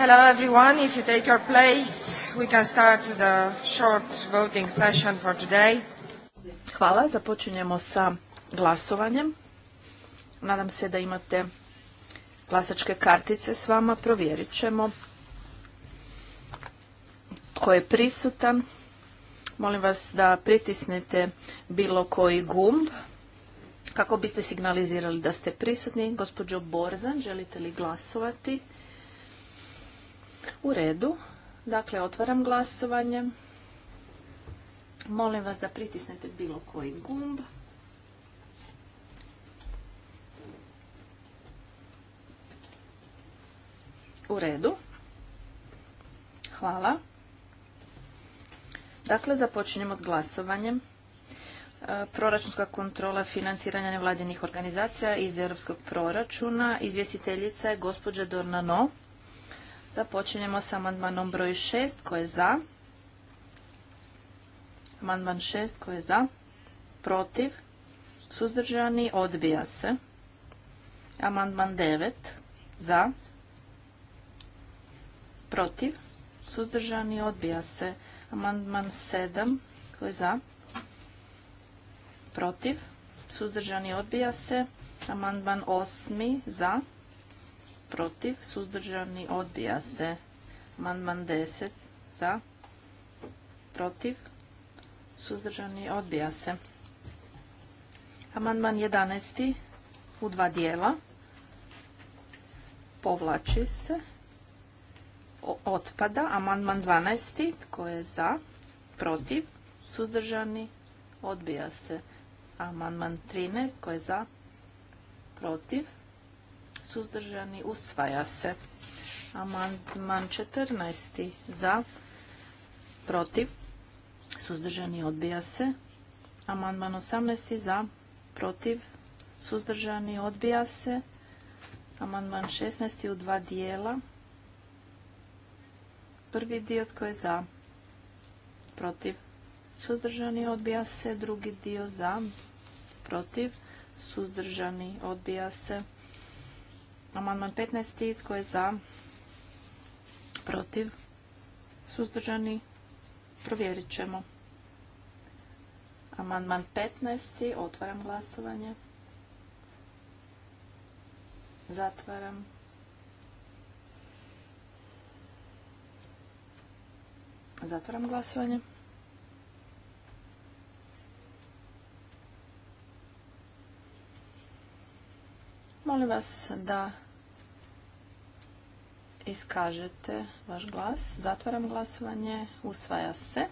Hello everyone, if you take your place, we can start the short voting session for today. Hvala, započinjemo sa glasovanjem. Nadam se da imate glasačke kartice s vama, provjerit ćemo tko je prisutan. Molim vas da pritisnete bilo koji gumb kako biste signalizirali da ste prisutni. Gospođo Borzan, želite li glasovati? U redu. Dakle, otvaram glasovanje. Molim vas da pritisnete bilo koji gumb. U redu. Hvala. Dakle, započinjemo s glasovanjem. E, proračunska kontrola financiranja nevladinih organizacija iz europskog proračuna. Izvjestiteljica je gospođa Dornano. Započinjemo sa amandmanom broj 6 koji je za. Amandman 6 koji je za. Protiv. Suzdržani odbija se. Amandman 9 za. Protiv. Suzdržani odbija se. Amandman 7 koji je za. Protiv. Suzdržani odbija se. Amandman 8 za protiv, suzdržani, odbija se. Amandman 10 za, protiv, suzdržani, odbija se. Amandman 11 u dva dijela povlači se, otpada. Amandman 12 tko je za, protiv, suzdržani, odbija se. Amandman 13 tko je za, protiv, suzdržani, usvaja se. Amandman 14. za, protiv, suzdržani, odbija se. Amandman 18. za, protiv, suzdržani, odbija se. Amandman 16. u dva dijela. Prvi dio tko je za, protiv, suzdržani, odbija se. Drugi dio za, protiv, suzdržani, odbija se. Amandman 15. Tko je za? Protiv? Suzdržani? Provjerit ćemo. Amandman 15. Otvaram glasovanje. Zatvaram. Zatvaram glasovanje. Molim vas da iskažete vaš glas. Zatvaram glasovanje. Usvaja se.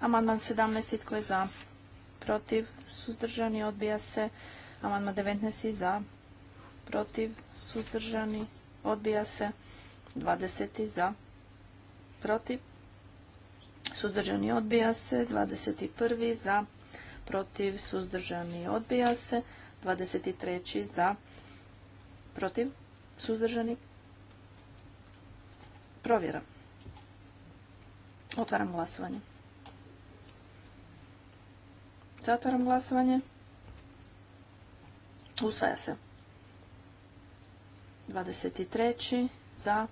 Amandman 17. Tko je za? Protiv. Suzdržani. Odbija se. Amandman 19. Za. Protiv. Suzdržani. Odbija se. 20. Za. Protiv. Suzdržani. Odbija se. 21. Za. Protiv. Suzdržani. Odbija se. 23. za, protiv, suzdržani, provjera. Otvaram glasovanje. Zatvaram glasovanje. Usvaja se. 23. za,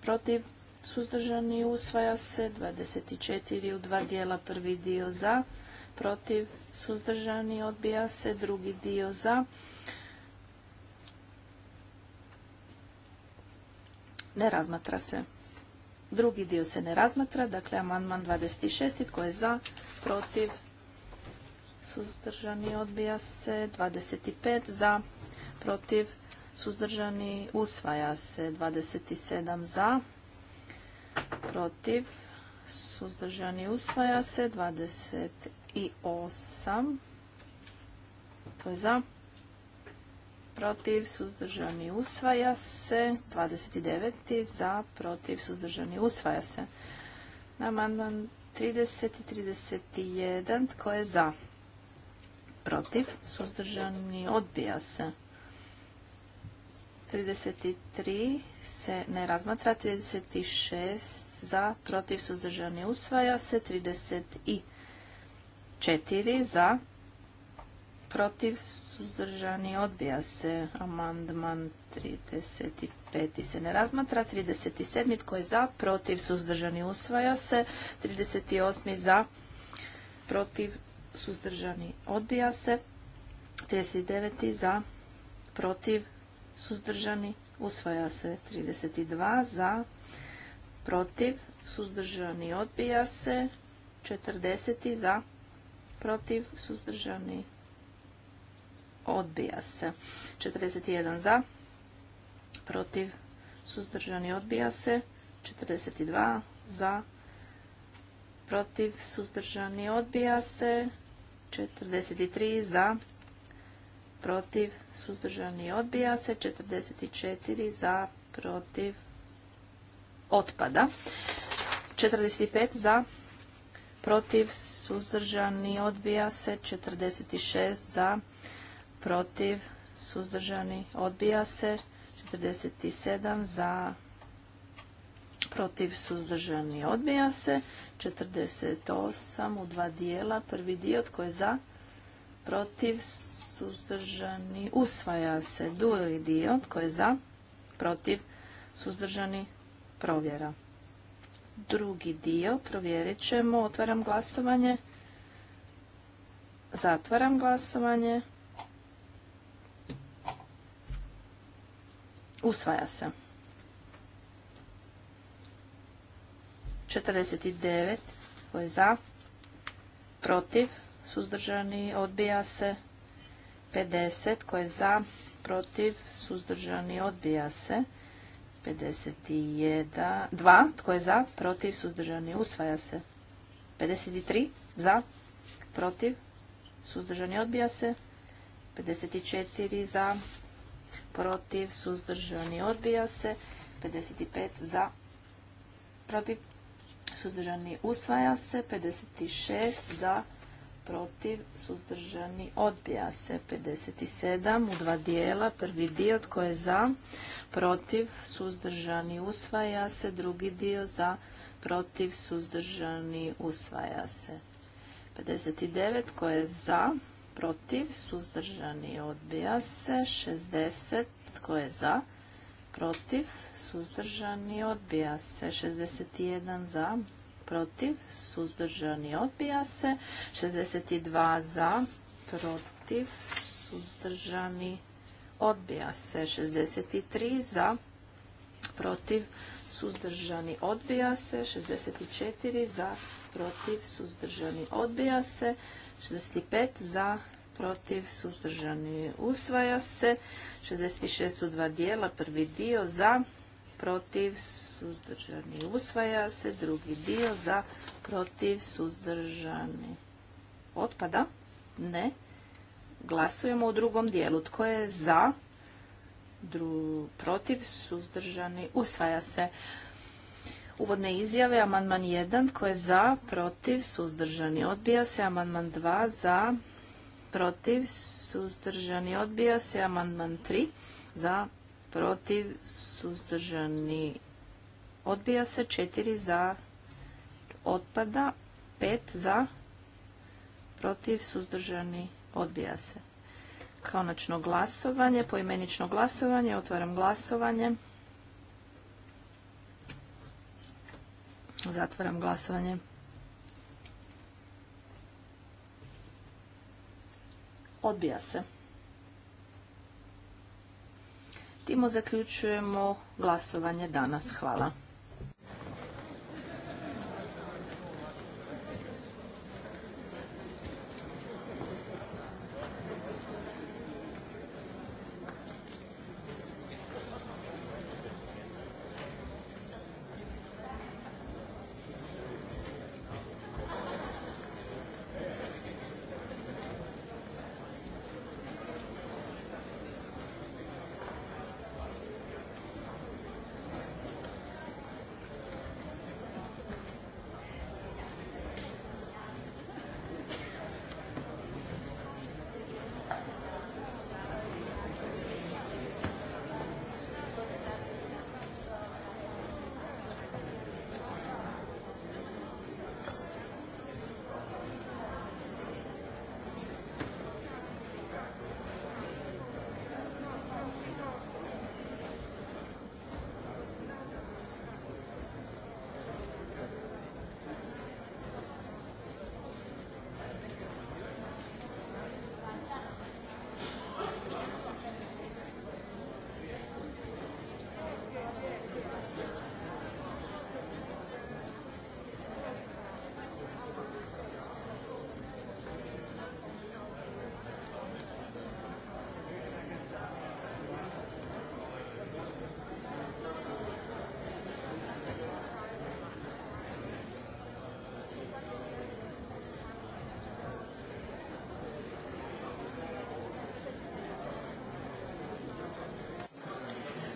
protiv, suzdržani, usvaja se. 24. u dva dijela, prvi dio za, protiv, suzdržani, odbija se. Drugi dio za. Ne razmatra se. Drugi dio se ne razmatra, dakle amandman 26. Tko je za, protiv, suzdržani, odbija se. 25 za, protiv, suzdržani, usvaja se. 27 za, protiv, suzdržani, usvaja se. 28 i Tko je za? Protiv, suzdržani, usvaja se. 29. Za, protiv, suzdržani, usvaja se. Amandman 30 i 31. Tko je za? Protiv, suzdržani, odbija se. 33 se ne razmatra. 36 za, protiv, suzdržani, usvaja se. i 4 za, protiv, suzdržani, odbija se. Amandman 35. se ne razmatra. 37. tko je za, protiv, suzdržani, usvaja se. 38. za, protiv, suzdržani, odbija se. 39. za, protiv, suzdržani, usvaja se. 32. za, protiv, suzdržani, odbija se. 40. za, protiv, suzdržani, odbija se. 41 za, protiv, suzdržani, odbija se. 42 za, protiv, suzdržani, odbija se. 43 za, protiv, suzdržani, odbija se. 44 za, protiv, otpada. 45 za, protiv, suzdržani, odbija se. 46 za, protiv, suzdržani, odbija se. 47 za, protiv, suzdržani, odbija se. 48 u dva dijela, prvi dio tko je za, protiv, suzdržani, usvaja se. Drugi dio tko je za, protiv, suzdržani, provjera. Drugi dio provjerit ćemo. Otvaram glasovanje. Zatvaram glasovanje. Usvaja se. 49. koji je za? Protiv? Suzdržani? Odbija se. 50. koje je za? Protiv? Suzdržani? Odbija se. 51, 2, tko je za, protiv, suzdržani, usvaja se. 53, za, protiv, suzdržani, odbija se. 54, za, protiv, suzdržani, odbija se. 55, za, protiv, suzdržani, usvaja se. 56, za, protiv, protiv, suzdržani, odbija se. 57 u dva dijela, prvi dio tko je za, protiv, suzdržani, usvaja se, drugi dio za, protiv, suzdržani, usvaja se. 59 tko je za, protiv, suzdržani, odbija se. 60 tko je za, protiv, suzdržani, odbija se. 61 za, protiv, suzdržani, odbija se. 62 za, protiv, suzdržani, odbija se. 63 za, protiv, suzdržani, odbija se. 64 za, protiv, suzdržani, odbija se. 65 za, protiv, suzdržani, usvaja se. 66 u dva dijela, prvi dio za, protiv, suzdržani, usvaja se. Drugi dio za, protiv, suzdržani, otpada? Ne. Glasujemo u drugom dijelu. Tko je za, protiv, suzdržani, usvaja se. Uvodne izjave, amandman 1, tko je za, protiv, suzdržani, odbija se. Amandman 2, za, protiv, suzdržani, odbija se. Amandman 3, za, protiv, suzdržani, odbija se, Četiri za, otpada, Pet za, protiv, suzdržani, odbija se. Konačno glasovanje, poimenično glasovanje, otvaram glasovanje. Zatvaram glasovanje. Odbija se. Timo zaključujemo glasovanje danas. Hvala.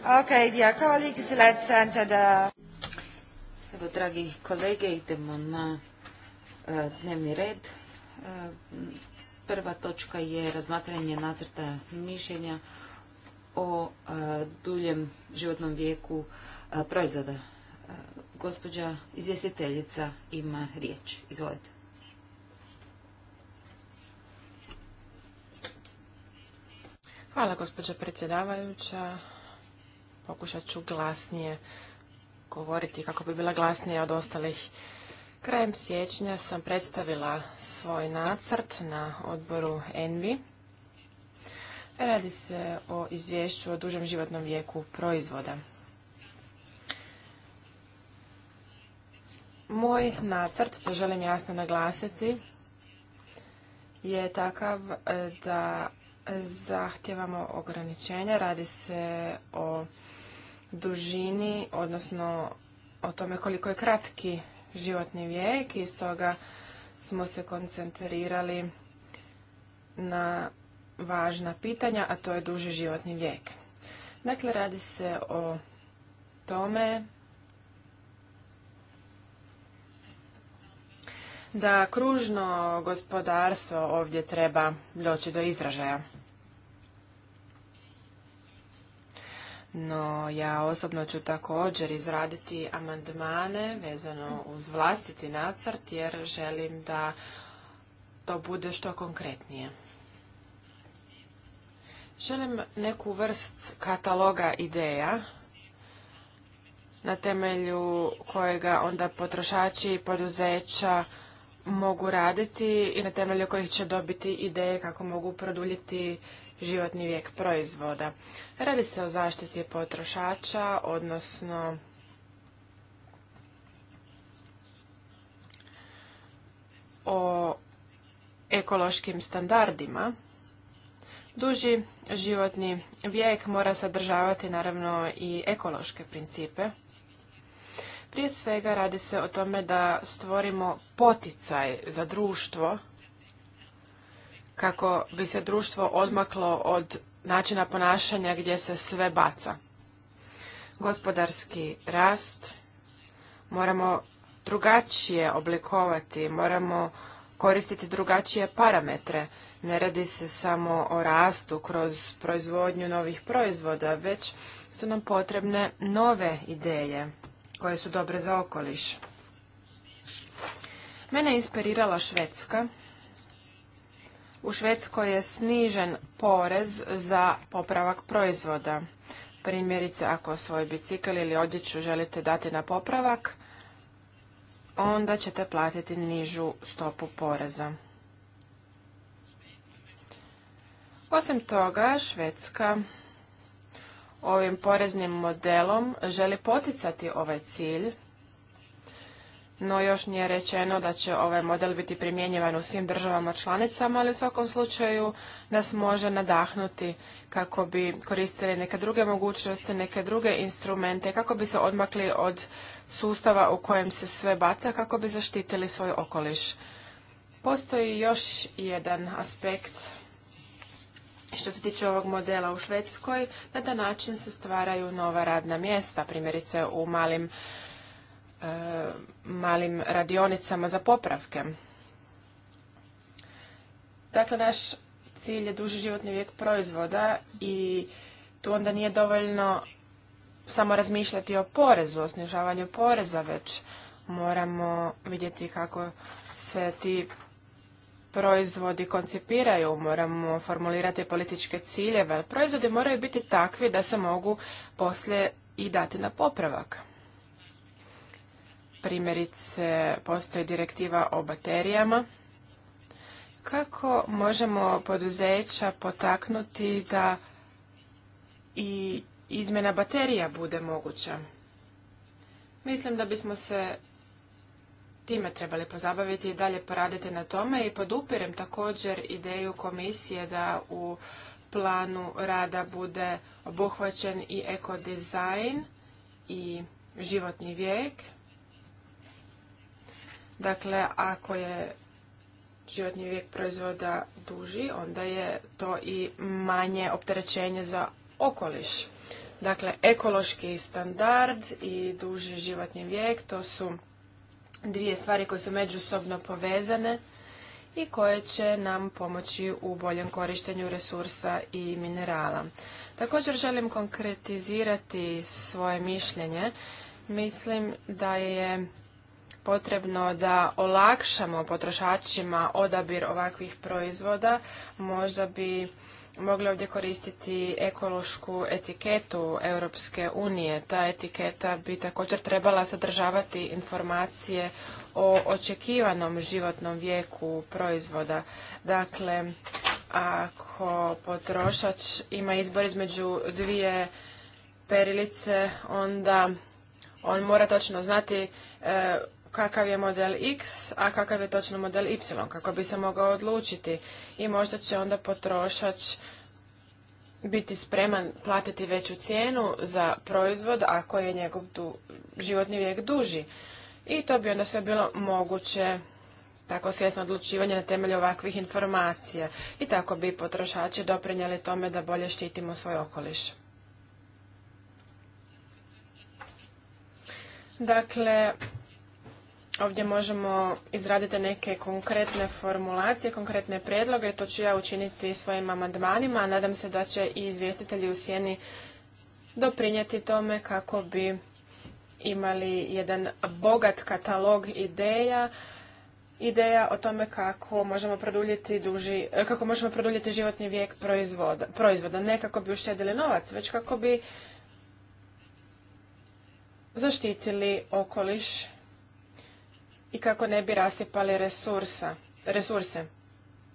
Okay, dear colleagues, let's enter the... Evo, dragi kolege, idemo na e, dnevni red. E, prva točka je razmatranje nacrta mišljenja o e, duljem životnom vijeku proizvoda. Gospođa izvjestiteljica ima riječ. Izvolite. Hvala gospođa predsjedavajuća. Pokušat ću glasnije govoriti kako bi bila glasnija od ostalih. Krajem siječnja sam predstavila svoj nacrt na odboru ENVI. Radi se o izvješću o dužem životnom vijeku proizvoda. Moj nacrt, to želim jasno naglasiti, je takav eh, da zahtjevamo ograničenja. Radi se o dužini, odnosno o tome koliko je kratki životni vijek i stoga smo se koncentrirali na važna pitanja, a to je duži životni vijek. Dakle, radi se o tome da kružno gospodarstvo ovdje treba doći do izražaja. no ja osobno ću također izraditi amandmane vezano uz vlastiti nacrt jer želim da to bude što konkretnije. Želim neku vrst kataloga ideja na temelju kojega onda potrošači i poduzeća mogu raditi i na temelju kojih će dobiti ideje kako mogu produljiti životni vijek proizvoda. Radi se o zaštiti potrošača, odnosno o ekološkim standardima. Duži životni vijek mora sadržavati naravno i ekološke principe. Prije svega radi se o tome da stvorimo poticaj za društvo kako bi se društvo odmaklo od načina ponašanja gdje se sve baca. Gospodarski rast moramo drugačije oblikovati, moramo koristiti drugačije parametre. Ne radi se samo o rastu kroz proizvodnju novih proizvoda, već su nam potrebne nove ideje koje su dobre za okoliš. Mene je inspirirala Švedska u Švedskoj je snižen porez za popravak proizvoda. Primjerice, ako svoj bicikl ili odjeću želite dati na popravak, onda ćete platiti nižu stopu poreza. Osim toga, Švedska ovim poreznim modelom želi poticati ovaj cilj no još nije rečeno da će ovaj model biti primjenjivan u svim državama članicama, ali u svakom slučaju nas može nadahnuti kako bi koristili neke druge mogućnosti, neke druge instrumente, kako bi se odmakli od sustava u kojem se sve baca, kako bi zaštitili svoj okoliš. Postoji još jedan aspekt što se tiče ovog modela u Švedskoj, na taj način se stvaraju nova radna mjesta, primjerice u malim Eh, malim radionicama za popravke. Dakle, naš cilj je duži životni vijek proizvoda i tu onda nije dovoljno samo razmišljati o porezu, o snižavanju poreza, već moramo vidjeti kako se ti proizvodi koncipiraju, moramo formulirati političke ciljeve. Proizvodi moraju biti takvi da se mogu poslije i dati na popravak. Primjerice, postoji direktiva o baterijama. Kako možemo poduzeća potaknuti da i izmjena baterija bude moguća? Mislim da bismo se time trebali pozabaviti i dalje poraditi na tome i podupirem također ideju komisije da u planu rada bude obuhvaćen i ekodizajn i životni vijek. Dakle, ako je životni vijek proizvoda duži, onda je to i manje opterećenje za okoliš. Dakle, ekološki standard i duži životni vijek, to su dvije stvari koje su međusobno povezane i koje će nam pomoći u boljem korištenju resursa i minerala. Također želim konkretizirati svoje mišljenje. Mislim da je potrebno da olakšamo potrošačima odabir ovakvih proizvoda. Možda bi mogli ovdje koristiti ekološku etiketu Europske unije. Ta etiketa bi također trebala sadržavati informacije o očekivanom životnom vijeku proizvoda. Dakle, ako potrošač ima izbor između dvije perilice, onda on mora točno znati e, kakav je model X, a kakav je točno model Y, kako bi se mogao odlučiti. I možda će onda potrošač biti spreman platiti veću cijenu za proizvod ako je njegov životni vijek duži. I to bi onda sve bilo moguće tako svjesno odlučivanje na temelju ovakvih informacija i tako bi potrošači doprinijeli tome da bolje štitimo svoj okoliš. Dakle, Ovdje možemo izraditi neke konkretne formulacije, konkretne predloge. To ću ja učiniti svojim amandmanima. Nadam se da će i izvjestitelji u sjeni doprinijeti tome kako bi imali jedan bogat katalog ideja ideja o tome kako možemo produljiti duži, kako možemo produljiti životni vijek proizvoda, proizvoda, ne kako bi uštedili novac, već kako bi zaštitili okoliš i kako ne bi rasipali resursa, resurse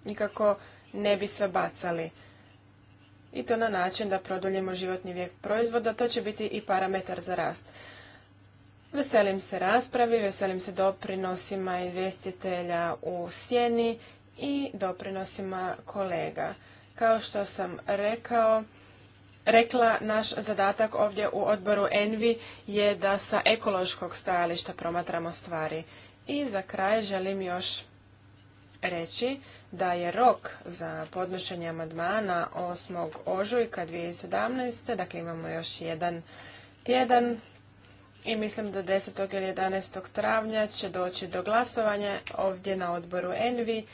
i kako ne bi sve bacali. I to na način da produljimo životni vijek proizvoda, to će biti i parametar za rast. Veselim se raspravi, veselim se doprinosima izvjestitelja u sjeni i doprinosima kolega. Kao što sam rekao, rekla, naš zadatak ovdje u odboru Envi je da sa ekološkog stajališta promatramo stvari. I za kraj želim još reći da je rok za podnošenje amandmana 8. ožujka 2017. Dakle, imamo još jedan tjedan i mislim da 10. ili 11. travnja će doći do glasovanja ovdje na odboru ENVI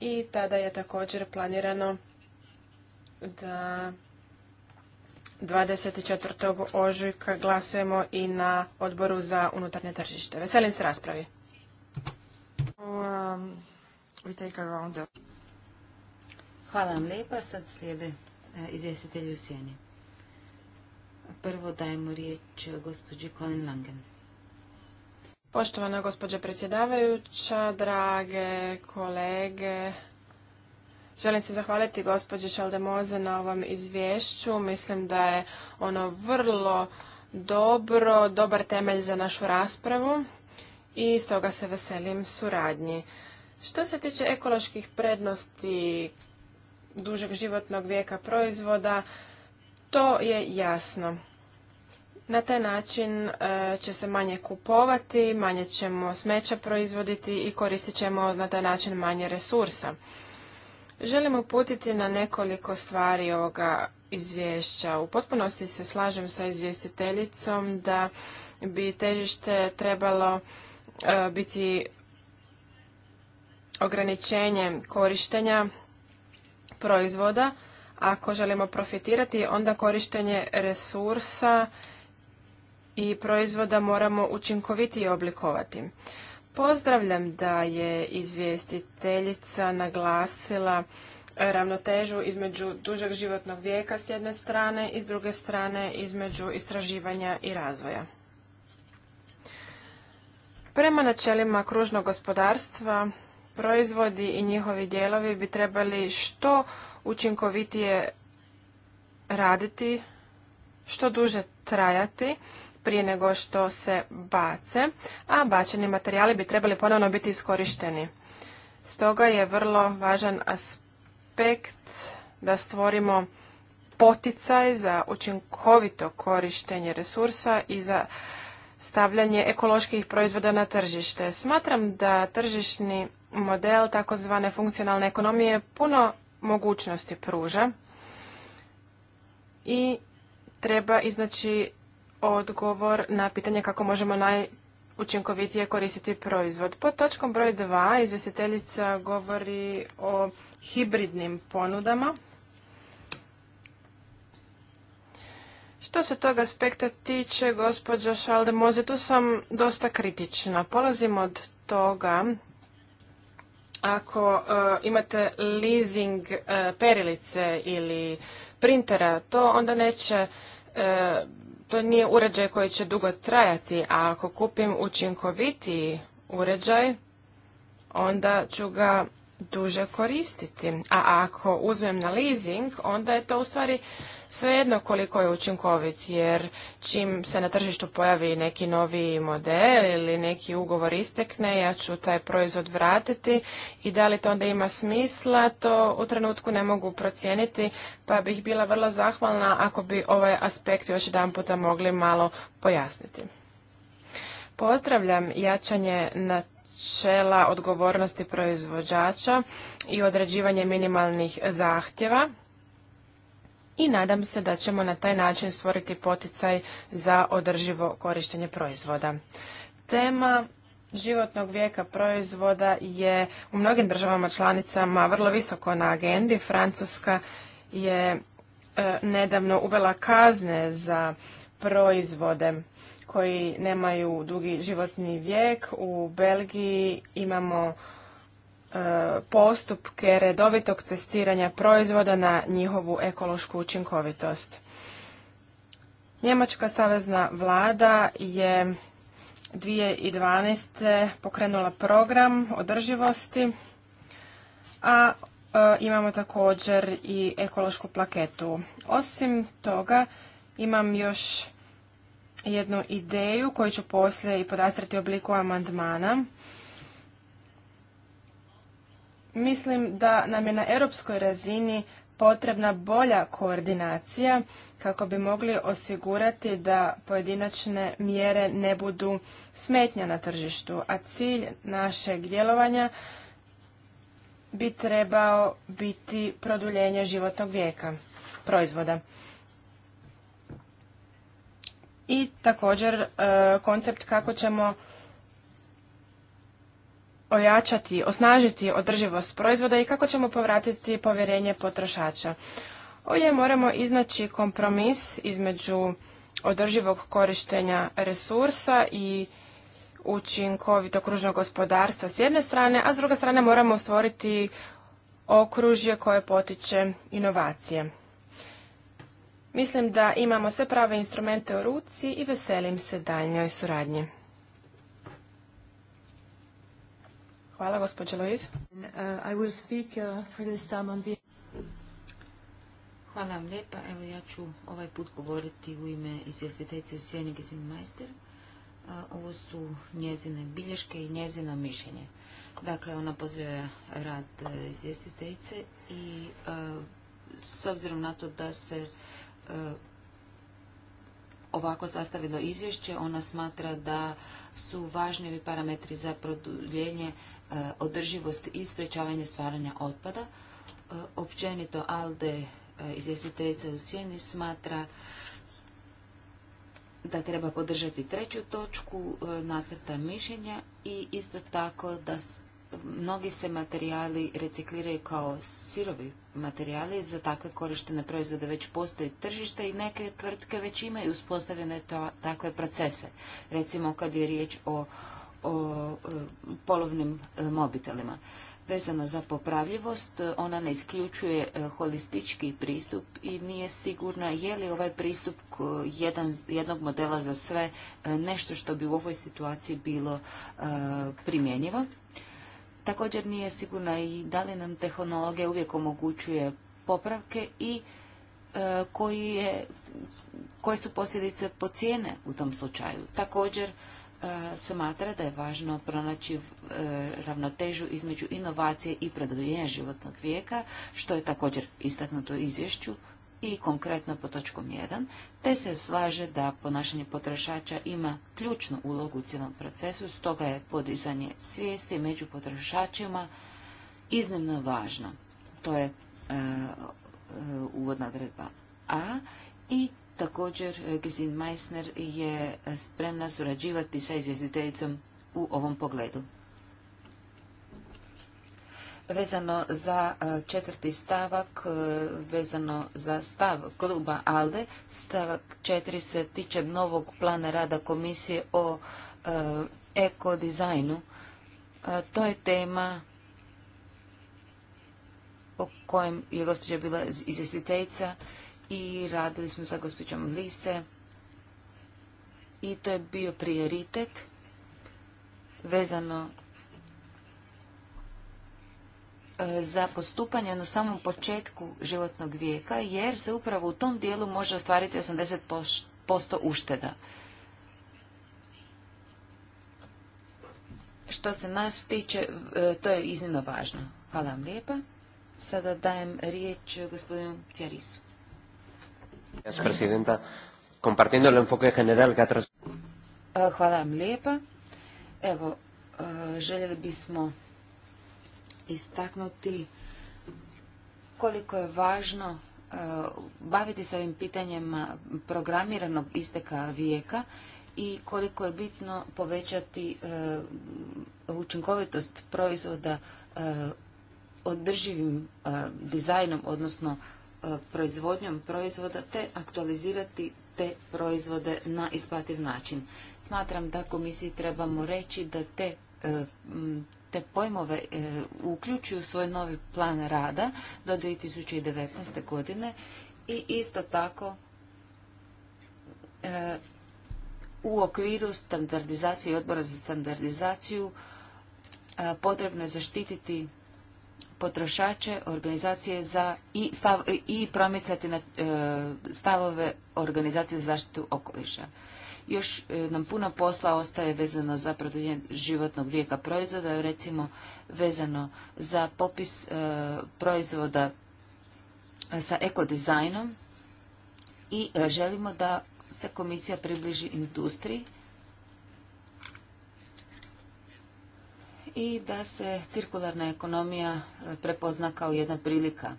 i tada je također planirano da 24. ožujka glasujemo i na odboru za unutarnje tržište. Veselim se raspravi. Um, take Hvala vam lijepa. Sad slijede eh, izvjestitelji u sjeni. Prvo dajemo riječ eh, gospođi Colin Langen. Poštovana gospođa predsjedavajuća, drage kolege, Želim se zahvaliti gospođi Šaldemoze na ovom izvješću. Mislim da je ono vrlo dobro, dobar temelj za našu raspravu i stoga se veselim suradnji. Što se tiče ekoloških prednosti dužeg životnog vijeka proizvoda, to je jasno. Na taj način e, će se manje kupovati, manje ćemo smeća proizvoditi i koristit ćemo na taj način manje resursa. Želim uputiti na nekoliko stvari ovoga izvješća. U potpunosti se slažem sa izvjestiteljicom da bi težište trebalo E, biti ograničenje korištenja proizvoda. Ako želimo profitirati, onda korištenje resursa i proizvoda moramo učinkovitije oblikovati. Pozdravljam da je izvjestiteljica naglasila ravnotežu između dužeg životnog vijeka s jedne strane i s druge strane između istraživanja i razvoja. Prema načelima kružnog gospodarstva, proizvodi i njihovi dijelovi bi trebali što učinkovitije raditi, što duže trajati prije nego što se bace, a bačeni materijali bi trebali ponovno biti iskorišteni. Stoga je vrlo važan aspekt da stvorimo poticaj za učinkovito korištenje resursa i za stavljanje ekoloških proizvoda na tržište. Smatram da tržišni model takozvane funkcionalne ekonomije puno mogućnosti pruža i treba iznaći odgovor na pitanje kako možemo najučinkovitije koristiti proizvod. Pod točkom broj 2 izvjestiteljica govori o hibridnim ponudama. Što se tog aspekta tiče, gospođa Šaldemoze, tu sam dosta kritična. Polazim od toga ako e, imate leasing e, perilice ili printera, to onda neće, e, to nije uređaj koji će dugo trajati, a ako kupim učinkovitiji uređaj, onda ću ga duže koristiti. A ako uzmem na leasing, onda je to u stvari svejedno koliko je učinkovit, jer čim se na tržištu pojavi neki novi model ili neki ugovor istekne, ja ću taj proizvod vratiti i da li to onda ima smisla, to u trenutku ne mogu procijeniti, pa bih bila vrlo zahvalna ako bi ovaj aspekt još jedan puta mogli malo pojasniti. Pozdravljam jačanje na načela odgovornosti proizvođača i određivanje minimalnih zahtjeva i nadam se da ćemo na taj način stvoriti poticaj za održivo korištenje proizvoda. Tema životnog vijeka proizvoda je u mnogim državama članicama vrlo visoko na agendi. Francuska je e, nedavno uvela kazne za proizvode koji nemaju dugi životni vijek. U Belgiji imamo e, postupke redovitog testiranja proizvoda na njihovu ekološku učinkovitost. Njemačka savezna vlada je 2012. pokrenula program održivosti, a e, imamo također i ekološku plaketu. Osim toga imam još jednu ideju koju ću poslije i podastrati u obliku amandmana. Mislim da nam je na europskoj razini potrebna bolja koordinacija kako bi mogli osigurati da pojedinačne mjere ne budu smetnja na tržištu, a cilj našeg djelovanja bi trebao biti produljenje životnog vijeka proizvoda i također e, koncept kako ćemo ojačati, osnažiti održivost proizvoda i kako ćemo povratiti povjerenje potrošača. Ovdje moramo iznaći kompromis između održivog korištenja resursa i učinkovito kružnog gospodarstva s jedne strane, a s druge strane moramo stvoriti okružje koje potiče inovacije. Mislim da imamo sve prave instrumente u ruci i veselim se daljnjoj suradnji. Hvala, gospođo Hvala vam lijepa. Evo ja ću ovaj put govoriti u ime izvjestiteljice Sjeni Gezinmeister. Uh, ovo su njezine bilješke i njezino mišljenje. Dakle, ona pozdravlja rad uh, izvjestiteljice i uh, s obzirom na to da se E, ovako sastavilo izvješće. Ona smatra da su važni parametri za produljenje e, održivost i sprečavanje stvaranja otpada. E, općenito ALDE izvjestiteljica u Sjeni smatra da treba podržati treću točku nacrta mišljenja i isto tako da mnogi se materijali recikliraju kao sirovi materijali, za takve korištene proizvode već postoji tržište i neke tvrtke već imaju uspostavljene takve procese. Recimo kad je riječ o, o e, polovnim e, mobitelima. Vezano za popravljivost, e, ona ne isključuje holistički pristup i nije sigurna je li ovaj pristup jedan, jednog modela za sve nešto što bi u ovoj situaciji bilo primjenjivo. Također nije sigurna i da li nam tehnologija uvijek omogućuje popravke i e, koje su posljedice po cijene u tom slučaju. Također se smatra da je važno pronaći e, ravnotežu između inovacije i produljenja životnog vijeka, što je također istaknuto u izvješću i konkretno po točkom 1, te se slaže da ponašanje potrošača ima ključnu ulogu u cijelom procesu, stoga je podizanje svijesti među potrošačima iznimno važno. To je e, e, uvodna odredba A i također e, Gesine Meissner je spremna surađivati sa izvjestiteljicom u ovom pogledu vezano za e, četvrti stavak, e, vezano za stav kluba ALDE, stavak četiri se tiče novog plana rada komisije o e, ekodizajnu. to je tema o kojem je gospođa bila izvjestiteljica i radili smo sa gospođom Lise i to je bio prioritet vezano za postupanje na samom početku životnog vijeka, jer se upravo u tom dijelu može ostvariti 80% ušteda. Što se nas tiče, e, to je iznimno važno. Hvala vam lijepa. Sada dajem riječ gospodinu Tjarisu. E, hvala vam lijepa. Evo, e, željeli bismo istaknuti koliko je važno e, baviti se ovim pitanjima programiranog isteka vijeka i koliko je bitno povećati e, učinkovitost proizvoda e, održivim dizajnom, odnosno proizvodnjom proizvoda, te aktualizirati te proizvode na isplativ način. Smatram da komisiji trebamo reći da te E, te pojmove e, uključuju svoj novi plan rada do 2019. godine i isto tako e, u okviru standardizacije odbora za standardizaciju potrebno je zaštititi potrošače, organizacije za i, i promicati na, stavove organizacije za zaštitu okoliša. Još e, nam puno posla ostaje vezano za produljenje životnog vijeka proizvoda, recimo vezano za popis e, proizvoda e, sa ekodizajnom i želimo da se komisija približi industriji i da se cirkularna ekonomija prepozna kao jedna prilika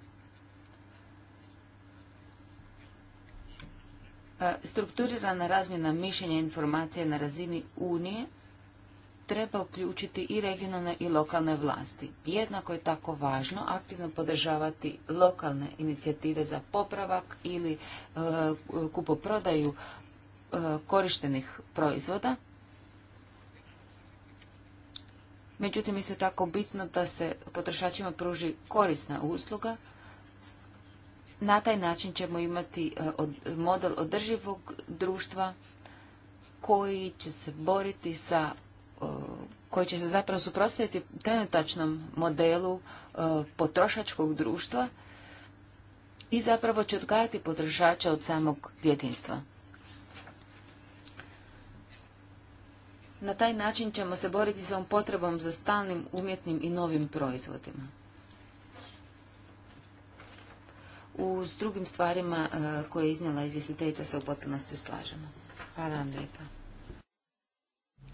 E, strukturirana razmjena mišljenja i informacije na razini Unije treba uključiti i regionalne i lokalne vlasti. Jednako je tako važno aktivno podržavati lokalne inicijative za popravak ili e, kupoprodaju e, korištenih proizvoda. Međutim, isto je tako bitno da se potrošačima pruži korisna usluga, na taj način ćemo imati e, model održivog društva koji će se boriti sa e, koji će se zapravo suprotstaviti trenutačnom modelu e, potrošačkog društva i zapravo će odgajati potrošača od samog djetinstva. Na taj način ćemo se boriti sa ovom potrebom za stalnim umjetnim i novim proizvodima. u drugim stvarima e, koje je iznijela izvjestiteljica se u potpunosti slažemo. Hvala vam lijepa.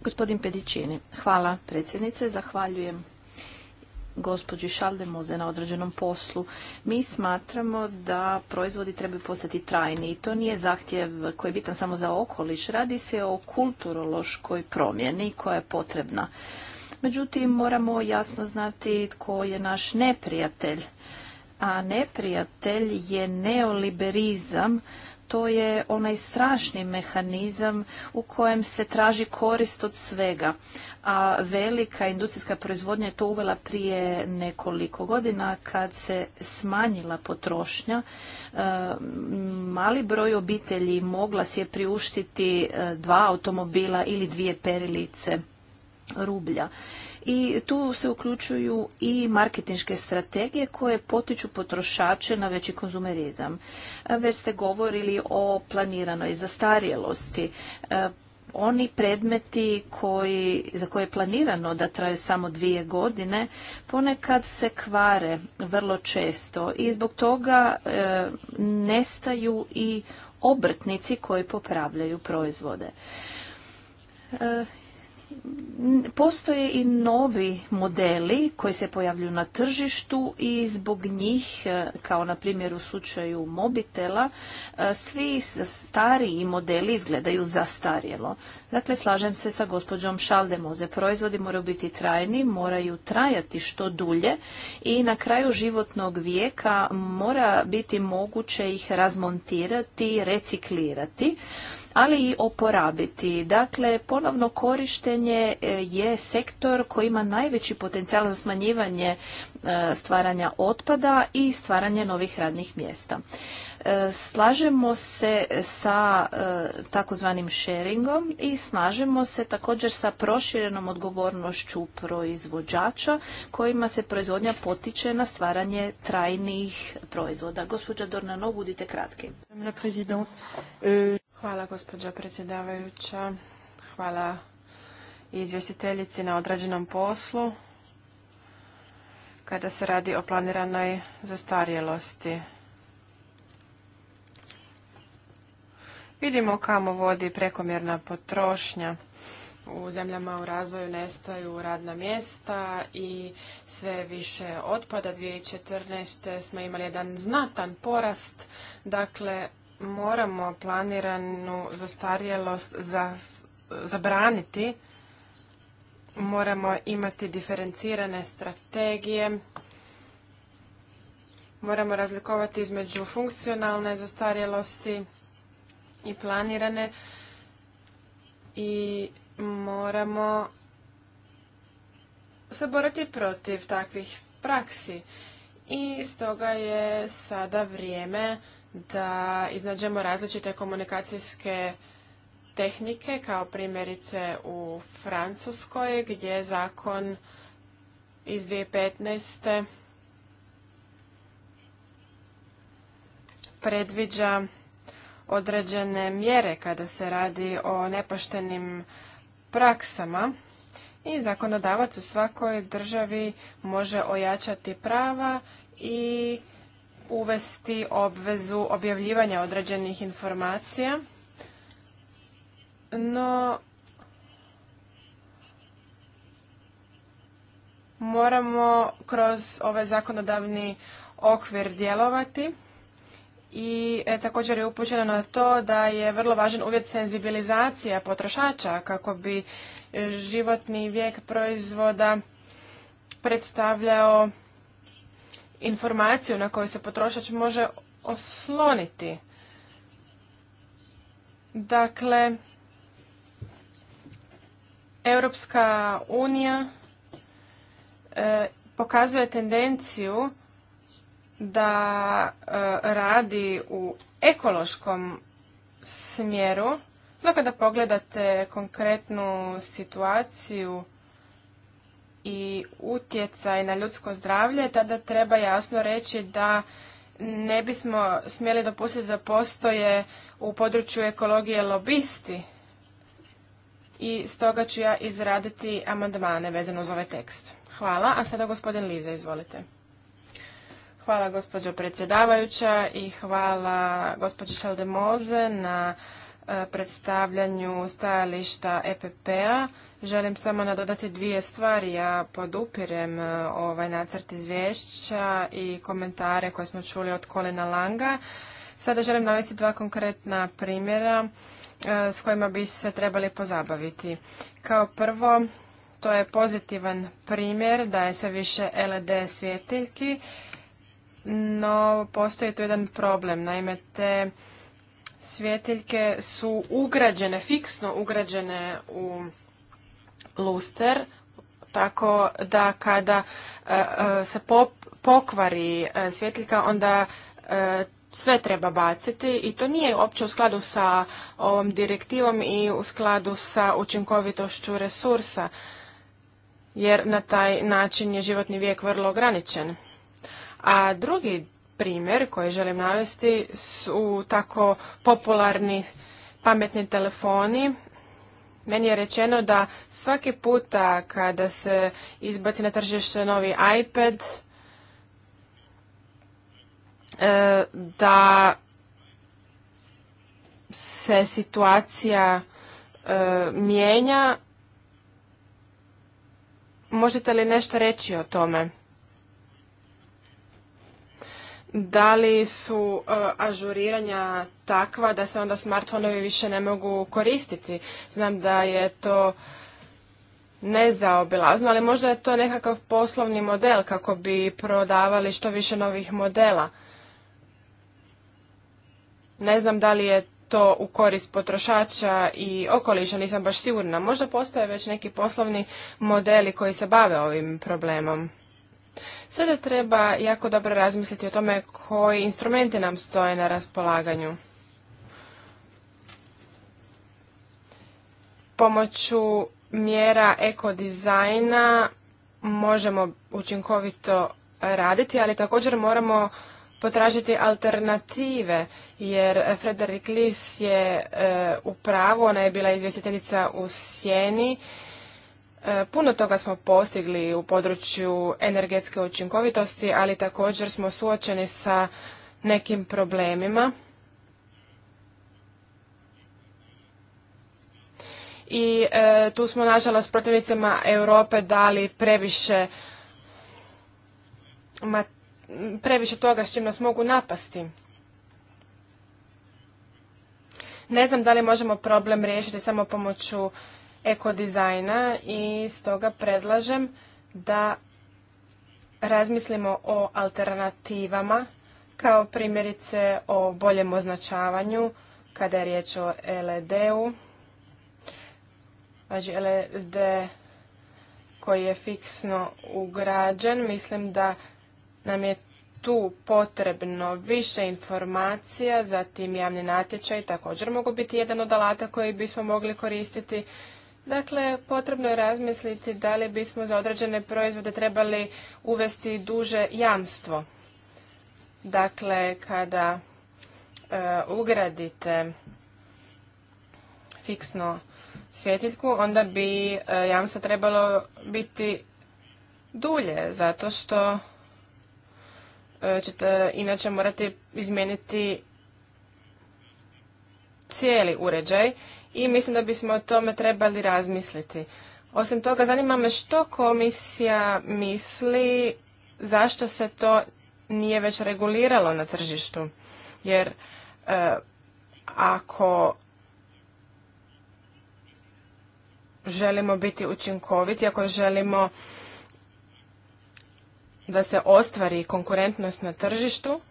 Gospodin Pedićini, hvala predsjednice, zahvaljujem gospođi Šaldemoze na određenom poslu. Mi smatramo da proizvodi trebaju postati trajni i to nije zahtjev koji je bitan samo za okoliš. Radi se o kulturološkoj promjeni koja je potrebna. Međutim, moramo jasno znati tko je naš neprijatelj a neprijatelj je neoliberizam, to je onaj strašni mehanizam u kojem se traži korist od svega. A velika industrijska proizvodnja je to uvela prije nekoliko godina kad se smanjila potrošnja. E, mali broj obitelji mogla si je priuštiti e, dva automobila ili dvije perilice rublja i tu se uključuju i marketinške strategije koje potiču potrošače na veći konzumerizam. E, već ste govorili o planiranoj zastarjelosti e, oni predmeti koji, za koje je planirano da traju samo dvije godine ponekad se kvare vrlo često i zbog toga e, nestaju i obrtnici koji popravljaju proizvode. Postoje i novi modeli koji se pojavljuju na tržištu i zbog njih, e, kao na primjer u slučaju mobitela, e, svi stariji modeli izgledaju zastarjelo. Dakle, slažem se sa gospođom Šaldemoze. Proizvodi moraju biti trajni, moraju trajati što dulje i na kraju životnog vijeka mora biti moguće ih razmontirati, reciklirati ali i oporabiti. Dakle, ponovno korištenje e, je sektor koji ima najveći potencijal za smanjivanje e, stvaranja otpada i stvaranje novih radnih mjesta. E, slažemo se sa takozvanim sharingom i snažemo se također sa proširenom odgovornošću proizvođača kojima se proizvodnja potiče na stvaranje trajnih proizvoda. Gospođa Dornano, budite kratki. Hvala gospođo predsjedavajuća. Hvala izvjestiteljici na odrađenom poslu kada se radi o planiranoj zastarjelosti. Vidimo kamo vodi prekomjerna potrošnja. U zemljama u razvoju nestaju radna mjesta i sve više otpada. 2014. smo imali jedan znatan porast. Dakle, moramo planiranu zastarjelost za, zabraniti, moramo imati diferencirane strategije, moramo razlikovati između funkcionalne zastarjelosti i planirane i moramo se boriti protiv takvih praksi. I stoga je sada vrijeme da iznađemo različite komunikacijske tehnike, kao primjerice u Francuskoj, gdje zakon iz 2015. predviđa određene mjere kada se radi o nepoštenim praksama i zakonodavac u svakoj državi može ojačati prava i uvesti obvezu objavljivanja određenih informacija, no moramo kroz ovaj zakonodavni okvir djelovati i e, također je upućeno na to da je vrlo važan uvjet senzibilizacija potrošača kako bi životni vijek proizvoda predstavljao informaciju na koju se potrošač može osloniti. Dakle, Europska unija e, pokazuje tendenciju da e, radi u ekološkom smjeru, no kada pogledate konkretnu situaciju i utjecaj na ljudsko zdravlje, tada treba jasno reći da ne bismo smjeli dopustiti da postoje u području ekologije lobisti i stoga ću ja izraditi amandmane vezano uz ovaj tekst. Hvala, a sada gospodin Liza, izvolite. Hvala gospođo predsjedavajuća i hvala gospođi Šaldemoze na E, predstavljanju stajališta EPP-a. Želim samo nadodati dvije stvari. Ja podupirem e, ovaj nacrt izvješća i komentare koje smo čuli od Kolina Langa. Sada želim navesti dva konkretna primjera e, s kojima bi se trebali pozabaviti. Kao prvo, to je pozitivan primjer da je sve više LED svjetiljki, no postoji tu jedan problem. Naime, te svjetiljke su ugrađene, fiksno ugrađene u luster, tako da kada e, e, se pokvari e, svjetiljka, onda sve treba baciti i to nije uopće u skladu sa ovom direktivom i u skladu sa učinkovitošću resursa, jer na taj način je životni vijek vrlo ograničen. A drugi primjer koji želim navesti su tako popularni pametni telefoni. Meni je rečeno da svaki puta kada se izbaci na tržište novi iPad, e, da se situacija e, mijenja. Možete li nešto reći o tome? da li su e, ažuriranja takva da se onda smartfonovi više ne mogu koristiti. Znam da je to nezaobilazno, ali možda je to nekakav poslovni model kako bi prodavali što više novih modela. Ne znam da li je to u korist potrošača i okoliša, nisam baš sigurna. Možda postoje već neki poslovni modeli koji se bave ovim problemom. Sada treba jako dobro razmisliti o tome koji instrumenti nam stoje na raspolaganju. Pomoću mjera ekodizajna možemo učinkovito raditi, ali također moramo potražiti alternative, jer Frederik Lis je e, u pravu, ona je bila izvjestiteljica u Sjeni Puno toga smo postigli u području energetske učinkovitosti, ali također smo suočeni sa nekim problemima. I e, tu smo nažalost protivnicima Europe dali previše ma, previše toga s čim nas mogu napasti. Ne znam da li možemo problem riješiti samo pomoću ekodizajna i stoga predlažem da razmislimo o alternativama kao primjerice o boljem označavanju kada je riječ o LED-u. Znači LED koji je fiksno ugrađen. Mislim da nam je tu potrebno više informacija, zatim javni natječaj također mogu biti jedan od alata koji bismo mogli koristiti Dakle, potrebno je razmisliti da li bismo za određene proizvode trebali uvesti duže jamstvo. Dakle, kada e, ugradite fiksno svjetiljku, onda bi e, jamstvo trebalo biti dulje, zato što e, ćete inače morati izmijeniti cijeli uređaj i mislim da bismo o tome trebali razmisliti. Osim toga, zanima me što komisija misli zašto se to nije već reguliralo na tržištu. Jer e, ako želimo biti učinkoviti, ako želimo da se ostvari konkurentnost na tržištu,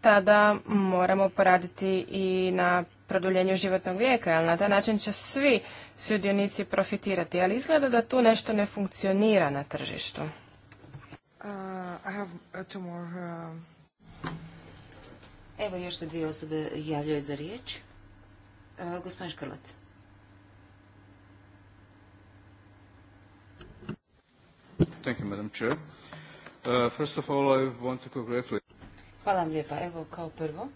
tada moramo poraditi i na produljenju životnog vijeka, jer na taj način će svi sudionici profitirati, ali izgleda da tu nešto ne funkcionira na tržištu. Uh, I have uh, uh, Evo još se dvije osobe javljaju za riječ. Uh, gospodin Škrlac. Thank you, Madam Chair. First of all, I want to congratulate... Hvala vam lijepa. Evo kao prvo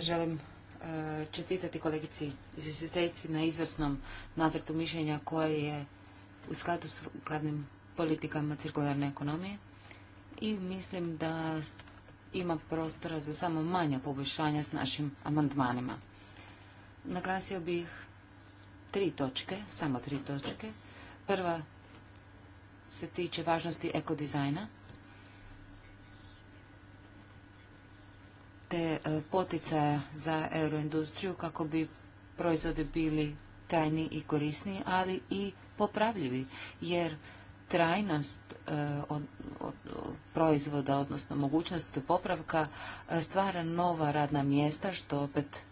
Želim e, čestitati kolegici izvjestiteljici na izvrsnom nacrtu mišljenja koje je u skladu s glavnim politikama cirkularne ekonomije i mislim da ima prostora za samo manja poboljšanja s našim amandmanima. Naglasio bih tri točke, samo tri točke. Prva se tiče važnosti ekodizajna. te e, poticaja za euroindustriju kako bi proizvodi bili trajni i korisni, ali i popravljivi, jer trajnost e, proizvoda, odnosno mogućnost popravka, e, stvara nova radna mjesta, što opet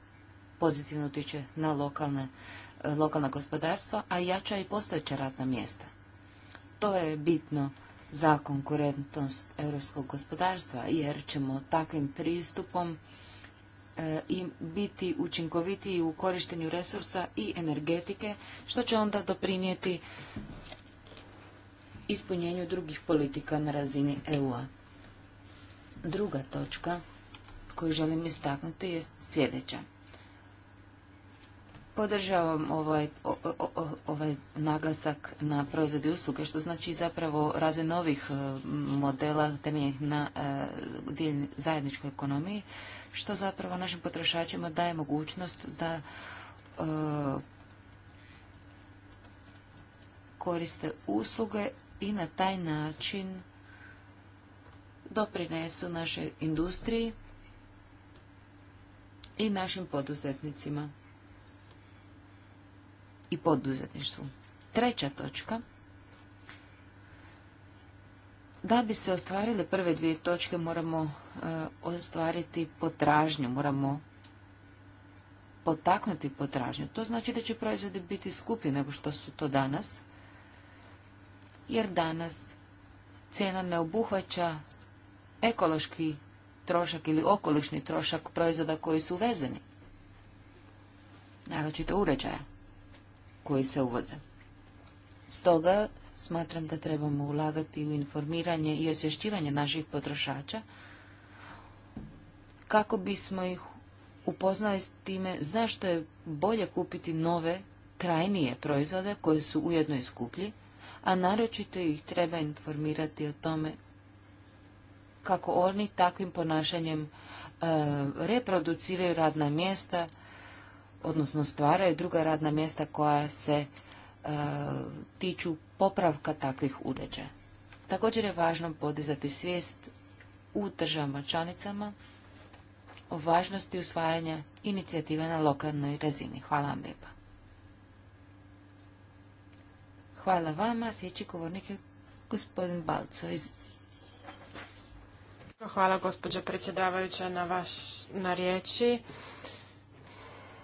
pozitivno utiče na lokalne, lokalna gospodarstva, a jača i postojeća radna mjesta. To je bitno za konkurentnost europskog gospodarstva, jer ćemo takvim pristupom e, i biti učinkovitiji u korištenju resursa i energetike, što će onda doprinijeti ispunjenju drugih politika na razini EU-a. Druga točka koju želim istaknuti je sljedeća. Podržavam ovaj, ovaj, naglasak na proizvodi usluge, što znači zapravo razvoj novih e, modela temeljenih na e, zajedničkoj ekonomiji, što zapravo našim potrošačima daje mogućnost da e, koriste usluge i na taj način doprinesu našoj industriji i našim poduzetnicima i poduzetništvu. Treća točka. Da bi se ostvarile prve dvije točke moramo e, ostvariti potražnju, moramo potaknuti potražnju. To znači da će proizvodi biti skuplji nego što su to danas, jer danas cena ne obuhvaća ekološki trošak ili okolišni trošak proizvoda koji su uvezeni, naročito uređaja koji se uvoze. Stoga smatram da trebamo ulagati u informiranje i osvješćivanje naših potrošača kako bismo ih upoznali s time zašto je bolje kupiti nove, trajnije proizvode koje su ujedno i skuplji, a naročito ih treba informirati o tome kako oni takvim ponašanjem e, reproduciraju radna mjesta odnosno stvaraju druga radna mjesta koja se e, tiču popravka takvih uređaja. Također je važno podizati svijest u državama članicama o važnosti usvajanja inicijative na lokalnoj razini. Hvala vam lijepa. Hvala vama. Sjeći govornik je gospodin Balco iz Hvala gospođo predsjedavajuća na, vaš, na riječi.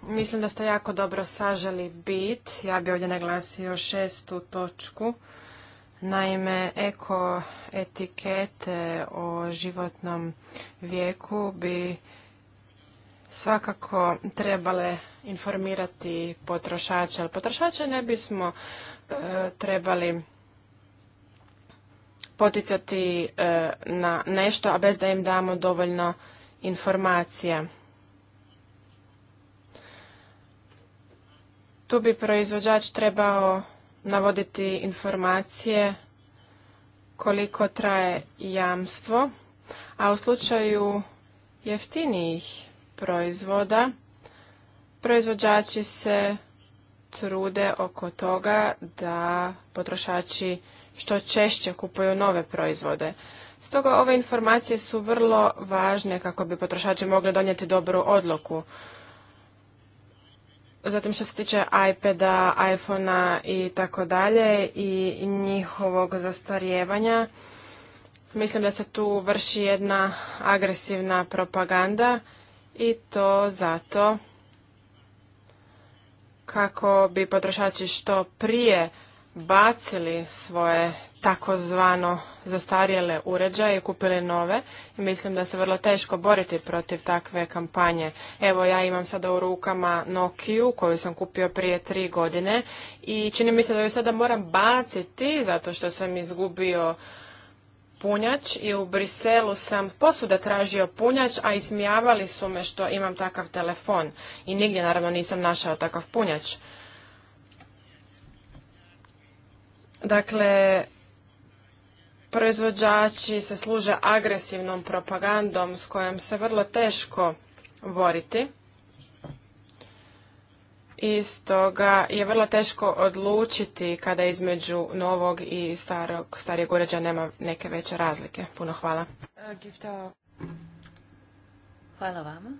Mislim da ste jako dobro saželi bit. Ja bi ovdje naglasio šestu točku. Naime, eko etikete o životnom vijeku bi svakako trebale informirati potrošače, ali potrošače ne bismo e, trebali poticati e, na nešto, a bez da im damo dovoljno informacija. Tu bi proizvođač trebao navoditi informacije koliko traje jamstvo, a u slučaju jeftinijih proizvoda proizvođači se trude oko toga da potrošači što češće kupuju nove proizvode. Stoga ove informacije su vrlo važne kako bi potrošači mogli donijeti dobru odluku. Zatim što se tiče iPada, iPhona i tako dalje i njihovog zastarijevanja, mislim da se tu vrši jedna agresivna propaganda i to zato kako bi potrošači što prije bacili svoje takozvano zastarjele uređaje i kupili nove mislim da se vrlo teško boriti protiv takve kampanje. Evo ja imam sada u rukama Nokiju koju sam kupio prije tri godine i čini mi se da ju sada moram baciti zato što sam izgubio punjač i u Briselu sam posuda tražio punjač, a ismijavali su me što imam takav telefon i nigdje naravno nisam našao takav punjač. Dakle, proizvođači se služe agresivnom propagandom s kojom se vrlo teško boriti. I stoga je vrlo teško odlučiti kada između novog i starog, starijeg uređaja nema neke veće razlike. Puno hvala. Hvala vama.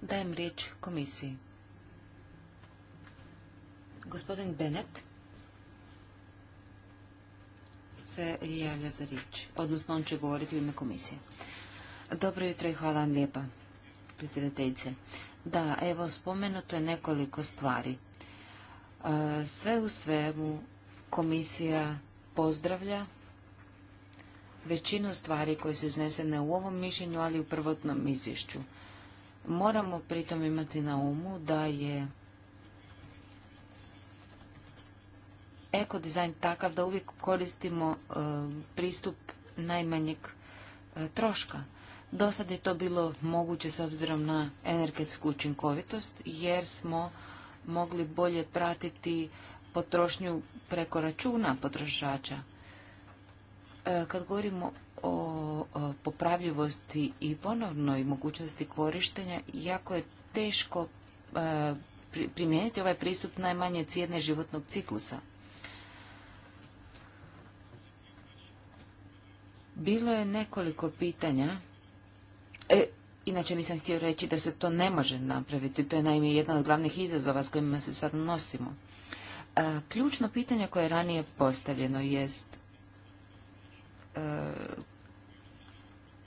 Dajem riječ komisiji. Gospodin Bennett se javlja za riječ, odnosno on će govoriti u ime komisije. Dobro jutro i hvala vam lijepa, predsjedateljice. Da, evo, spomenuto je nekoliko stvari. E, sve u svemu komisija pozdravlja većinu stvari koje su iznesene u ovom mišljenju, ali u prvotnom izvješću. Moramo pritom imati na umu da je ekodizajn takav da uvijek koristimo e, pristup najmanjeg e, troška. Do je to bilo moguće s obzirom na energetsku učinkovitost jer smo mogli bolje pratiti potrošnju preko računa potrošača. E, kad govorimo o popravljivosti i ponovnoj mogućnosti korištenja, jako je teško primijeniti ovaj pristup najmanje cijene životnog ciklusa. Bilo je nekoliko pitanja. E, inače nisam htio reći da se to ne može napraviti. To je naime jedan od glavnih izazova s kojima se sad nosimo. E, ključno pitanje koje je ranije postavljeno jest e,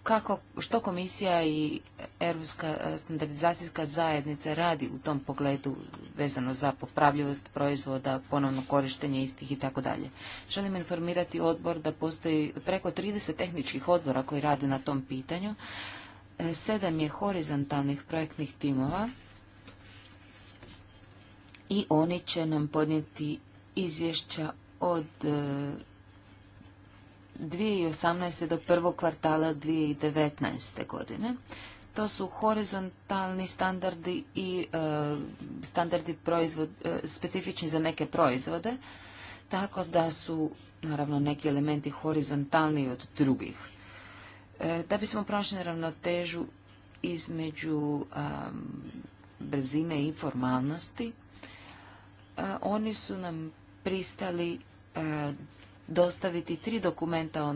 kako, što komisija i Europska standardizacijska zajednica radi u tom pogledu vezano za popravljivost proizvoda, ponovno korištenje istih i tako dalje. Želim informirati odbor da postoji preko 30 tehničkih odbora koji rade na tom pitanju. E, sedam je horizontalnih projektnih timova i oni će nam podnijeti izvješća od e, 2018. do prvog kvartala 2019. godine. To su horizontalni standardi i e, standardi e, specifični za neke proizvode, tako da su naravno neki elementi horizontalni od drugih. E, da bismo prošli ravnotežu između brzine i formalnosti, oni su nam pristali dostaviti tri dokumenta,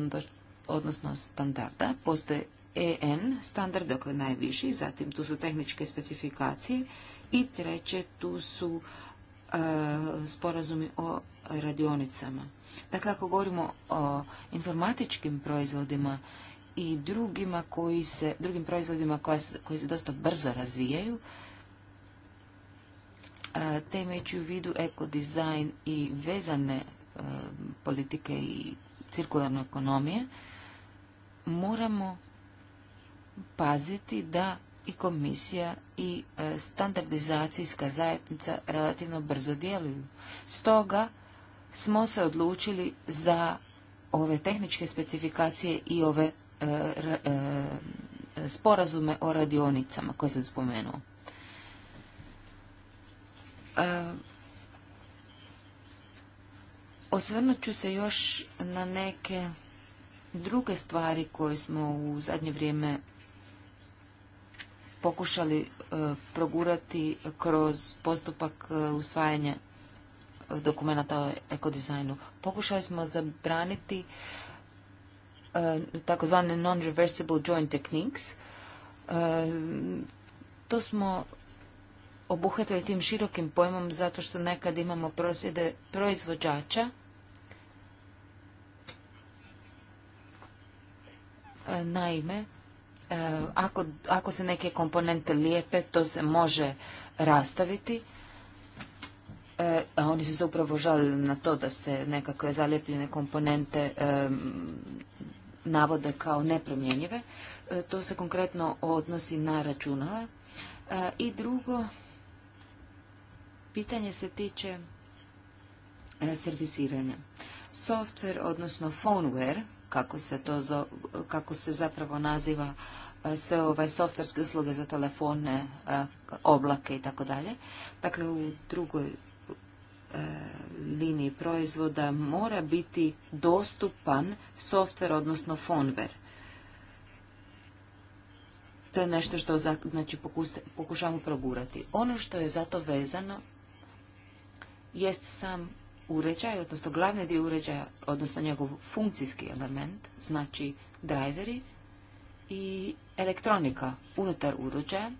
odnosno standarda. Postoje EN standard, dakle najviši, zatim tu su tehničke specifikacije i treće tu su e, sporazumi o radionicama. Dakle, ako govorimo o informatičkim proizvodima i drugima koji se, drugim proizvodima koji se dosta brzo razvijaju, e, te imajući u vidu ekodizajn i vezane Eh, politike i cirkularne ekonomije, moramo paziti da i komisija i eh, standardizacijska zajednica relativno brzo djeluju. Stoga smo se odlučili za ove tehničke specifikacije i ove eh, sporazume o radionicama koje sam spomenuo. Osvrnut ću se još na neke druge stvari koje smo u zadnje vrijeme pokušali e, progurati kroz postupak e, usvajanja dokumenta o ekodizajnu. Pokušali smo zabraniti e, takozvane non-reversible joint techniques. To smo obuhvatili tim širokim pojmom zato što nekad imamo prosjede proizvođača E, naime, e, ako, se neke komponente lijepe, to se može rastaviti. E, a oni su se upravo žalili na to da se nekakve zalijepljene komponente navode kao nepromjenjive. to se konkretno odnosi na računala. I drugo, pitanje se tiče servisiranja. Software, odnosno phoneware, kako se to kako se zapravo naziva e, sve ove softverske usluge za telefone, e, oblake i tako dalje. Dakle, u drugoj e, liniji proizvoda mora biti dostupan softver, odnosno fonver. To je nešto što znači, pokušamo progurati. Ono što je zato vezano jest sam uređaj, odnosno glavni dio uređaja, odnosno njegov funkcijski element, znači driveri, i elektronika unutar uređaja,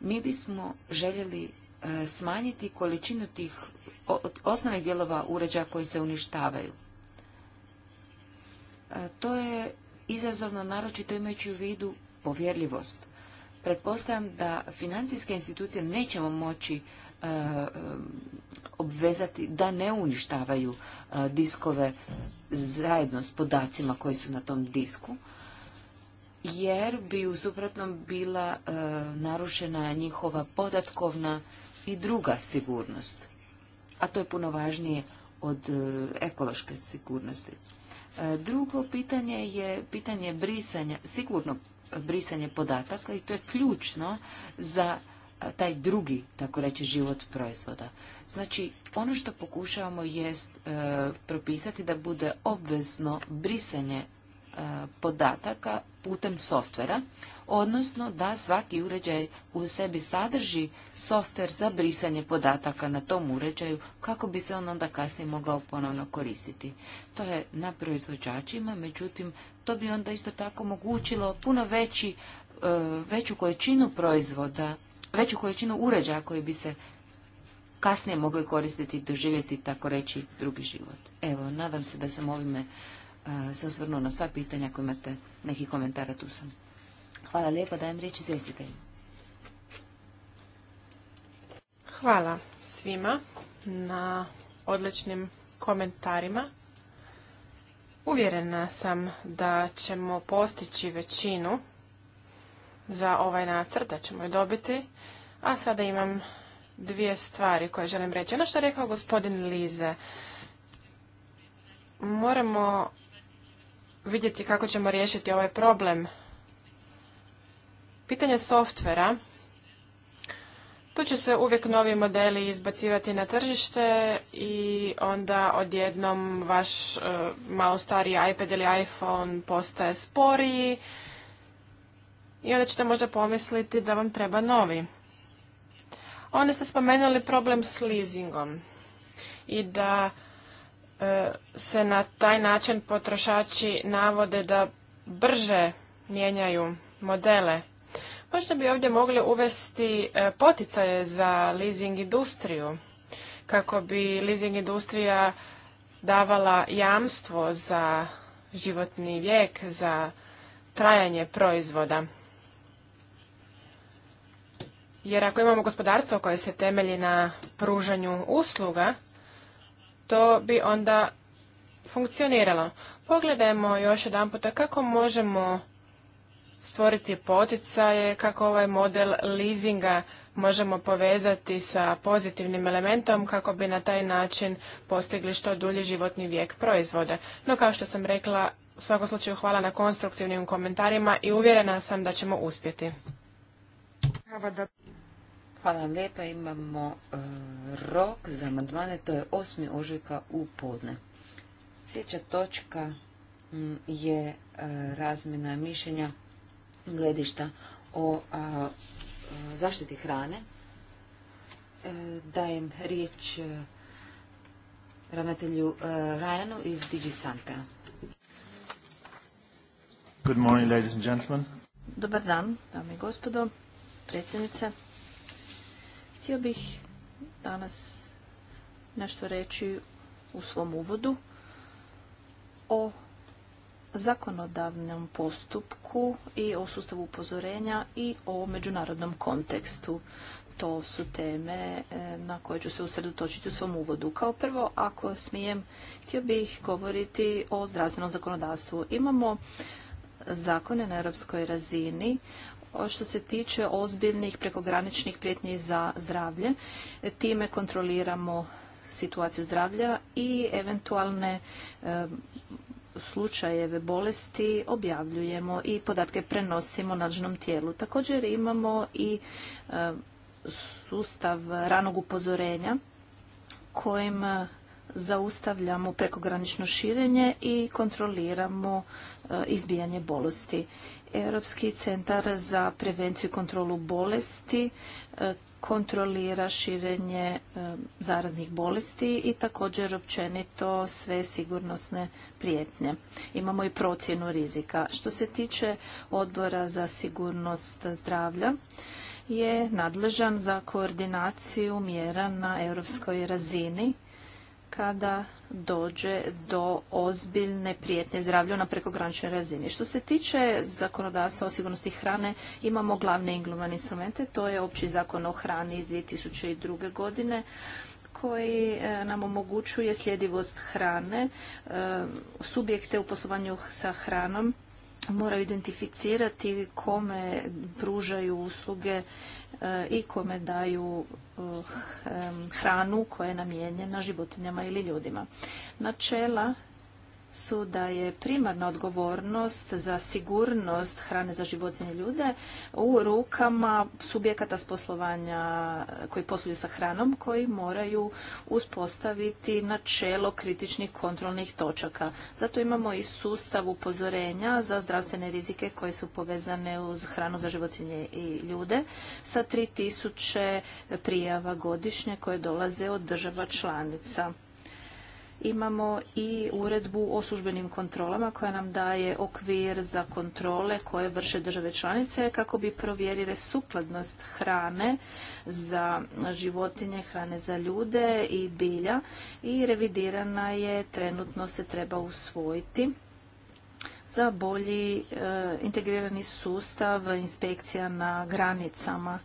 mi bismo željeli e, smanjiti količinu tih osnovnih dijelova uređaja koji se uništavaju. E, to je izazovno naročito imajući u vidu povjerljivost Pretpostavljam da financijske institucije nećemo moći e, e, obvezati da ne uništavaju e, diskove zajedno s podacima koji su na tom disku, jer bi u suprotnom bila narušena njihova podatkovna i druga sigurnost. A to je puno važnije od ekološke sigurnosti. Drugo pitanje je pitanje brisanja, sigurnog brisanje podataka i to je ključno za taj drugi, tako reći, život proizvoda. Znači, ono što pokušavamo jest e, propisati da bude obvezno brisanje e, podataka putem softvera, odnosno da svaki uređaj u sebi sadrži softver za brisanje podataka na tom uređaju kako bi se on onda kasnije mogao ponovno koristiti. To je na proizvođačima, međutim to bi onda isto tako omogućilo puno veći, e, veću količinu proizvoda, veću količinu uređaja koji bi se kasnije mogli koristiti i doživjeti, tako reći, drugi život. Evo, nadam se da sam ovime e, se osvrnuo na sva pitanja ako imate neki komentara, tu sam. Hvala lijepo, dajem riječ Hvala svima na odličnim komentarima. Uvjerena sam da ćemo postići većinu za ovaj nacrt, da ćemo je dobiti. A sada imam dvije stvari koje želim reći. Ono što je rekao gospodin Lize, moramo vidjeti kako ćemo riješiti ovaj problem Pitanje softvera. Tu će se uvijek novi modeli izbacivati na tržište i onda odjednom vaš e, malo stariji iPad ili iPhone postaje sporiji i onda ćete možda pomisliti da vam treba novi. Onda ste spomenuli problem s leasingom i da e, se na taj način potrošači navode da brže mijenjaju modele. Možda bi ovdje mogli uvesti e, poticaje za leasing industriju, kako bi leasing industrija davala jamstvo za životni vijek, za trajanje proizvoda. Jer ako imamo gospodarstvo koje se temelji na pružanju usluga, to bi onda funkcioniralo. Pogledajmo još jedan puta kako možemo stvoriti poticaje kako ovaj model leasinga možemo povezati sa pozitivnim elementom kako bi na taj način postigli što dulji životni vijek proizvoda. No kao što sam rekla, u svakom slučaju hvala na konstruktivnim komentarima i uvjerena sam da ćemo uspjeti. Hvala vam lijepa. Imamo e, rok za amandmane, to je 8. ožujka u podne. Sljedeća točka mm, je e, razmjena mišljenja gledišta o zaštiti hrane. E, dajem riječ e, ravnatelju e, iz DigiSanta. Good morning, ladies and gentlemen. Dobar dan, dame i gospodo, predsjednice. Htio bih danas nešto reći u svom uvodu o zakonodavnom postupku i o sustavu upozorenja i o međunarodnom kontekstu. To su teme e, na koje ću se usredotočiti u svom uvodu. Kao prvo, ako smijem, htio bih govoriti o zdravstvenom zakonodavstvu. Imamo zakone na europskoj razini što se tiče ozbiljnih prekograničnih prijetnji za zdravlje. Time kontroliramo situaciju zdravlja i eventualne e, slučajeve bolesti objavljujemo i podatke prenosimo nadležnom tijelu. Također imamo i e, sustav ranog upozorenja kojim zaustavljamo prekogranično širenje i kontroliramo e, izbijanje bolesti. Europski centar za prevenciju i kontrolu bolesti E, kontrolira širenje e, zaraznih bolesti i također općenito sve sigurnosne prijetnje. Imamo i procjenu rizika. Što se tiče odbora za sigurnost zdravlja, je nadležan za koordinaciju mjera na europskoj razini kada dođe do ozbiljne prijetnje zdravlju na prekograničnoj razini. Što se tiče zakonodavstva o sigurnosti hrane, imamo glavne instrumente, to je opći zakon o hrani iz 2002. godine, koji e, nam omogućuje sljedivost hrane. E, subjekte u poslovanju sa hranom moraju identificirati kome pružaju usluge E, i kome daju e, e, hranu koja je namijenjena životinjama ili ljudima. Načela su da je primarna odgovornost za sigurnost hrane za životinje ljude u rukama subjekata s poslovanja koji posluju sa hranom koji moraju uspostaviti načelo kritičnih kontrolnih točaka. Zato imamo i sustav upozorenja za zdravstvene rizike koje su povezane uz hranu za životinje i ljude sa 3000 prijava godišnje koje dolaze od država članica imamo i uredbu o službenim kontrolama koja nam daje okvir za kontrole koje vrše države članice kako bi provjerile sukladnost hrane za životinje, hrane za ljude i bilja i revidirana je, trenutno se treba usvojiti za bolji e, integrirani sustav inspekcija na granicama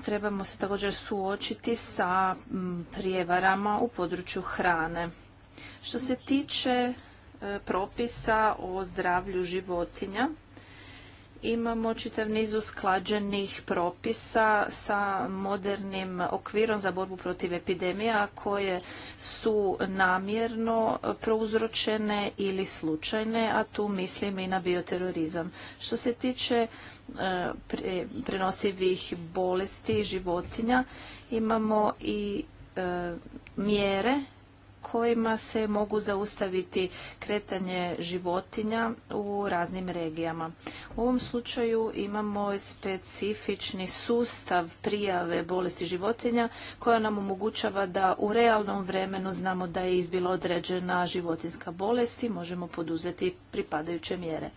trebamo se također suočiti sa prijevarama u području hrane. Što se tiče e, propisa o zdravlju životinja, imamo čitav niz usklađenih propisa sa modernim okvirom za borbu protiv epidemija koje su namjerno prouzročene ili slučajne, a tu mislim i na bioterorizam. Što se tiče e, prenosivih bolesti životinja, imamo i e, mjere kojima se mogu zaustaviti kretanje životinja u raznim regijama. U ovom slučaju imamo specifični sustav prijave bolesti životinja koja nam omogućava da u realnom vremenu znamo da je izbila određena životinska bolest i možemo poduzeti pripadajuće mjere.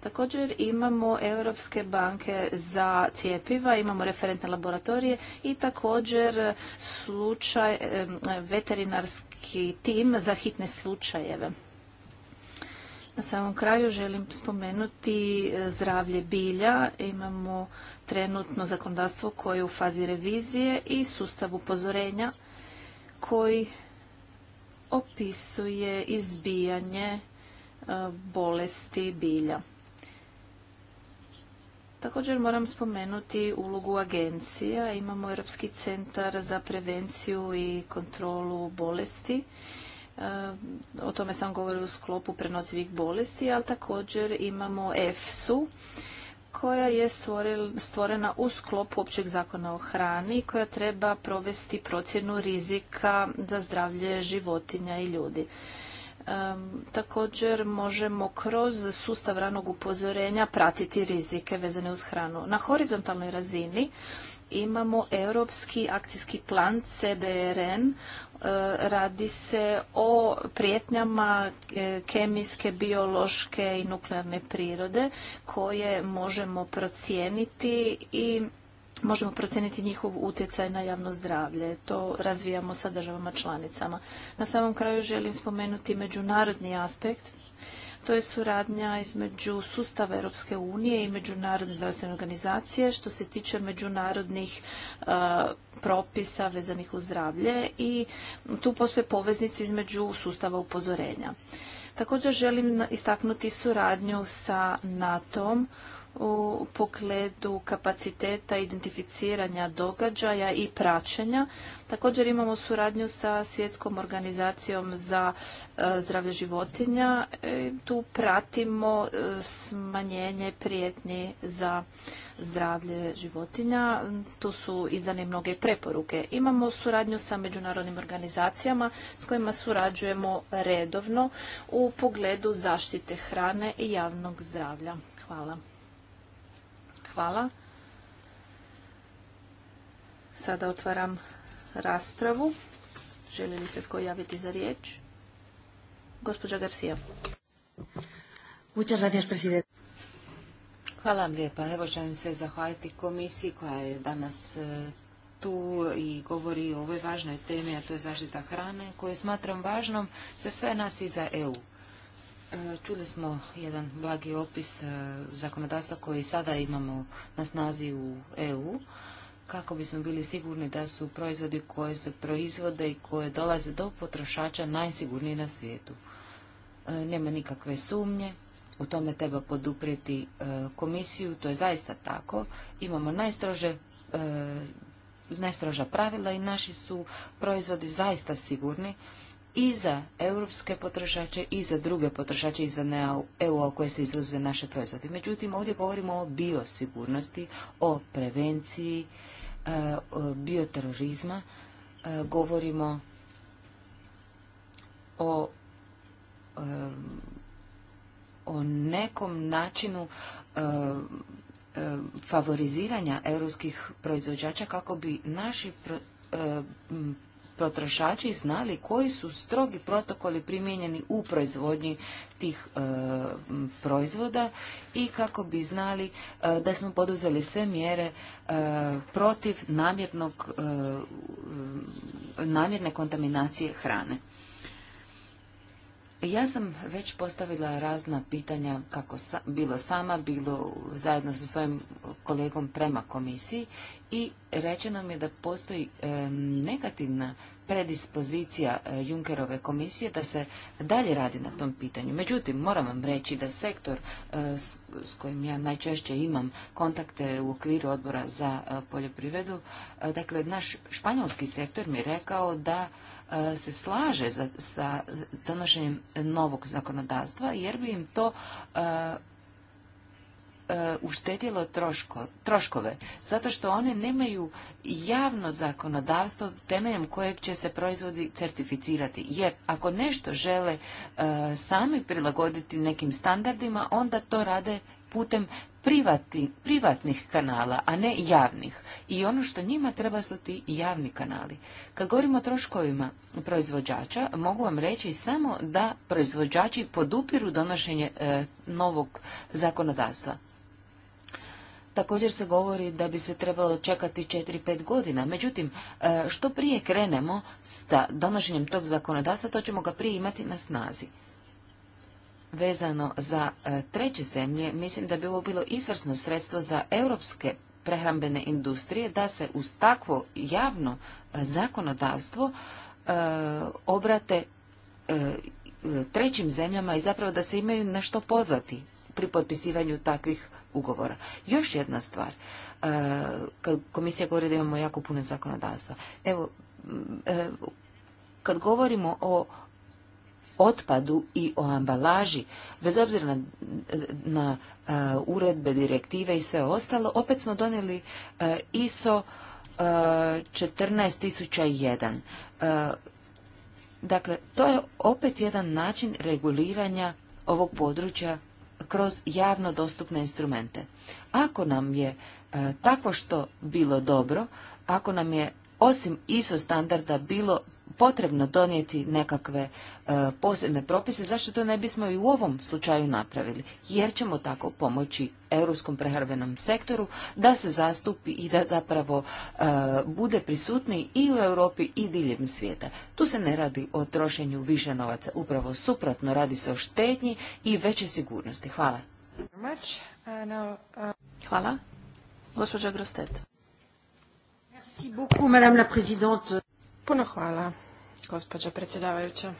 Također imamo Europske banke za cijepiva, imamo referentne laboratorije i također slučaj veterinarske i tim za hitne slučajeve. Na samom kraju želim spomenuti e, zdravlje bilja. Imamo trenutno zakonodavstvo koje je u fazi revizije i sustav upozorenja koji opisuje izbijanje e, bolesti bilja. Također moram spomenuti ulogu agencija. Imamo Europski centar za prevenciju i kontrolu bolesti. E, o tome sam govorila u sklopu prenosivih bolesti, ali također imamo EFSU koja je stvorena u sklopu općeg zakona o hrani koja treba provesti procjenu rizika za zdravlje životinja i ljudi. Također možemo kroz sustav ranog upozorenja pratiti rizike vezane uz hranu. Na horizontalnoj razini imamo europski akcijski plan CBRN radi se o prijetnjama e, kemijske, biološke i nuklearne prirode koje možemo procijeniti i možemo procijeniti njihov utjecaj na javno zdravlje. To razvijamo sa državama članicama. Na samom kraju želim spomenuti međunarodni aspekt. To je suradnja između sustava Europske unije i međunarodne zdravstvene organizacije što se tiče međunarodnih e, propisa vezanih uz zdravlje i tu postoje poveznicu između sustava upozorenja. Također želim istaknuti suradnju sa NATO-om u pogledu kapaciteta identificiranja događaja i praćenja. Također imamo suradnju sa Svjetskom organizacijom za e, zdravlje životinja. E, tu pratimo e, smanjenje prijetnje za zdravlje životinja. Tu su izdane mnoge preporuke. Imamo suradnju sa međunarodnim organizacijama s kojima surađujemo redovno u pogledu zaštite hrane i javnog zdravlja. Hvala. Hvala. Sada otvaram raspravu. Želi li se tko javiti za riječ? Gospođa Garcia. Hvala vam lijepa. Evo želim se zahvaliti komisiji koja je danas e, tu i govori o ovoj važnoj temi, a to je zaštita hrane, koju smatram važnom za sve nas i za EU. E, čuli smo jedan blagi opis e, zakonodavstva koji sada imamo na snazi u EU, kako bismo bili sigurni da su proizvodi koje se proizvode i koje dolaze do potrošača najsigurniji na svijetu. E, nema nikakve sumnje, u tome treba poduprijeti komisiju, to je zaista tako. Imamo najstrože najstroža pravila i naši su proizvodi zaista sigurni i za europske potrošače i za druge potrošače izvan eu koje se izvoze naše proizvode. Međutim, ovdje govorimo o biosigurnosti, o prevenciji e, bioterorizma, e, govorimo o e, o nekom načinu favoriziranja europskih proizvođača kako bi naši potrošači znali koji su strogi protokoli primijenjeni u proizvodnji tih e, proizvoda i kako bi znali e, da smo poduzeli sve mjere e, protiv namjernog, namjerne kontaminacije hrane. Ja sam već postavila razna pitanja, kako bilo sama, bilo zajedno sa svojim kolegom prema komisiji i rečeno mi je da postoji negativna predispozicija e, Junkerove komisije da se dalje radi na tom pitanju. Međutim, moram vam reći da sektor e, s kojim ja najčešće imam kontakte u okviru odbora za e, poljoprivredu, dakle, naš španjolski sektor mi je rekao da E, se slaže za, sa donošenjem novog zakonodavstva jer bi im to e, e, uštedilo troškove, zato što one nemaju javno zakonodavstvo temeljem kojeg će se proizvodi certificirati. Jer ako nešto žele sami prilagoditi nekim standardima, onda to rade putem privati, privatnih kanala, a ne javnih. I ono što njima treba su ti javni kanali. Kad govorimo o troškovima proizvođača, mogu vam reći samo da proizvođači podupiru donošenje e, novog zakonodavstva. Također se govori da bi se trebalo čekati 4-5 godina. Međutim, e, što prije krenemo sa donošenjem tog zakonodavstva, to ćemo ga prije imati na snazi vezano za e, treće zemlje, mislim da bi ovo bilo izvrsno sredstvo za europske prehrambene industrije da se uz takvo javno e, zakonodavstvo e, obrate trećim zemljama i zapravo da se imaju na što pozvati pri potpisivanju takvih ugovora. Još jedna stvar, kad komisija govori da imamo jako puno zakonodavstva. Evo, kad govorimo o otpadu i o ambalaži, bez obzira na, e, uredbe, direktive i sve ostalo, opet smo donijeli uh, ISO e, uh, 14001. Dakle, to je opet jedan način reguliranja ovog područja kroz javno dostupne instrumente. Ako nam je tako što bilo dobro, ako nam je osim ISO standarda bilo potrebno donijeti nekakve e, posebne propise, zašto to ne bismo i u ovom slučaju napravili? Jer ćemo tako pomoći europskom prehrambenom sektoru da se zastupi i da zapravo e, bude prisutni i u Europi i diljem svijeta. Tu se ne radi o trošenju više novaca, upravo suprotno radi se o štetnji i većoj sigurnosti. Hvala. Hvala. Gospođa Grostet. Puno hvala gospođo predsjedavajuća.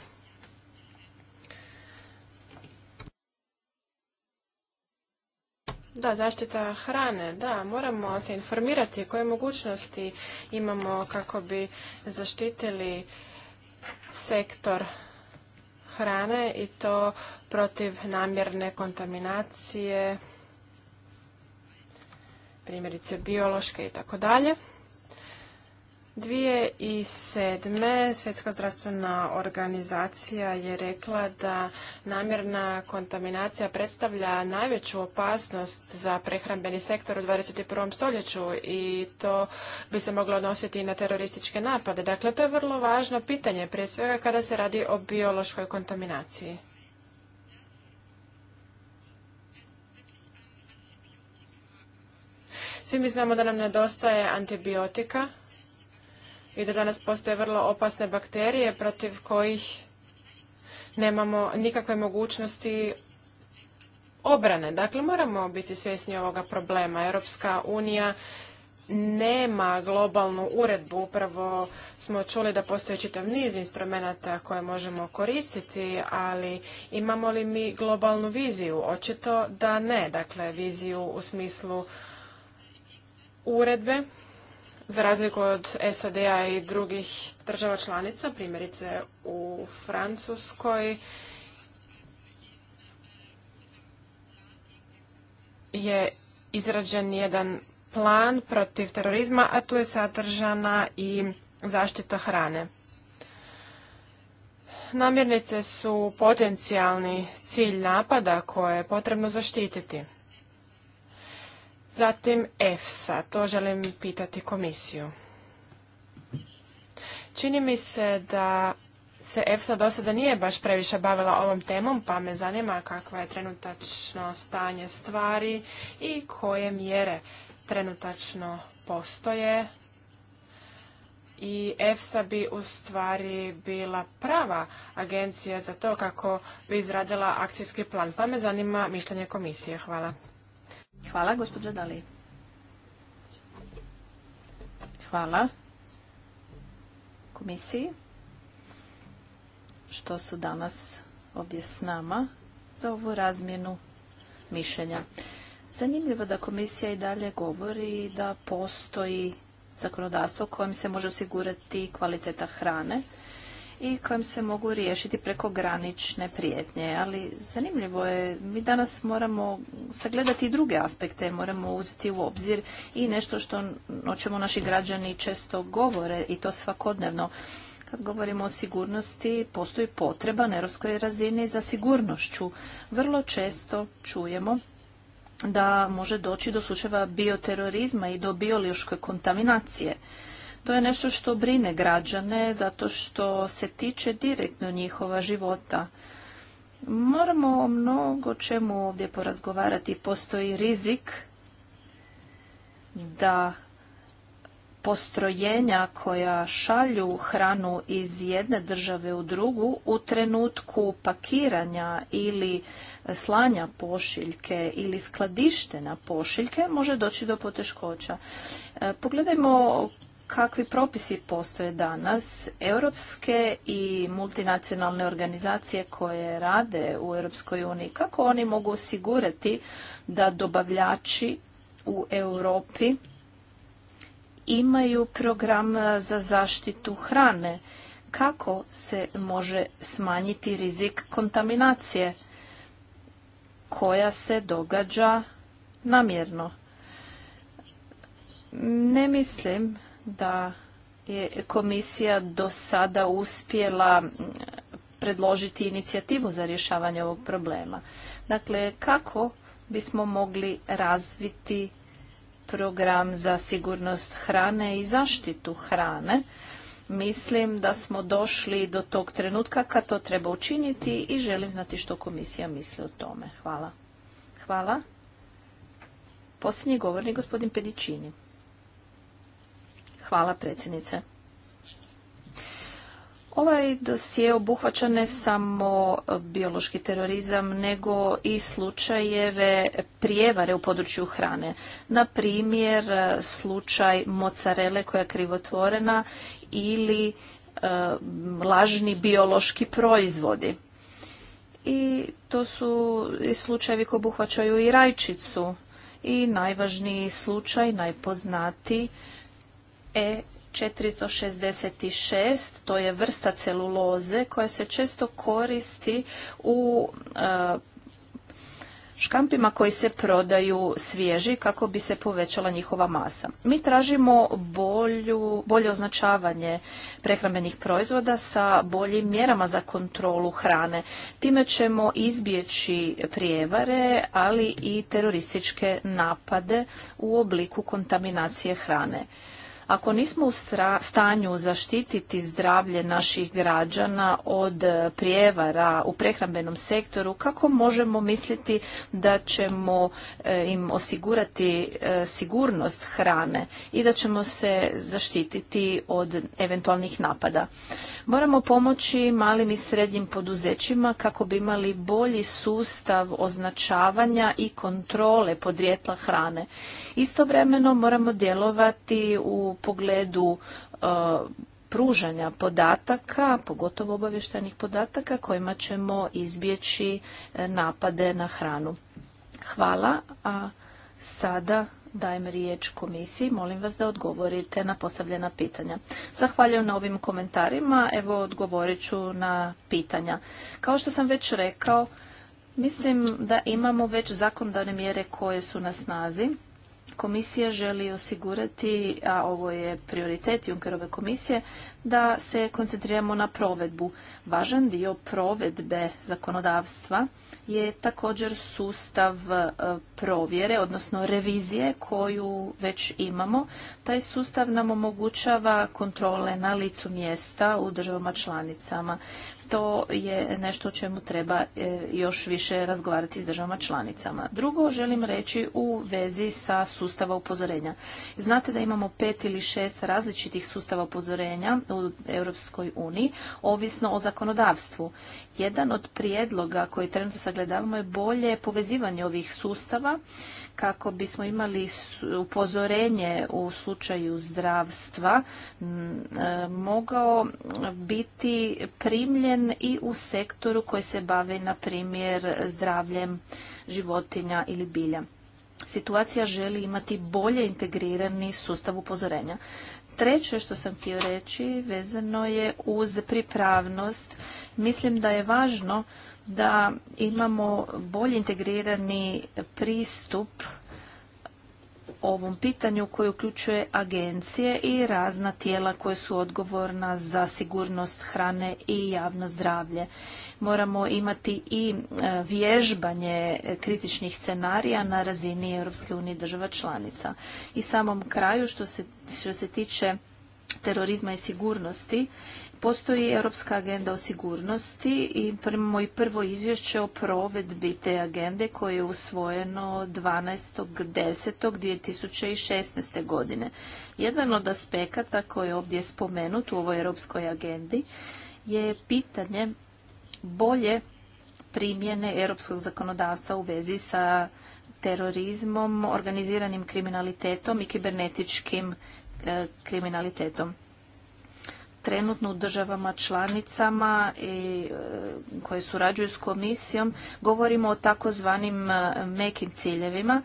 Da, zaštita hrane, da, moramo se informirati koje mogućnosti imamo kako bi zaštitili sektor hrane i to protiv namjerne kontaminacije, primjerice biološke i tako dalje. 2007. Svjetska zdravstvena organizacija je rekla da namjerna kontaminacija predstavlja najveću opasnost za prehrambeni sektor u 21. stoljeću i to bi se moglo odnositi i na terorističke napade. Dakle, to je vrlo važno pitanje, prije svega kada se radi o biološkoj kontaminaciji. Svi mi znamo da nam nedostaje antibiotika, i da danas postoje vrlo opasne bakterije protiv kojih nemamo nikakve mogućnosti obrane. Dakle, moramo biti svjesni ovoga problema. Europska unija nema globalnu uredbu. Upravo smo čuli da postoje čitav niz instrumenta koje možemo koristiti, ali imamo li mi globalnu viziju? Očito da ne. Dakle, viziju u smislu uredbe za razliku od SAD-a i drugih država članica, primjerice u Francuskoj, je izrađen jedan plan protiv terorizma, a tu je sadržana i zaštita hrane. Namirnice su potencijalni cilj napada koje je potrebno zaštititi. Zatim EFSA, to želim pitati komisiju. Čini mi se da se EFSA do sada nije baš previše bavila ovom temom, pa me zanima kakva je trenutačno stanje stvari i koje mjere trenutačno postoje. I EFSA bi u stvari bila prava agencija za to kako bi izradila akcijski plan. Pa me zanima mišljenje komisije. Hvala. Hvala, gospođa Dali. Hvala komisiji što su danas ovdje s nama za ovu razmjenu mišljenja. Zanimljivo da komisija i dalje govori da postoji zakonodavstvo kojim se može osigurati kvaliteta hrane i kojim se mogu riješiti preko granične prijetnje. Ali zanimljivo je, mi danas moramo sagledati i druge aspekte, moramo uzeti u obzir i nešto što, o čemu naši građani često govore i to svakodnevno. Kad govorimo o sigurnosti, postoji potreba na europskoj razini za sigurnošću. Vrlo često čujemo da može doći do slučajeva bioterorizma i do biološke kontaminacije. To je nešto što brine građane zato što se tiče direktno njihova života. Moramo o mnogo čemu ovdje porazgovarati. Postoji rizik da postrojenja koja šalju hranu iz jedne države u drugu u trenutku pakiranja ili slanja pošiljke ili na pošiljke može doći do poteškoća. E, pogledajmo kakvi propisi postoje danas. Europske i multinacionalne organizacije koje rade u Europskoj uniji, kako oni mogu osigurati da dobavljači u Europi imaju program za zaštitu hrane? Kako se može smanjiti rizik kontaminacije koja se događa namjerno? Ne mislim da je komisija do sada uspjela predložiti inicijativu za rješavanje ovog problema. Dakle, kako bismo mogli razviti program za sigurnost hrane i zaštitu hrane. Mislim da smo došli do tog trenutka kad to treba učiniti i želim znati što komisija misli o tome. Hvala. Hvala. Posljednji govornik, gospodin Pedičini. Hvala predsjednice. Ovaj dosije obuhvaća ne samo biološki terorizam, nego i slučajeve prijevare u području hrane. Na primjer, slučaj mocarele koja je krivotvorena ili e, lažni biološki proizvodi. I to su i slučajevi koji obuhvaćaju i rajčicu. I najvažniji slučaj, najpoznatiji, E466, to je vrsta celuloze koja se često koristi u e, škampima koji se prodaju svježi kako bi se povećala njihova masa. Mi tražimo bolje označavanje prehrambenih proizvoda sa boljim mjerama za kontrolu hrane. Time ćemo izbjeći prijevare, ali i terorističke napade u obliku kontaminacije hrane. Ako nismo u stanju zaštititi zdravlje naših građana od e, prijevara u prehrambenom sektoru, kako možemo misliti da ćemo e, im osigurati e, sigurnost hrane i da ćemo se zaštititi od eventualnih napada? Moramo pomoći malim i srednjim poduzećima kako bi imali bolji sustav označavanja i kontrole podrijetla hrane. Istovremeno moramo djelovati u pogledu e, pružanja podataka, pogotovo obavještajnih podataka kojima ćemo izbjeći e, napade na hranu. Hvala, a sada dajem riječ komisiji. Molim vas da odgovorite na postavljena pitanja. Zahvaljujem na ovim komentarima. Evo odgovorit ću na pitanja. Kao što sam već rekao, mislim da imamo već zakonodavne mjere koje su na snazi Komisija želi osigurati, a ovo je prioritet Junkerove komisije, da se koncentriramo na provedbu. Važan dio provedbe zakonodavstva je također sustav e, provjere, odnosno revizije koju već imamo. Taj sustav nam omogućava kontrole na licu mjesta u državama članicama to je nešto o čemu treba e, još više razgovarati s državama članicama. Drugo želim reći u vezi sa sustava upozorenja. Znate da imamo pet ili šest različitih sustava upozorenja u Europskoj uniji, ovisno o zakonodavstvu. Jedan od prijedloga koji trenutno sagledavamo je bolje povezivanje ovih sustava kako bismo imali upozorenje u slučaju zdravstva e, mogao biti primljen i u sektoru koji se bavi na primjer zdravljem životinja ili bilja. Situacija želi imati bolje integrirani sustav upozorenja. Treće što sam htio reći vezano je uz pripravnost. Mislim da je važno da imamo bolje integrirani pristup ovom pitanju koje uključuje agencije i razna tijela koje su odgovorna za sigurnost hrane i javno zdravlje. Moramo imati i e, vježbanje kritičnih scenarija na razini Europske unije država članica. I samom kraju što se, što se tiče terorizma i sigurnosti, Postoji Europska agenda o sigurnosti i i prvo izvješće o provedbi te agende koje je usvojeno 12.10.2016. godine. Jedan od aspekata koji je ovdje spomenut u ovoj Europskoj agendi je pitanje bolje primjene europskog zakonodavstva u vezi sa terorizmom, organiziranim kriminalitetom i kibernetičkim e, kriminalitetom trenutno u državama članicama i e, koje surađuju s komisijom govorimo o takozvanim e, mekim ciljevima,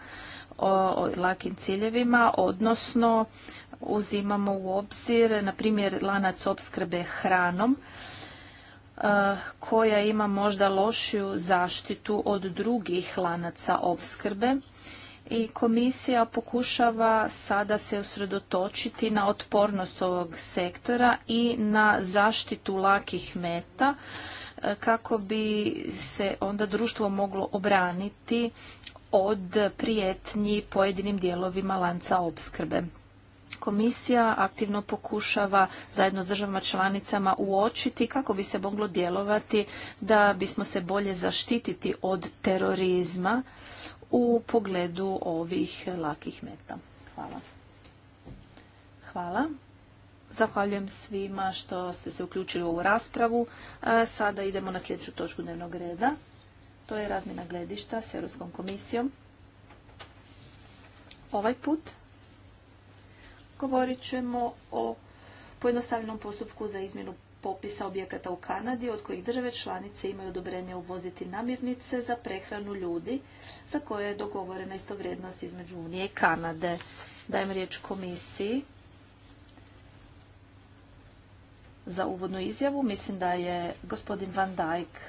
o, lakim ciljevima, odnosno uzimamo u obzir, na primjer, lanac opskrbe hranom, e, koja ima možda lošiju zaštitu od drugih lanaca opskrbe i komisija pokušava sada se usredotočiti na otpornost ovog sektora i na zaštitu lakih meta e, kako bi se onda društvo moglo obraniti od prijetnji pojedinim dijelovima lanca opskrbe. Komisija aktivno pokušava zajedno s državama članicama uočiti kako bi se moglo djelovati da bismo se bolje zaštititi od terorizma u pogledu ovih lakih meta. Hvala. Hvala. Zahvaljujem svima što ste se uključili u ovu raspravu. E, sada idemo na sljedeću točku dnevnog reda. To je razmjena gledišta s Europskom komisijom. Ovaj put govorit ćemo o pojednostavljenom postupku za izmjenu popisa objekata u Kanadi od kojih države članice imaju odobrenje uvoziti namirnice za prehranu ljudi za koje je dogovorena istovrednost između Unije i Kanade. Dajem riječ komisiji za uvodnu izjavu. Mislim da je gospodin Van Dijk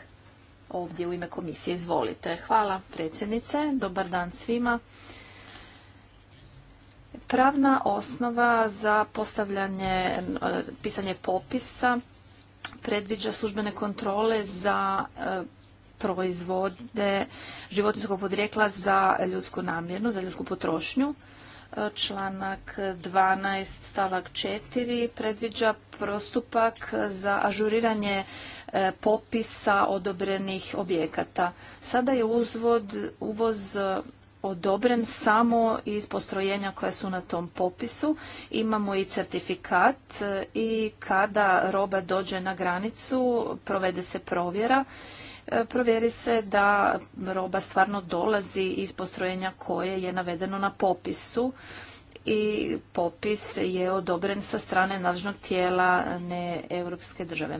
ovdje u ime komisije. Izvolite. Hvala predsjednice. Dobar dan svima. Pravna osnova za postavljanje, pisanje popisa predviđa službene kontrole za e, proizvode životinskog podrijekla za ljudsku namjernu, za ljudsku potrošnju. E, članak 12 stavak 4 predviđa prostupak za ažuriranje e, popisa odobrenih objekata. Sada je uzvod, uvoz odobren samo iz postrojenja koja su na tom popisu. Imamo i certifikat e, i kada roba dođe na granicu provede se provjera. E, provjeri se da roba stvarno dolazi iz postrojenja koje je navedeno na popisu i popis je odobren sa strane nadležnog tijela ne europske države.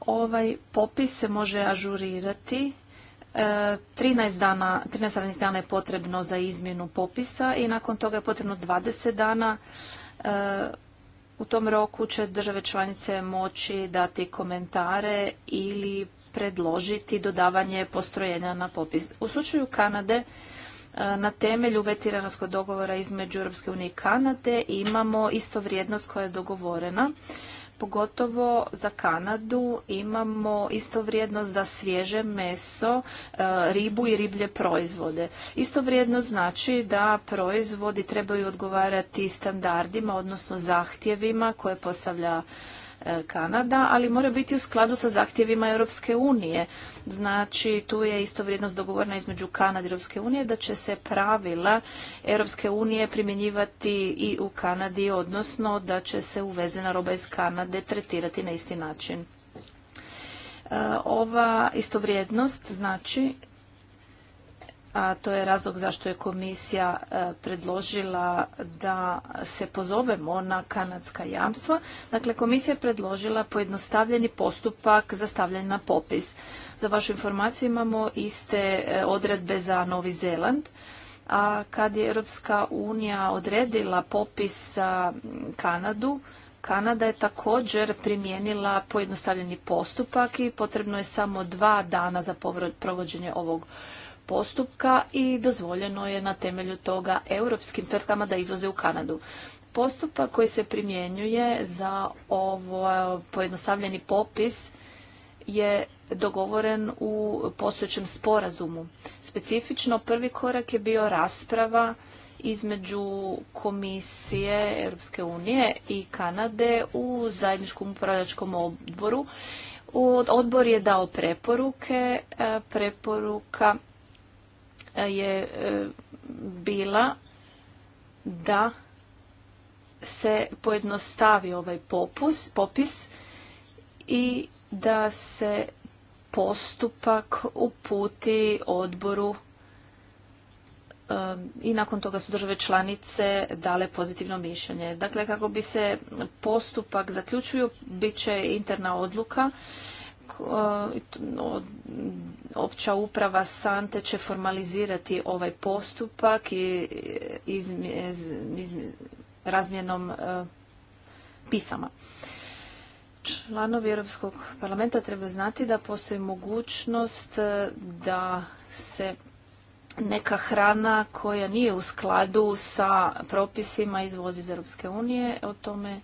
Ovaj popis se može ažurirati 13 e, dana, radnih dana je potrebno za izmjenu popisa i nakon toga je potrebno 20 dana. E, u tom roku će države članice moći dati komentare ili predložiti dodavanje postrojenja na popis. U slučaju Kanade e, na temelju veteranskog dogovora između Europske unije i Kanade imamo isto vrijednost koja je dogovorena Pogotovo za Kanadu imamo isto vrijednost za svježe meso, e, ribu i riblje proizvode. Isto vrijednost znači da proizvodi trebaju odgovarati standardima, odnosno zahtjevima koje postavlja E, Kanada, ali mora biti u skladu sa zahtjevima Europske unije. Znači, tu je isto vrijednost dogovorena između Kanade i Europske unije da će se pravila Europske unije primjenjivati i u Kanadi, odnosno da će se uvezena roba iz Kanade tretirati na isti način. E, ova istovrijednost znači a to je razlog zašto je komisija e, predložila da se pozovemo na kanadska jamstva. Dakle, komisija je predložila pojednostavljeni postupak za stavljanje na popis. Za vašu informaciju imamo iste e, odredbe za Novi Zeland. A kad je Europska unija odredila popis za Kanadu, Kanada je također primijenila pojednostavljeni postupak i potrebno je samo dva dana za provođenje ovog postupka i dozvoljeno je na temelju toga europskim tvrtkama da izvoze u Kanadu. Postupak koji se primjenjuje za ovo e, pojednostavljeni popis je dogovoren u postojećem sporazumu. Specifično prvi korak je bio rasprava između Komisije Europske unije i Kanade u zajedničkom upravljačkom odboru. Odbor je dao preporuke. E, preporuka je e, bila da se pojednostavi ovaj popis i da se postupak uputi odboru e, i nakon toga su države članice dale pozitivno mišljenje. Dakle, kako bi se postupak zaključio, bit će interna odluka E, opća uprava Sante će formalizirati ovaj postupak i e, razmjenom e, pisama. Članovi Europskog parlamenta treba znati da postoji mogućnost da se neka hrana koja nije u skladu sa propisima izvozi iz Europske unije, o tome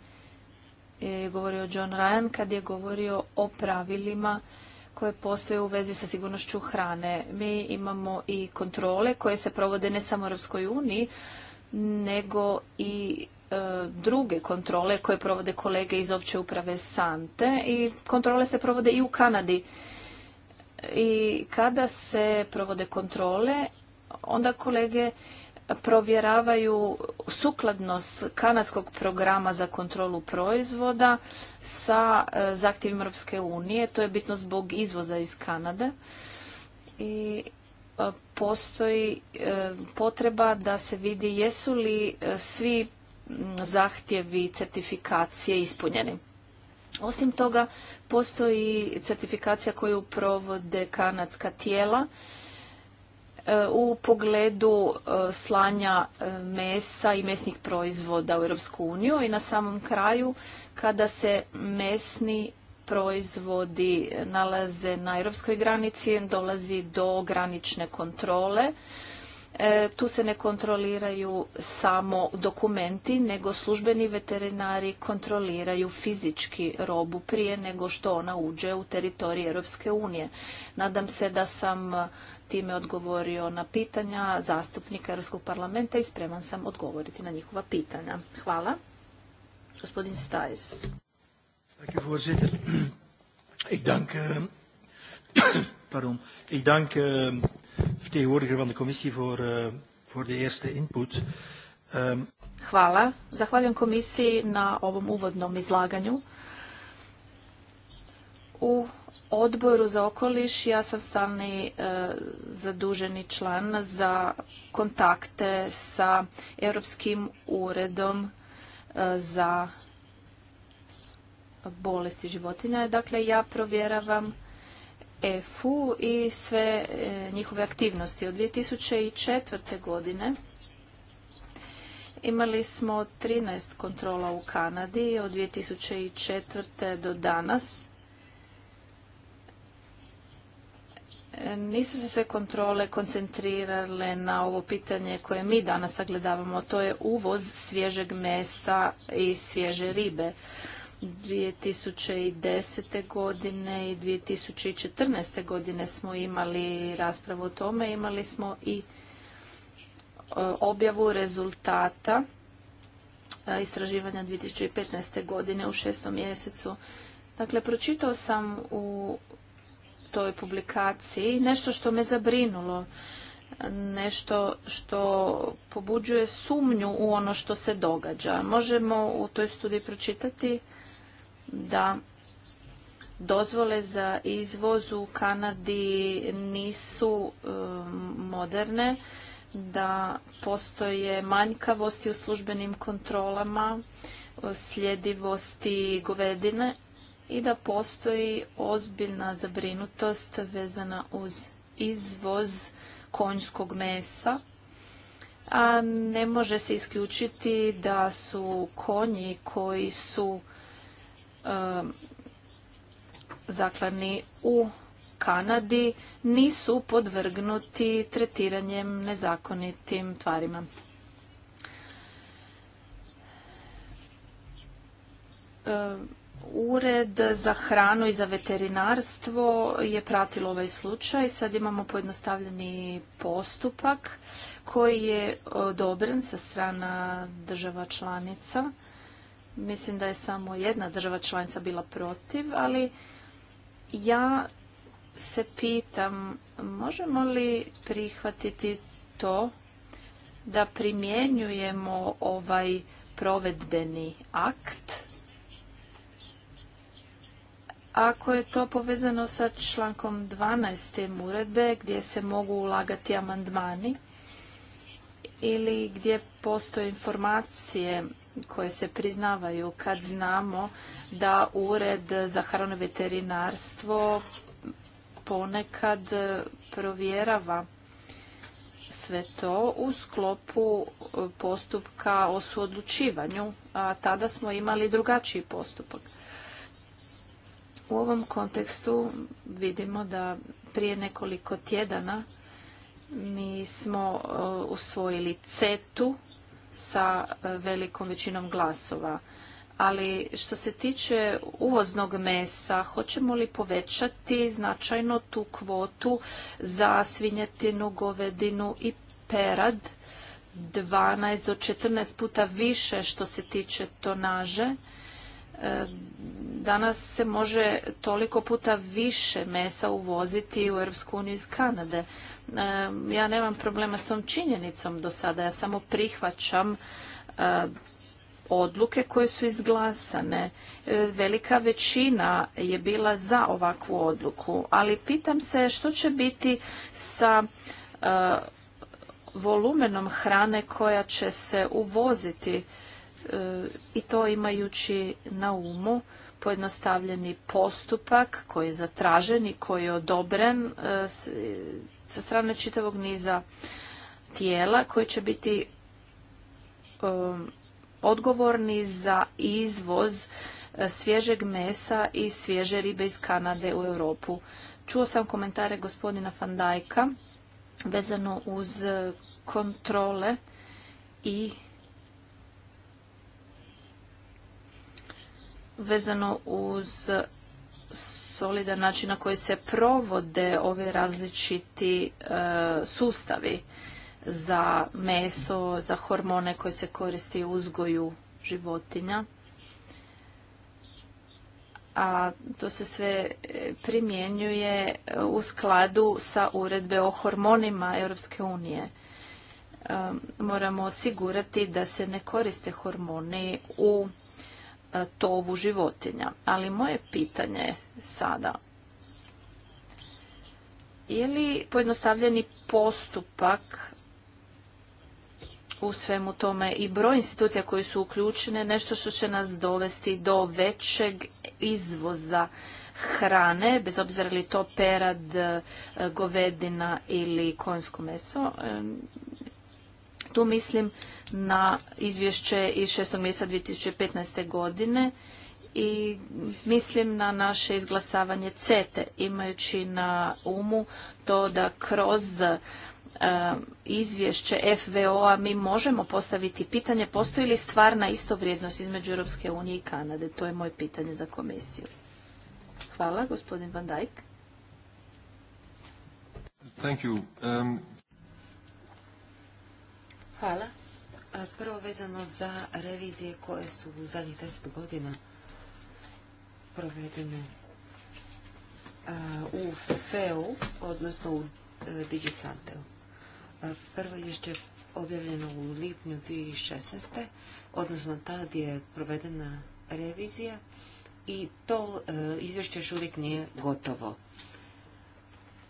je govorio John Ryan kad je govorio o pravilima koje postoje u vezi sa sigurnošću hrane. Mi imamo i kontrole koje se provode ne samo u Europskoj uniji, nego i e, druge kontrole koje provode kolege iz opće uprave Sante i kontrole se provode i u Kanadi. I kada se provode kontrole, onda kolege provjeravaju sukladnost kanadskog programa za kontrolu proizvoda sa e, zahtjevima Europske unije. To je bitno zbog izvoza iz Kanade. I e, postoji e, potreba da se vidi jesu li svi zahtjevi certifikacije ispunjeni. Osim toga, postoji certifikacija koju provode kanadska tijela E, u pogledu e, slanja e, mesa i mesnih proizvoda u Europsku uniju i na samom kraju kada se mesni proizvodi nalaze na europskoj granici, dolazi do granične kontrole. tu se ne kontroliraju samo dokumenti, nego službeni veterinari kontroliraju fizički robu prije nego što ona uđe u teritorij Europske unije. Nadam se da sam time odgovorio na pitanja zastupnika Europskog parlamenta i spreman sam odgovoriti na njihova pitanja. Hvala. Gospodin Stajs. Ik dank, eh, pardon, ik dank eh, van de commissie voor, eh, voor de eerste input. Ehm, Hvala. Zahvaljujem komisiji na ovom uvodnom izlaganju. U odboru za okoliš ja sam stalni e, zaduženi član za kontakte sa Europskim uredom e, za bolesti životinja. Dakle, ja provjeravam EFU i sve e, njihove aktivnosti. Od 2004. godine imali smo 13 kontrola u Kanadi od 2004. do danas nisu se sve kontrole koncentrirale na ovo pitanje koje mi danas sagledavamo, to je uvoz svježeg mesa i svježe ribe. 2010. godine i 2014. godine smo imali raspravu o tome, imali smo i e, objavu rezultata e, istraživanja 2015. godine u šestom mjesecu. Dakle, pročitao sam u toj publikaciji nešto što me zabrinulo, nešto što pobuđuje sumnju u ono što se događa. Možemo u toj studiji pročitati da dozvole za izvoz u Kanadi nisu um, moderne, da postoje manjkavosti u službenim kontrolama, sljedivosti govedine i da postoji ozbiljna zabrinutost vezana uz izvoz konjskog mesa a ne može se isključiti da su konji koji su um, zaklani u Kanadi nisu podvrgnuti tretiranjem nezakonitim tvarima. Um, Ured za hranu i za veterinarstvo je pratilo ovaj slučaj. Sad imamo pojednostavljeni postupak koji je e, odobren sa strana država članica. Mislim da je samo jedna država članica bila protiv, ali ja se pitam možemo li prihvatiti to da primjenjujemo ovaj provedbeni akt ako je to povezano sa člankom 12. uredbe gdje se mogu ulagati amandmani ili gdje postoje informacije koje se priznavaju kad znamo da Ured za hrano veterinarstvo ponekad provjerava sve to u sklopu postupka o suodlučivanju, a tada smo imali drugačiji postupak. U ovom kontekstu vidimo da prije nekoliko tjedana mi smo uh, usvojili CETU sa uh, velikom većinom glasova. Ali što se tiče uvoznog mesa, hoćemo li povećati značajno tu kvotu za svinjetinu, govedinu i perad 12 do 14 puta više što se tiče tonaže? E, danas se može toliko puta više mesa uvoziti u Uniju iz Kanade. E, ja nemam problema s tom činjenicom do sada. Ja samo prihvaćam e, odluke koje su izglasane. Velika većina je bila za ovakvu odluku, ali pitam se što će biti sa volumenom hrane koja će se uvoziti E, i to imajući na umu pojednostavljeni postupak koji je zatražen i koji je odobren e, sa strane čitavog niza tijela koji će biti e, odgovorni za izvoz svježeg mesa i svježe ribe iz Kanade u Europu. Čuo sam komentare gospodina Fandajka vezano uz kontrole i vezano uz solidan način na koji se provode ove različiti e, sustavi za meso, za hormone koje se koristi u uzgoju životinja. A to se sve e, primjenjuje u skladu sa uredbe o hormonima Europske unije. E, moramo osigurati da se ne koriste hormoni u tovu životinja. Ali moje pitanje je sada je li pojednostavljeni postupak u svemu tome i broj institucija koji su uključene nešto što će nas dovesti do većeg izvoza hrane, bez obzira li to perad, e, govedina ili konjsko meso. E, tu mislim na izvješće iz 6. mjesta 2015. godine i mislim na naše izglasavanje CETE, imajući na umu to da kroz e, izvješće FVO-a mi možemo postaviti pitanje postoji li stvarna istovrijednost između Europske unije i Kanade. To je moje pitanje za komisiju. Hvala, gospodin Van Dijk. Um, Hvala. Prvo vezano za revizije koje su u zadnjih deset godina provedene u FEU, odnosno u e, DigiSanteu. Prvo izvješće je objavljeno u lipnju 2016. odnosno tad je provedena revizija i to e, izvješće još uvijek nije gotovo.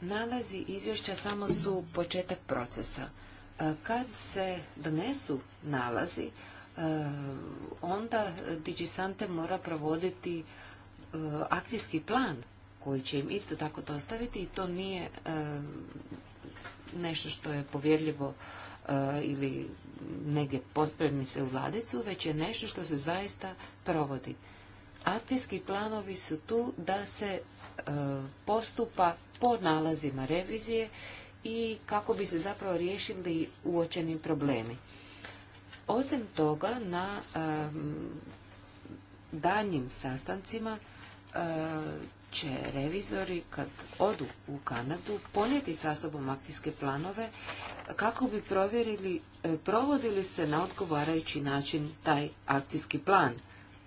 Nalazi izvješća samo su početak procesa. E, kad se donesu nalazi, e, onda DigiSante mora provoditi e, akcijski plan koji će im isto tako dostaviti i to nije nešto što je povjerljivo ili negdje pospremi se u Vladicu već je nešto što se zaista provodi. Akcijski planovi su tu da se postupa po nalazima revizije i kako bi se zapravo riješili uočeni problemi. Osim toga, na daljnjim sastancima eh, će revizori kad odu u Kanadu ponijeti sa sobom akcijske planove kako bi provjerili eh, provodili se na odgovarajući način taj akcijski plan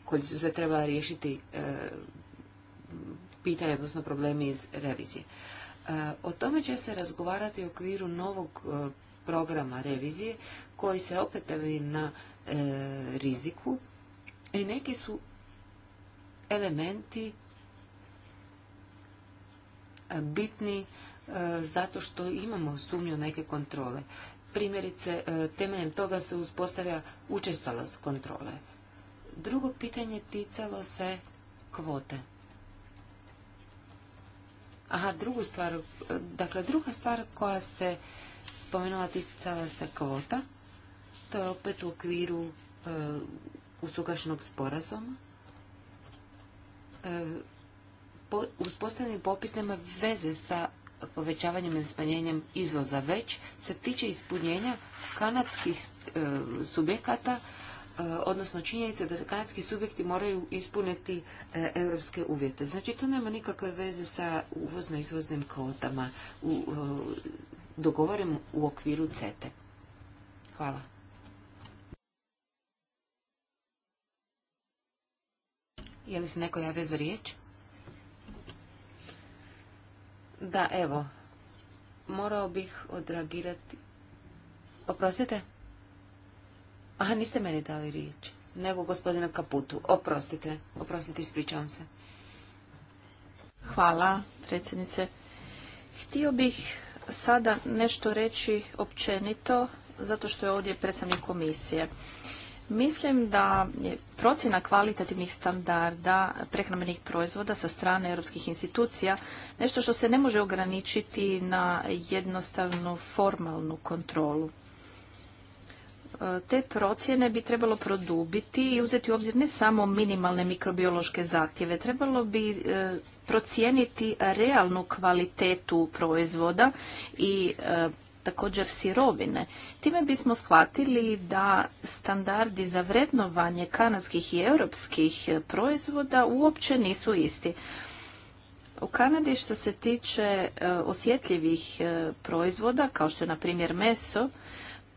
koji su se treba riješiti e, pitanja, odnosno problemi iz revizije. O tome će se razgovarati u okviru novog e, programa revizije koji se opet na e, riziku i neki su elementi e, bitni zato što imamo sumnju neke kontrole. Primjerice, temeljem toga se uspostavlja učestalost kontrole. Drugo pitanje ticalo se kvote. Aha, drugu stvar, e, dakle druga stvar koja se spomenula ticala se kvota, to je opet u okviru e, sporazuma. E, po, uspostavljeni popis nema veze sa povećavanjem ili smanjenjem izvoza, već se tiče ispunjenja kanadskih e, subjekata E, odnosno činjenica da kanadski subjekti moraju ispuniti e, europske uvjete. Znači, to nema nikakve veze sa uvozno-izvoznim kvotama u e, u okviru CETE. Hvala. Je li se neko javio za riječ? Da, evo. Morao bih odreagirati. Oprostite? Aha, niste meni dali riječ, nego gospodina Kaputu. Oprostite, oprostite, ispričavam se. Hvala, predsjednice. Htio bih sada nešto reći općenito, zato što je ovdje predstavnik komisije. Mislim da je procjena kvalitativnih standarda prehrambenih proizvoda sa strane europskih institucija nešto što se ne može ograničiti na jednostavnu formalnu kontrolu te procjene bi trebalo produbiti i uzeti u obzir ne samo minimalne mikrobiološke zahtjeve, trebalo bi e, procijeniti realnu kvalitetu proizvoda i e, također sirovine. Time bismo shvatili da standardi za vrednovanje kanadskih i europskih proizvoda uopće nisu isti. U Kanadi što se tiče e, osjetljivih proizvoda, kao što je na primjer meso,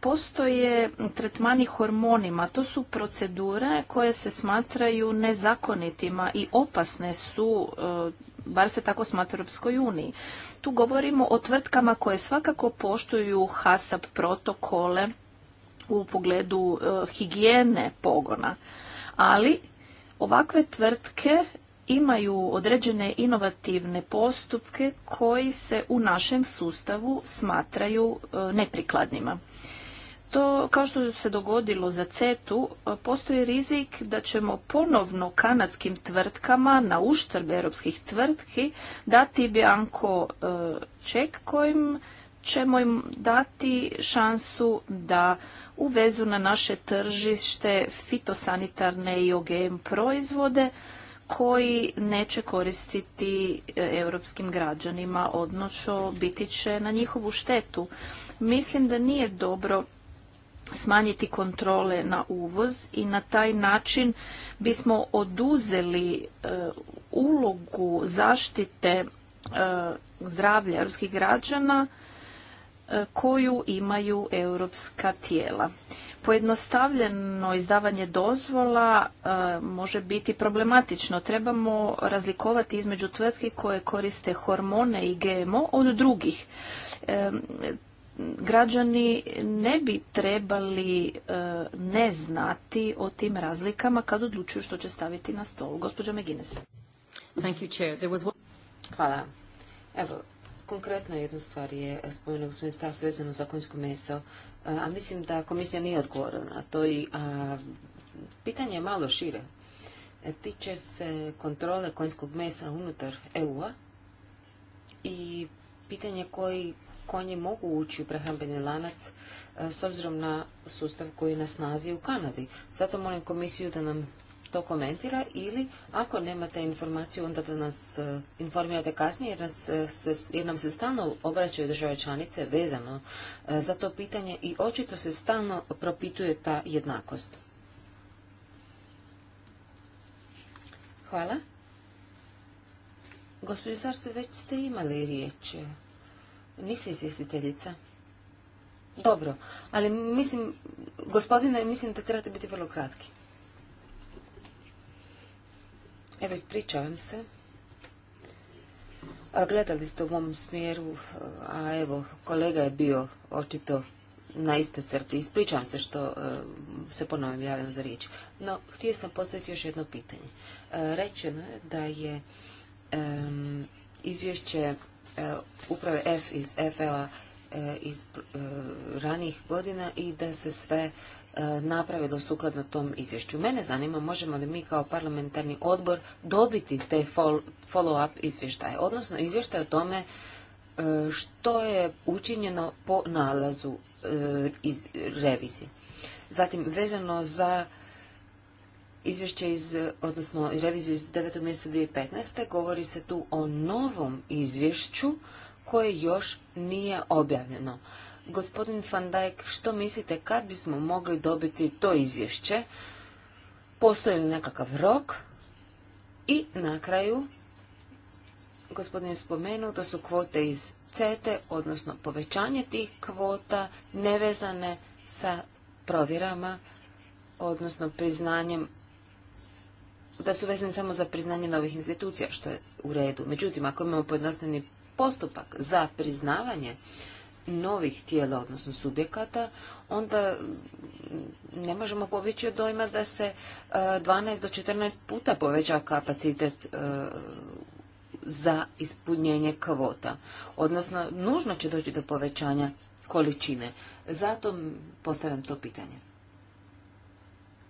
postoje tretmani hormonima. To su procedure koje se smatraju nezakonitima i opasne su, e, bar se tako smatra u Europskoj uniji. Tu govorimo o tvrtkama koje svakako poštuju HASAP protokole u pogledu e, higijene pogona. Ali ovakve tvrtke imaju određene inovativne postupke koji se u našem sustavu smatraju e, neprikladnima to, kao što se dogodilo za CETU, postoji rizik da ćemo ponovno kanadskim tvrtkama na uštrb europskih tvrtki dati bjanko e, ček kojim ćemo im dati šansu da uvezu na naše tržište fitosanitarne i OGM proizvode koji neće koristiti e, europskim građanima, odnosno biti će na njihovu štetu. Mislim da nije dobro smanjiti kontrole na uvoz i na taj način bismo oduzeli e, ulogu zaštite e, zdravlja europskih građana e, koju imaju europska tijela. Pojednostavljeno izdavanje dozvola može biti problematično. Trebamo razlikovati između tvrtki koje koriste hormone i GMO od drugih građani ne bi trebali e, ne znati o tim razlikama kad odlučuju što će staviti na stol. Gospođa Megines. Hvala. Evo, konkretno jednu stvar je spomenuo svoj stav vezano za konjsko meso, e, a mislim da komisija nije odgovorna. to i pitanje je malo šire. E, tiče se kontrole konjskog mesa unutar EU-a i pitanje koji konji mogu ući u prehrambeni lanac e, s obzirom na sustav koji je na snazi u Kanadi. Zato molim komisiju da nam to komentira ili ako nemate informaciju onda da nas e, informirate kasnije e, jer, nam se stalno obraćaju države članice vezano za to pitanje i očito se stalno propituje ta jednakost. Hvala. Gospodin Sarse, već ste imali riječ. Nisi izvjestiteljica? Dobro, ali mislim, gospodine, mislim da trebate biti vrlo kratki. Evo, ispričavam se. gledali ste u mom smjeru, a evo, kolega je bio očito na istoj crti. Ispričavam se što e, se ponovim javljam za riječ. No, htio sam postaviti još jedno pitanje. E, rečeno je da je izvješće E, uprave F iz FL-a e, iz e, ranijih godina i da se sve napravilo sukladno tom izvješću. Mene zanima možemo li mi kao parlamentarni odbor dobiti te follow-up izvještaje, odnosno izvještaje o tome što je učinjeno po nalazu iz revizije. Zatim, vezano za izvješće iz, odnosno reviziju iz 9. mjeseca 2015. govori se tu o novom izvješću koje još nije objavljeno. Gospodin Van Dijk, što mislite kad bismo mogli dobiti to izvješće? Postoji li nekakav rok? I na kraju, gospodin je spomenuo da su kvote iz CETE, odnosno povećanje tih kvota, nevezane sa provjerama, odnosno priznanjem da su vezani samo za priznanje novih institucija, što je u redu. Međutim, ako imamo pojednostavni postupak za priznavanje novih tijela, odnosno subjekata, onda ne možemo povjeći od dojma da se 12 e, do 14 puta poveća kapacitet e, za ispunjenje kvota. Odnosno, nužno će doći do povećanja količine. Zato postavljam to pitanje.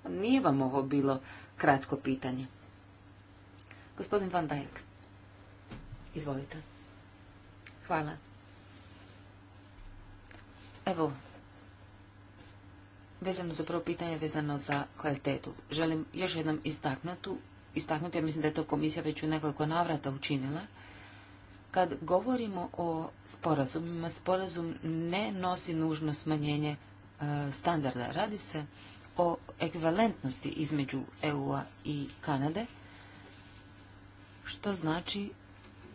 Nije vam ovo bilo kratko pitanje. Gospodin Van Dijk, izvolite. Hvala. Evo, vezano za prvo pitanje, vezano za kvalitetu. Želim još jednom istaknuti, istaknuti, ja mislim da je to komisija već u nekoliko navrata učinila, kad govorimo o sporazumima, sporazum ne nosi nužno smanjenje e, standarda. Radi se o ekvivalentnosti između EU-a i Kanade, što znači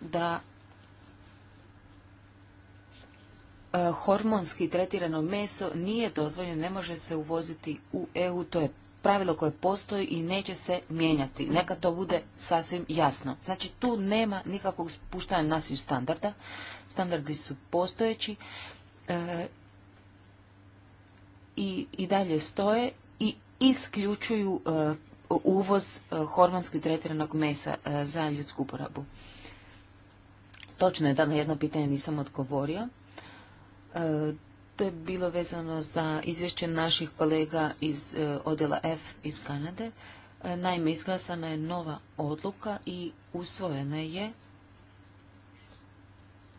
da e, hormonski tretirano meso nije dozvoljeno, ne može se uvoziti u EU, to je pravilo koje postoji i neće se mijenjati. Neka to bude sasvim jasno. Znači tu nema nikakvog spuštanja naših standarda. Standardi su postojeći e, i dalje stoje isključuju e, uvoz e, hormonski tretiranog mesa e, za ljudsku uporabu. Točno je da na jedno pitanje nisam odgovorio. To je bilo vezano za izvješće naših kolega iz odjela F iz Kanade. Naime, izglasana je nova odluka i usvojena je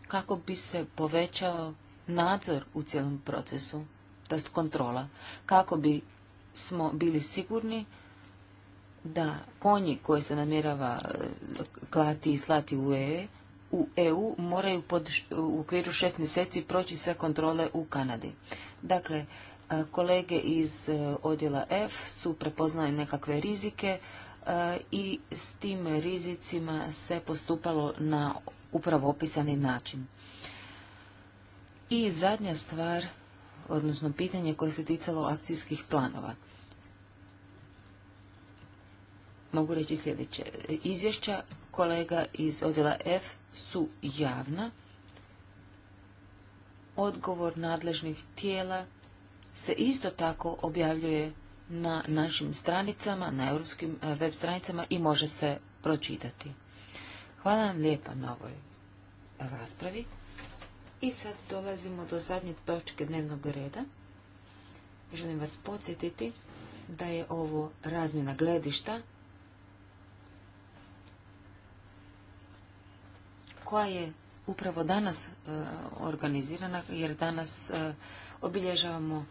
kako bi se povećao nadzor u cijelom procesu, to kontrola, kako bi smo bili sigurni da konji koje se namjerava eh, klati i slati u EU, u EU moraju pod, u okviru šest mjeseci proći sve kontrole u Kanadi. Dakle, eh, kolege iz eh, odjela F su prepoznali nekakve rizike i s tim rizicima se postupalo na upravo opisani način. I zadnja stvar odnosno pitanje koje se ticalo akcijskih planova. Mogu reći sljedeće. Izvješća kolega iz odjela F su javna. Odgovor nadležnih tijela se isto tako objavljuje na našim stranicama, na europskim eh, web stranicama i može se pročitati. Hvala vam lijepa na ovoj raspravi. I sad dolazimo do zadnje točke dnevnog reda. Želim vas podsjetiti da je ovo razmjena gledišta koja je upravo danas e, organizirana jer danas e, obilježavamo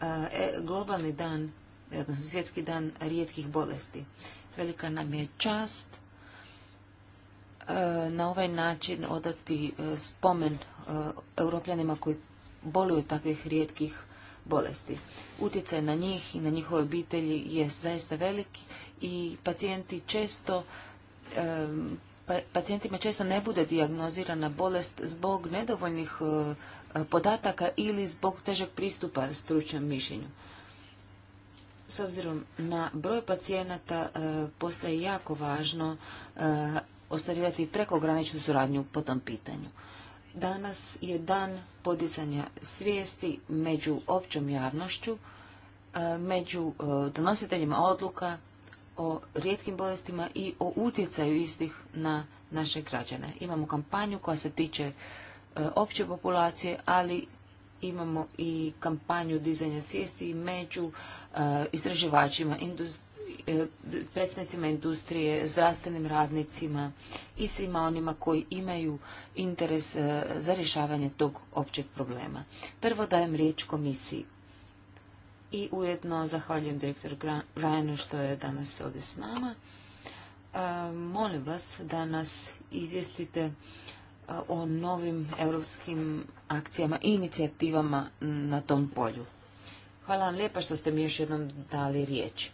e, globalni dan, odnosno svjetski dan rijetkih bolesti. Velika nam je čast E, na ovaj način odati e, spomen e, europljanima koji boluju takvih rijetkih bolesti. Utjecaj na njih i na njihove obitelji je zaista velik i pacijenti često pa, pacijentima često ne bude dijagnozirana bolest zbog nedovoljnih podataka ili zbog težeg pristupa stručnom mišljenju. S obzirom na broj pacijenata postaje jako važno ostvarivati prekograničnu suradnju po tom pitanju. Danas je dan podizanja svijesti među općom javnošću, e, među e, donositeljima odluka o rijetkim bolestima i o utjecaju istih na naše građane. Imamo kampanju koja se tiče e, opće populacije, ali imamo i kampanju dizanja svijesti među istraživačima, industri E, predstavnicima industrije, zdravstvenim radnicima i svima onima koji imaju interes e, za rješavanje tog općeg problema. Prvo dajem riječ komisiji. I ujedno zahvaljujem direktor Rajanu što je danas ovdje s nama. E, molim vas da nas izvjestite o novim europskim akcijama i inicijativama na tom polju. Hvala vam lijepa što ste mi još jednom dali riječ.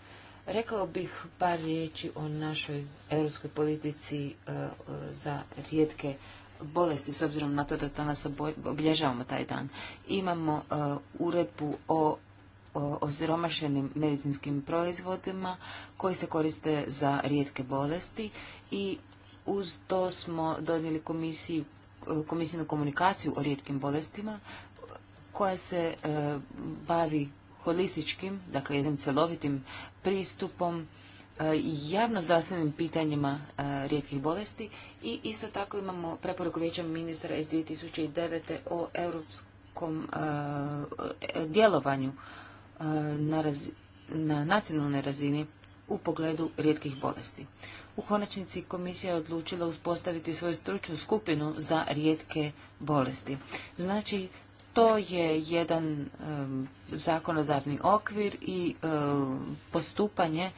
Rekao bih par riječi o našoj europskoj politici e, e, za rijetke bolesti, s obzirom na to da danas obilježavamo taj dan. Imamo e, uredbu o osiromašenim medicinskim proizvodima koji se koriste za rijetke bolesti i uz to smo donijeli komisiju, komisijnu komunikaciju o rijetkim bolestima koja se bavi holističkim, dakle jednim celovitim pristupom e, javnozdravstvenim pitanjima e, rijetkih bolesti i isto tako imamo preporuku vijeća ministra iz 2009. o europskom e, djelovanju na, na nacionalnoj razini u pogledu rijetkih bolesti. U konačnici komisija je odlučila uspostaviti svoju stručnu skupinu za rijetke bolesti. Znači, to je jedan zakonodavni okvir i postupanje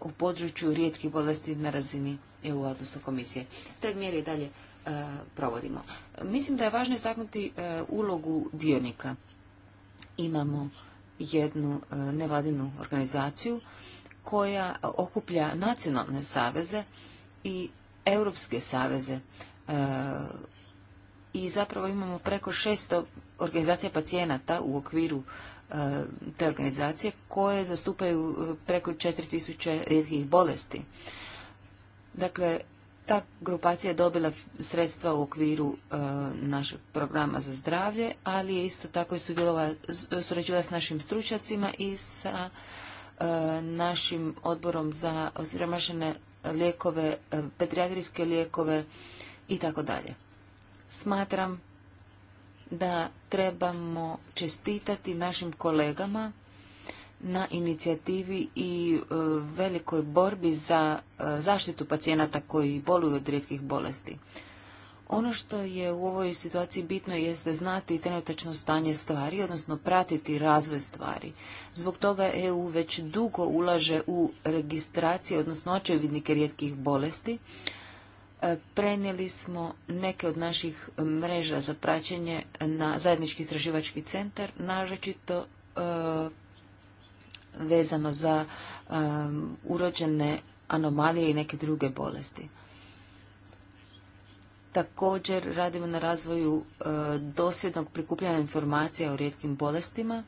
u području rijetkih bolesti na razini EU, odnosno komisije. Te mjere i dalje eh, provodimo. Mislim da je važno istaknuti eh, ulogu dionika. Imamo jednu eh, nevladinu organizaciju koja okuplja nacionalne saveze i europske saveze i zapravo imamo preko 600 organizacija pacijenata u okviru e, te organizacije koje zastupaju e, preko 4000 rijetkih bolesti. Dakle, ta grupacija je dobila sredstva u okviru e, našeg programa za zdravlje, ali je isto tako i surađivala s našim stručnjacima i sa našim odborom za osiromašene lijekove, pedijatrijske lijekove i tako dalje. Smatram da trebamo čestitati našim kolegama na inicijativi i e, velikoj borbi za e, zaštitu pacijenata koji boluju od rijetkih bolesti. Ono što je u ovoj situaciji bitno jeste znati trenutačno stanje stvari, odnosno pratiti razvoj stvari. Zbog toga EU već dugo ulaže u registracije, odnosno očevidnike rijetkih bolesti, E, prenijeli smo neke od naših mreža za praćenje na zajednički istraživački centar, naročito e, vezano za e, urođene anomalije i neke druge bolesti. Također radimo na razvoju dosljednog prikupljanja informacija o rijetkim bolestima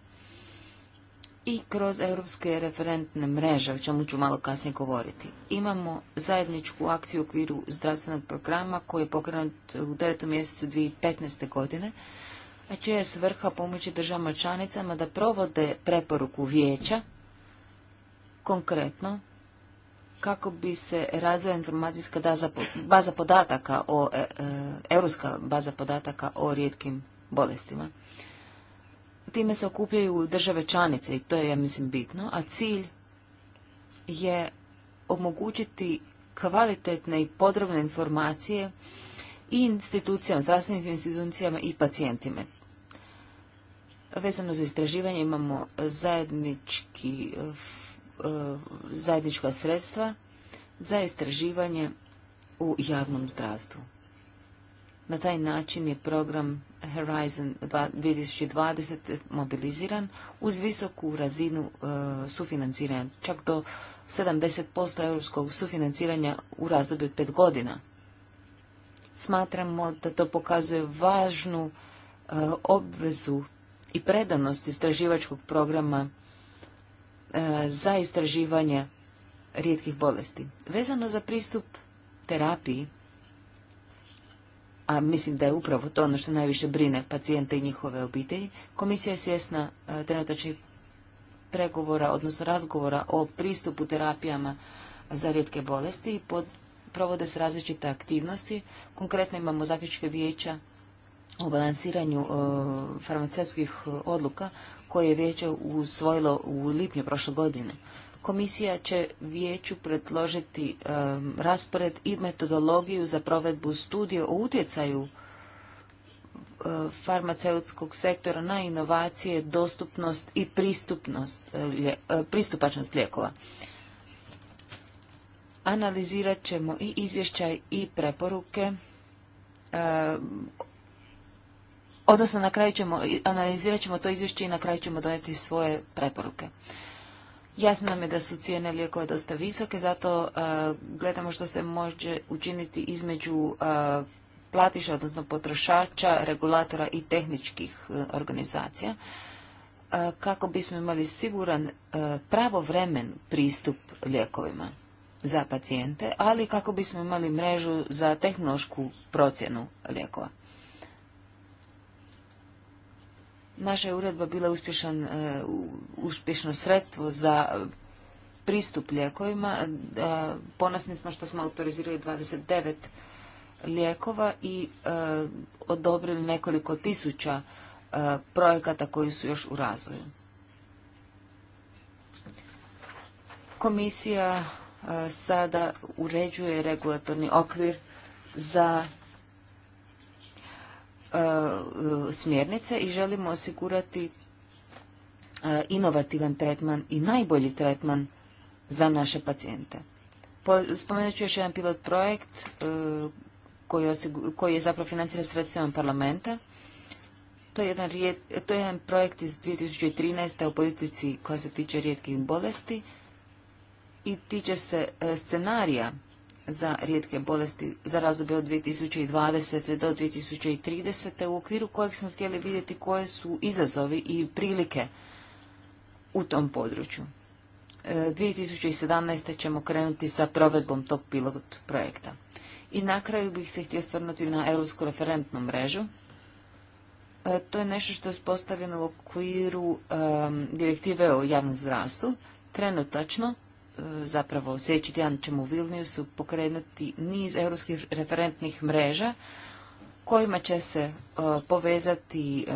i kroz europske referentne mreže, o čemu ću malo kasnije govoriti. Imamo zajedničku akciju u okviru zdravstvenog programa koji je pokrenut u 9. mjesecu 2015. godine, a čija je svrha pomoći državama članicama da provode preporuku vijeća, konkretno kako bi se razvila informacijska baza podataka o, e, e, europska baza podataka o rijetkim bolestima time se okupljaju države članice i to je, ja mislim, bitno, a cilj je omogućiti kvalitetne i podrobne informacije i institucijama, zdravstvenim institucijama i pacijentima. Vezano za istraživanje imamo zajednički, eh, zajednička sredstva za istraživanje u javnom zdravstvu. Na taj način je program Horizon 2020 mobiliziran uz visoku razinu e, sufinanciranja, čak do 70% europskog sufinanciranja u razdoblju od pet godina. Smatramo da to pokazuje važnu e, obvezu i predanost istraživačkog programa e, za istraživanje rijetkih bolesti. Vezano za pristup terapiji, a mislim da je upravo to ono što najviše brine pacijente i njihove obitelji, komisija je svjesna e, trenutačnih pregovora, odnosno razgovora o pristupu terapijama za rijetke bolesti i provode se različite aktivnosti. Konkretno imamo zaključke vijeća o balansiranju e, farmaceutskih odluka koje je vijeće usvojilo u lipnju prošle godine. Komisija će vijeću predložiti raspored i metodologiju za provedbu studije o utjecaju farmaceutskog sektora na inovacije, dostupnost i e, e, pristupačnost lijekova. Analizirat ćemo i izvješćaj i preporuke odnosno na kraju ćemo, analizirat ćemo to izvješće i na kraju ćemo donijeti svoje preporuke. Jasno nam je da su cijene lijekova dosta visoke, zato e, gledamo što se može učiniti između e, platiša, odnosno potrošača, regulatora i tehničkih e, organizacija kako bismo imali siguran pravovremen pristup lijekovima za pacijente, ali kako bismo imali mrežu za tehnološku procjenu lijekova. Naša je uredba bila uspješan, e, uspješno sredstvo za pristup lijekovima. E, ponosni smo što smo autorizirali 29 lijekova i e, odobrili nekoliko tisuća projekata koji su još u razvoju. Komisija sada uređuje regulatorni okvir za E, smjernice i želimo osigurati e, inovativan tretman i najbolji tretman za naše pacijente. Spomenut ću još jedan pilot projekt e, koji je zapravo financiran sredstvima parlamenta. To je, jedan, to je jedan projekt iz 2013. u politici koja se tiče rijetkih bolesti i tiče se scenarija za rijetke bolesti za razdoblje od 2020. do 2030. u okviru kojeg smo htjeli vidjeti koje su izazovi i prilike u tom području. 2017. E, ćemo krenuti sa provedbom tog pilot projekta. I na kraju bih se htio stvarnuti na Europsku referentnu mrežu. E, to je nešto što je uspostavljeno u okviru direktive o javnom zdravstvu. Trenutačno zapravo sljedeći tjedan ćemo u Vilniusu pokrenuti niz europskih referentnih mreža kojima će se e, povezati e,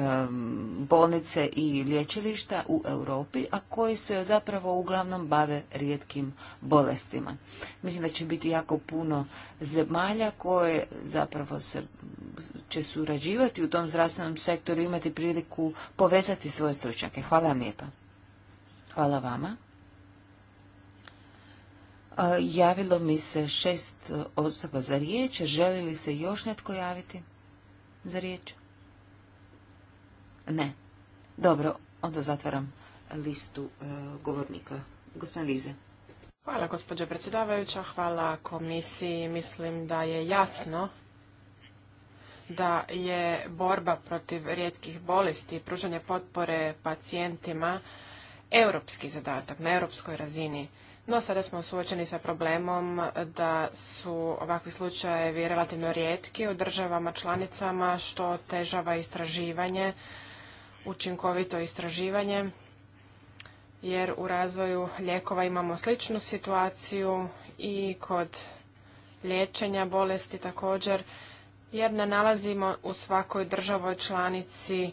bolnice i lječilišta u Europi, a koji se zapravo uglavnom bave rijetkim bolestima. Mislim da će biti jako puno zemalja koje zapravo se će surađivati u tom zdravstvenom sektoru i imati priliku povezati svoje stručnjake. Hvala vam lijepa. Hvala vama. Javilo mi se šest osoba za riječ. Želi li se još netko javiti za riječ? Ne. Dobro, onda zatvaram listu e, govornika. Gospodin Lize. Hvala gospođo predsjedavajuća, hvala komisiji. Mislim da je jasno da je borba protiv rijetkih bolesti i pružanje potpore pacijentima europski zadatak na europskoj razini. No sada smo suočeni sa problemom da su ovakvi slučajevi relativno rijetki u državama članicama što težava istraživanje, učinkovito istraživanje jer u razvoju lijekova imamo sličnu situaciju i kod liječenja bolesti također jer ne nalazimo u svakoj državoj članici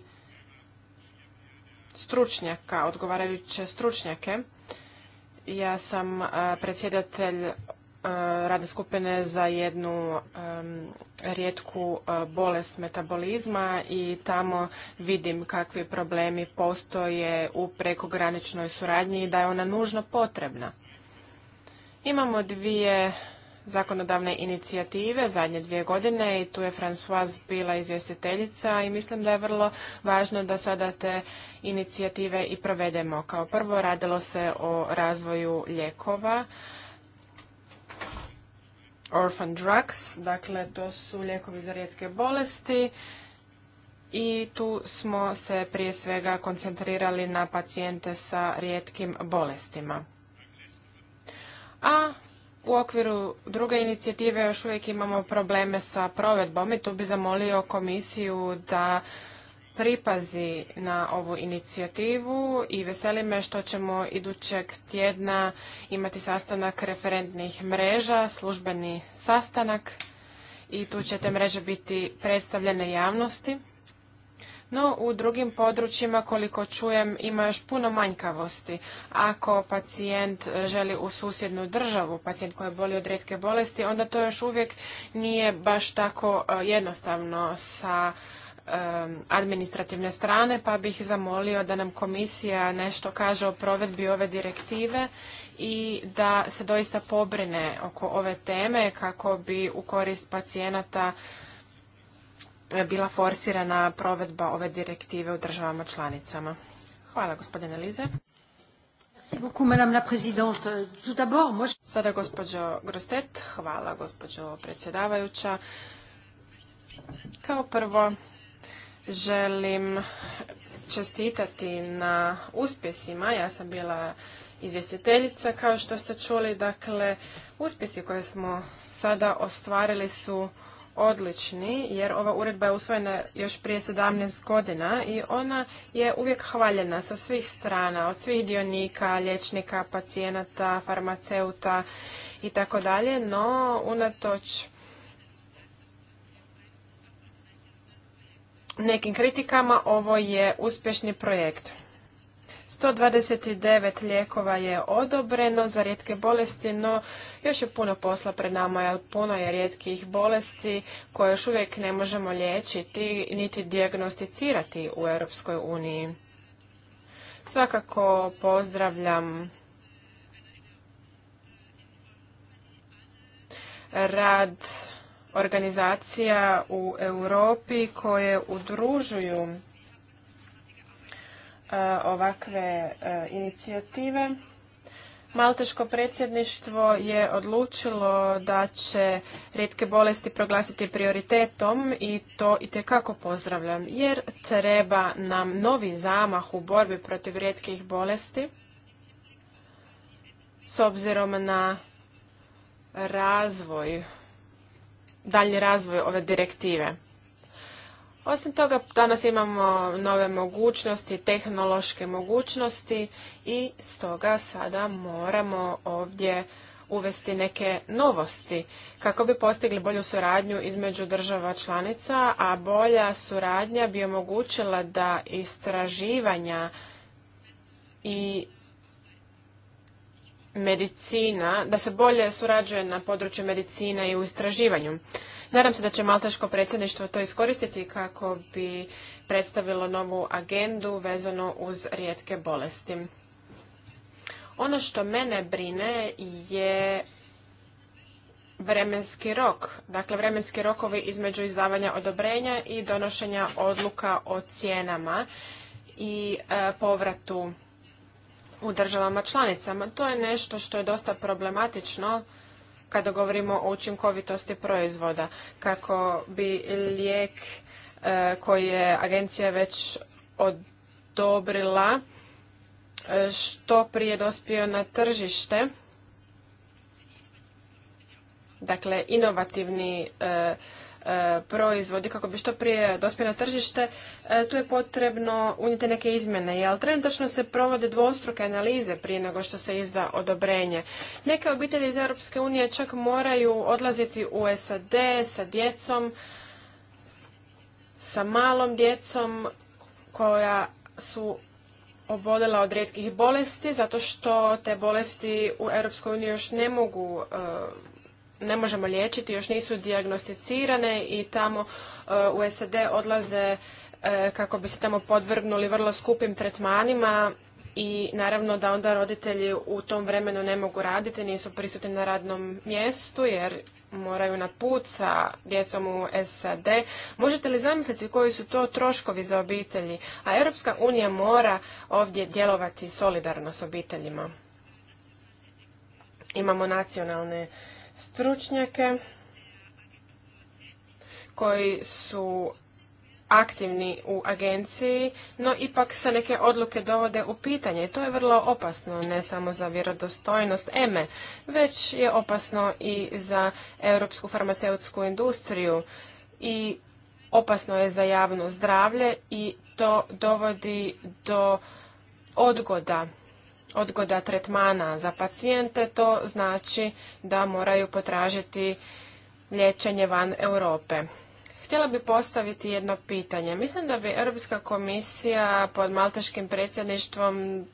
stručnjaka, odgovarajuće stručnjake ja sam predsjedatelj radne skupine za jednu rijetku bolest metabolizma i tamo vidim kakvi problemi postoje u prekograničnoj suradnji i da je ona nužno potrebna. Imamo dvije zakonodavne inicijative zadnje dvije godine i tu je Françoise bila izvjestiteljica i mislim da je vrlo važno da sada te inicijative i provedemo. Kao prvo radilo se o razvoju ljekova, orphan drugs, dakle to su lijekovi za rijetke bolesti i tu smo se prije svega koncentrirali na pacijente sa rijetkim bolestima. A u okviru druge inicijative još uvijek imamo probleme sa provedbom i tu bi zamolio komisiju da pripazi na ovu inicijativu i veseli me što ćemo idućeg tjedna imati sastanak referentnih mreža, službeni sastanak i tu će te mreže biti predstavljene javnosti. No, u drugim područjima, koliko čujem, ima još puno manjkavosti. Ako pacijent e, želi u susjednu državu, pacijent koji je bolio od redke bolesti, onda to još uvijek nije baš tako e, jednostavno sa e, administrativne strane, pa bih zamolio da nam komisija nešto kaže o provedbi ove direktive i da se doista pobrine oko ove teme kako bi u korist pacijenata bila forsirana provedba ove direktive u državama članicama. Hvala gospodine Lize. Sada gospođo Grostet, hvala gospođo predsjedavajuća. Kao prvo želim čestitati na uspjesima. Ja sam bila izvjestiteljica, kao što ste čuli. Dakle, uspjesi koje smo sada ostvarili su odlični jer ova uredba je usvojena još prije 17 godina i ona je uvijek hvaljena sa svih strana, od svih dionika, liječnika, pacijenata, farmaceuta i tako dalje, no unatoč nekim kritikama ovo je uspješni projekt. 129 lijekova je odobreno za rijetke bolesti, no još je puno posla pred nama, puno je rijetkih bolesti koje još uvijek ne možemo liječiti niti diagnosticirati u Europskoj uniji. Svakako pozdravljam rad organizacija u Europi koje udružuju E, ovakve e, inicijative. Malteško predsjedništvo je odlučilo da će rijetke bolesti proglasiti prioritetom i to i tekako pozdravljam, jer treba nam novi zamah u borbi protiv rijetkih bolesti s obzirom na razvoj, dalji razvoj ove direktive. Osim toga, danas imamo nove mogućnosti, tehnološke mogućnosti i stoga sada moramo ovdje uvesti neke novosti kako bi postigli bolju suradnju između država članica, a bolja suradnja bi omogućila da istraživanja i medicina, da se bolje surađuje na području medicina i u istraživanju. Nadam se da će Maltaško predsjedništvo to iskoristiti kako bi predstavilo novu agendu vezano uz rijetke bolesti. Ono što mene brine je vremenski rok, dakle vremenski rokovi između izdavanja odobrenja i donošenja odluka o cijenama i e, povratu u državama članicama. To je nešto što je dosta problematično kada govorimo o učinkovitosti proizvoda, kako bi lijek e, koji je agencija već odobrila e, što prije dospio na tržište. Dakle, inovativni e, E, proizvodi kako bi što prije dospjela na tržište, e, tu je potrebno unijeti neke izmjene, jer trenutačno se provode dvostruke analize prije nego što se izda odobrenje. Neke obitelji iz Europske unije čak moraju odlaziti u SAD sa djecom, sa malom djecom koja su oboljela od rijetkih bolesti zato što te bolesti u Europskoj uniji još ne mogu e, ne možemo liječiti, još nisu dijagnosticirane i tamo e, u SAD odlaze e, kako bi se tamo podvrgnuli vrlo skupim tretmanima i naravno da onda roditelji u tom vremenu ne mogu raditi, nisu prisutni na radnom mjestu jer moraju na put sa djecom u SAD. Možete li zamisliti koji su to troškovi za obitelji? A Europska unija mora ovdje djelovati solidarno s obiteljima. Imamo nacionalne stručnjake koji su aktivni u agenciji, no ipak se neke odluke dovode u pitanje i to je vrlo opasno ne samo za vjerodostojnost EME, već je opasno i za europsku farmaceutsku industriju i opasno je za javno zdravlje i to dovodi do odgoda odgoda tretmana za pacijente, to znači da moraju potražiti liječenje van Europe. Htjela bi postaviti jedno pitanje. Mislim da bi Europska komisija pod malteškim predsjedništvom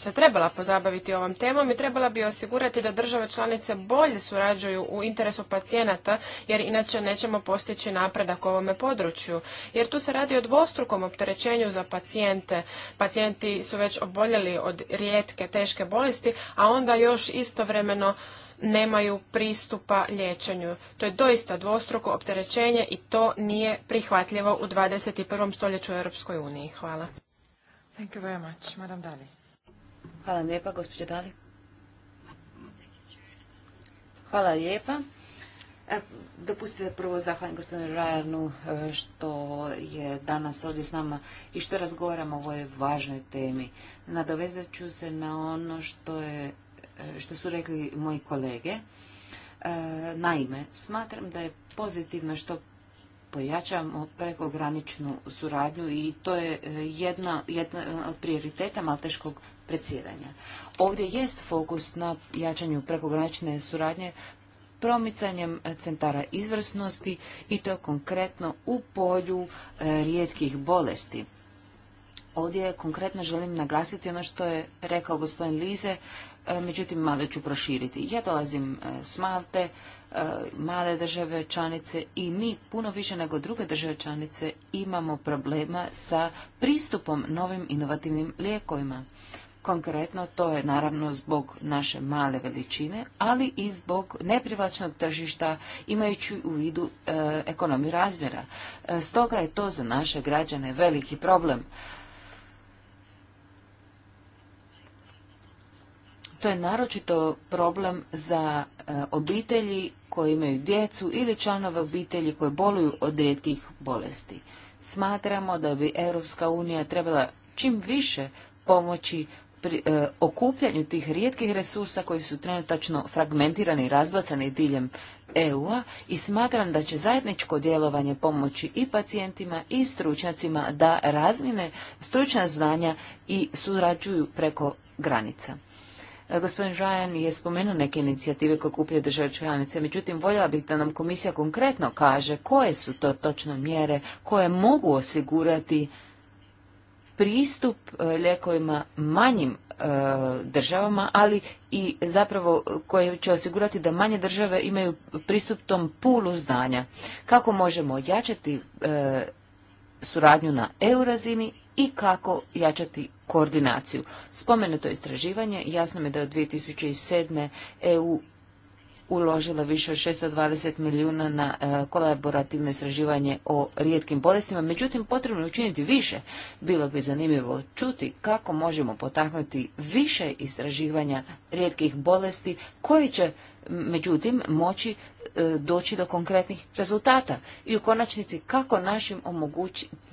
se trebala pozabaviti ovom temom i trebala bi osigurati da države članice bolje surađuju u interesu pacijenata jer inače nećemo postići napredak u ovome području. Jer tu se radi o dvostrukom opterećenju za pacijente. Pacijenti su već oboljeli od rijetke, teške bolesti, a onda još istovremeno nemaju pristupa liječenju. To je doista dvostruko opterećenje i to nije prihvatljivo u 21. stoljeću u Europskoj uniji. Hvala. Thank you very much. Madam Dali. Hvala lijepa, gospođa Dali. Hvala lijepa. E, dopustite prvo zahvalim gospodinu Rajanu e, što je danas ovdje s nama i što razgovaramo o ovoj važnoj temi. Nadovezat ću se na ono što, je, e, što su rekli moji kolege. Naime, smatram da je pozitivno što pojačamo prekograničnu suradnju i to je jedna, jedna od prioriteta malteškog predsjedanja. Ovdje jest fokus na jačanju prekogranične suradnje promicanjem centara izvrsnosti i to konkretno u polju e, rijetkih bolesti. Ovdje konkretno želim naglasiti ono što je rekao gospodin Lize, e, međutim malo ću proširiti. Ja dolazim e, s Malte, male države članice i mi puno više nego druge države članice imamo problema sa pristupom novim inovativnim lijekovima. Konkretno to je naravno zbog naše male veličine, ali i zbog neprivlačnog tržišta imajući u vidu e, ekonomiju razmjera. E, stoga je to za naše građane veliki problem. To je naročito problem za e, obitelji koji imaju djecu ili članove obitelji koji boluju od rijetkih bolesti. Smatramo da bi Europska unija trebala čim više pomoći pri, e, okupljanju tih rijetkih resursa koji su trenutačno fragmentirani i razbacani diljem EU-a i smatram da će zajedničko djelovanje pomoći i pacijentima i stručnjacima da razmine stručna znanja i surađuju preko granica. E, gospodin Žajan je spomenuo neke inicijative koje kuplje države članice, međutim voljela bih da nam komisija konkretno kaže koje su to točno mjere koje mogu osigurati pristup e, lijekovima manjim e, državama, ali i zapravo koje će osigurati da manje države imaju pristup tom pulu znanja. Kako možemo jačati e, suradnju na EU razini i kako jačati koordinaciju. Spomenuto istraživanje, jasno mi da od 2007. EU uložila više od 620 milijuna na e, kolaborativno istraživanje o rijetkim bolestima, međutim potrebno je učiniti više. Bilo bi zanimljivo čuti kako možemo potaknuti više istraživanja rijetkih bolesti koji će međutim moći e, doći do konkretnih rezultata i u konačnici kako našim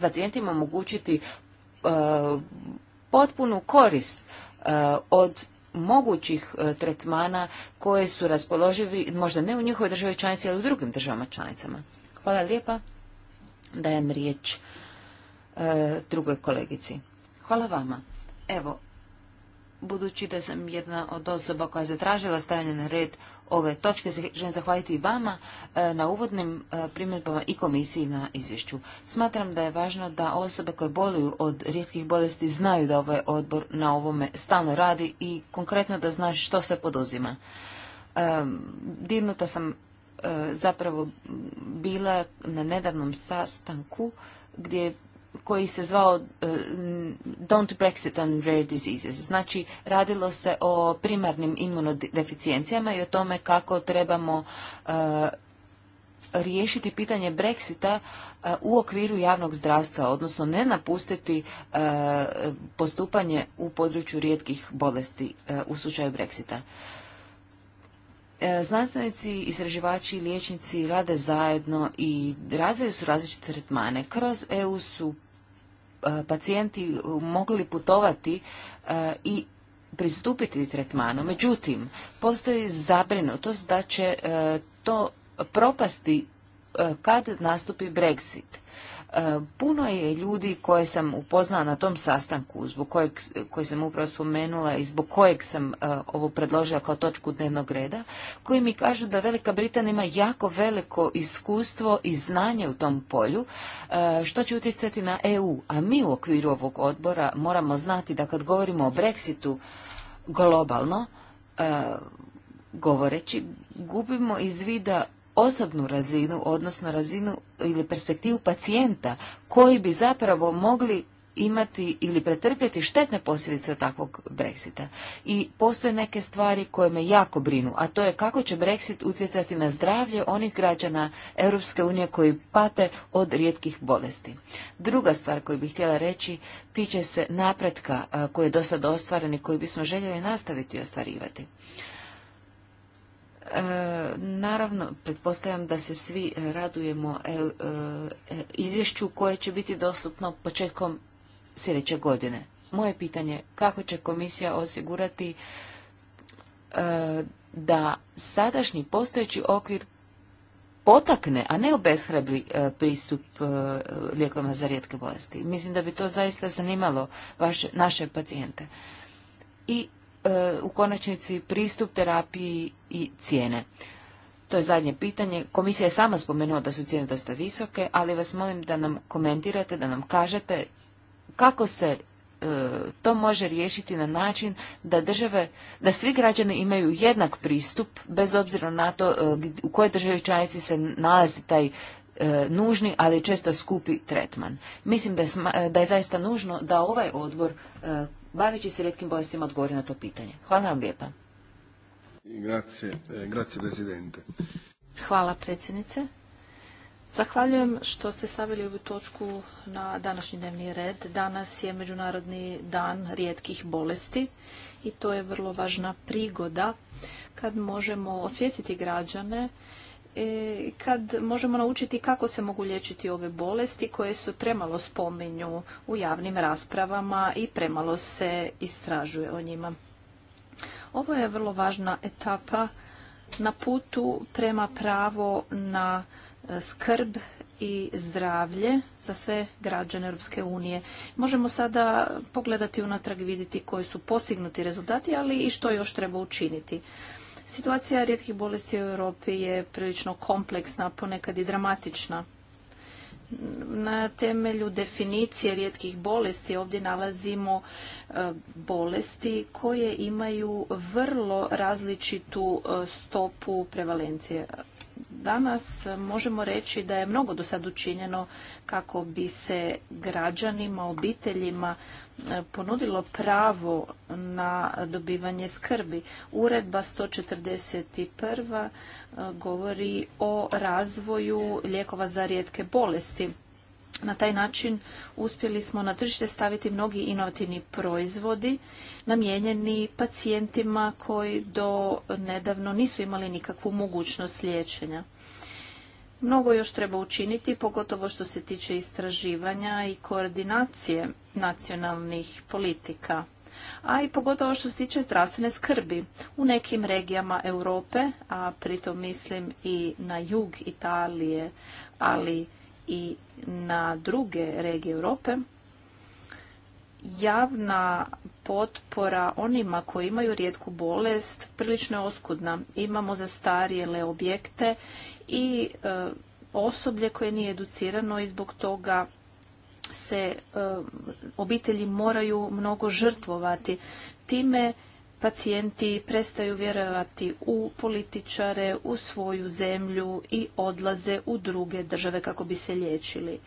pacijentima omogućiti e, potpunu korist od mogućih e, tretmana koje su raspoloživi, možda ne u njihovoj državi članici, ali u drugim državama članicama. Hvala lijepa. Dajem riječ e, drugoj kolegici. Hvala vama. Evo, Budući da sam jedna od osoba koja je zatražila stavljanje na red ove točke, želim zahvaliti i vama e, na uvodnim e, primjedbama i komisiji na izvješću. Smatram da je važno da osobe koje boluju od rijetkih bolesti znaju da ovaj odbor na ovome stalno radi i konkretno da znaš što se poduzima. E, Divnuta sam zapravo bila na nedavnom sastanku gdje koji se zvao e, Don't Brexit on Rare Diseases. Znači, radilo se o primarnim imunodeficijencijama i o tome kako trebamo e, riješiti pitanje Brexita e, u okviru javnog zdravstva, odnosno ne napustiti postupanje u području rijetkih bolesti u slučaju Brexita. E, znanstvenici, istraživači i liječnici rade zajedno i razvijaju su različite tretmane. Kroz EU su e, pacijenti mogli putovati e, i pristupiti tretmanu. Međutim, postoji zabrinutost da će to propasti kad nastupi Brexit. E, puno je ljudi koje sam upoznala na tom sastanku, zbog kojeg, koji sam upravo spomenula i zbog kojeg sam e, ovo predložila kao točku dnevnog reda, koji mi kažu da Velika Britanija ima jako veliko iskustvo i znanje u tom polju, e, što će utjecati na EU. A mi u okviru ovog odbora moramo znati da kad govorimo o Brexitu globalno, govoreći, gubimo iz vida osobnu razinu, odnosno razinu ili perspektivu pacijenta koji bi zapravo mogli imati ili pretrpjeti štetne posljedice od takvog Brexita. I postoje neke stvari koje me jako brinu, a to je kako će Brexit utjecati na zdravlje onih građana Europske unije koji pate od rijetkih bolesti. Druga stvar koju bih htjela reći tiče se napretka koji je do sada ostvaren i koji bismo željeli nastaviti ostvarivati. E, naravno, pretpostavljam da se svi radujemo e, e, izvješću koje će biti dostupno početkom sljedeće godine. Moje pitanje, kako će komisija osigurati da sadašnji postojeći okvir potakne, a ne obeshrabri pristup lijekovima za rijetke bolesti. Mislim da bi to zaista zanimalo naše pacijente. I E, u konačnici pristup terapiji i cijene? To je zadnje pitanje. Komisija je sama spomenula da su cijene dosta visoke, ali vas molim da nam komentirate, da nam kažete kako se e, to može riješiti na način da države, da svi građani imaju jednak pristup bez obzira na to e, u kojoj državi članici se nalazi taj nužni, ali često skupi tretman. Mislim da je, da je zaista nužno da ovaj odbor baveći se redkim bolestima odgovori na to pitanje. Hvala vam lijepa. Eh, grazie, presidente. Hvala predsjednice. Zahvaljujem što ste stavili ovu točku na današnji dnevni red. Danas je Međunarodni dan rijetkih bolesti i to je vrlo važna prigoda kad možemo osvijestiti građane E, kad možemo naučiti kako se mogu liječiti ove bolesti koje su premalo spominju u javnim raspravama i premalo se istražuje o njima. Ovo je vrlo važna etapa na putu prema pravo na e, skrb i zdravlje za sve građane Europske unije. Možemo sada pogledati unatrag i vidjeti koji su postignuti rezultati, ali i što još treba učiniti. Situacija rijetkih bolesti u Europi je prilično kompleksna, ponekad i dramatična. Na temelju definicije rijetkih bolesti ovdje nalazimo e, bolesti koje imaju vrlo različitu e, stopu prevalencije. Danas možemo reći da je mnogo do sad učinjeno kako bi se građanima, obiteljima ponudilo pravo na dobivanje skrbi. Uredba 141. E, govori o razvoju lijekova za rijetke bolesti. Na taj način uspjeli smo na tržište staviti mnogi inovativni proizvodi namijenjeni pacijentima koji do nedavno nisu imali nikakvu mogućnost liječenja. Mnogo još treba učiniti, pogotovo što se tiče istraživanja i koordinacije nacionalnih politika, a i pogotovo što se tiče zdravstvene skrbi. U nekim regijama Europe, a pritom mislim i na jug Italije, ali i na druge regije Europe, javna potpora onima koji imaju rijetku bolest prilično je oskudna. Imamo zastarijele objekte i e, osoblje koje nije educirano i zbog toga se e, obitelji moraju mnogo žrtvovati. Time pacijenti prestaju vjerovati u političare, u svoju zemlju i odlaze u druge države kako bi se liječili.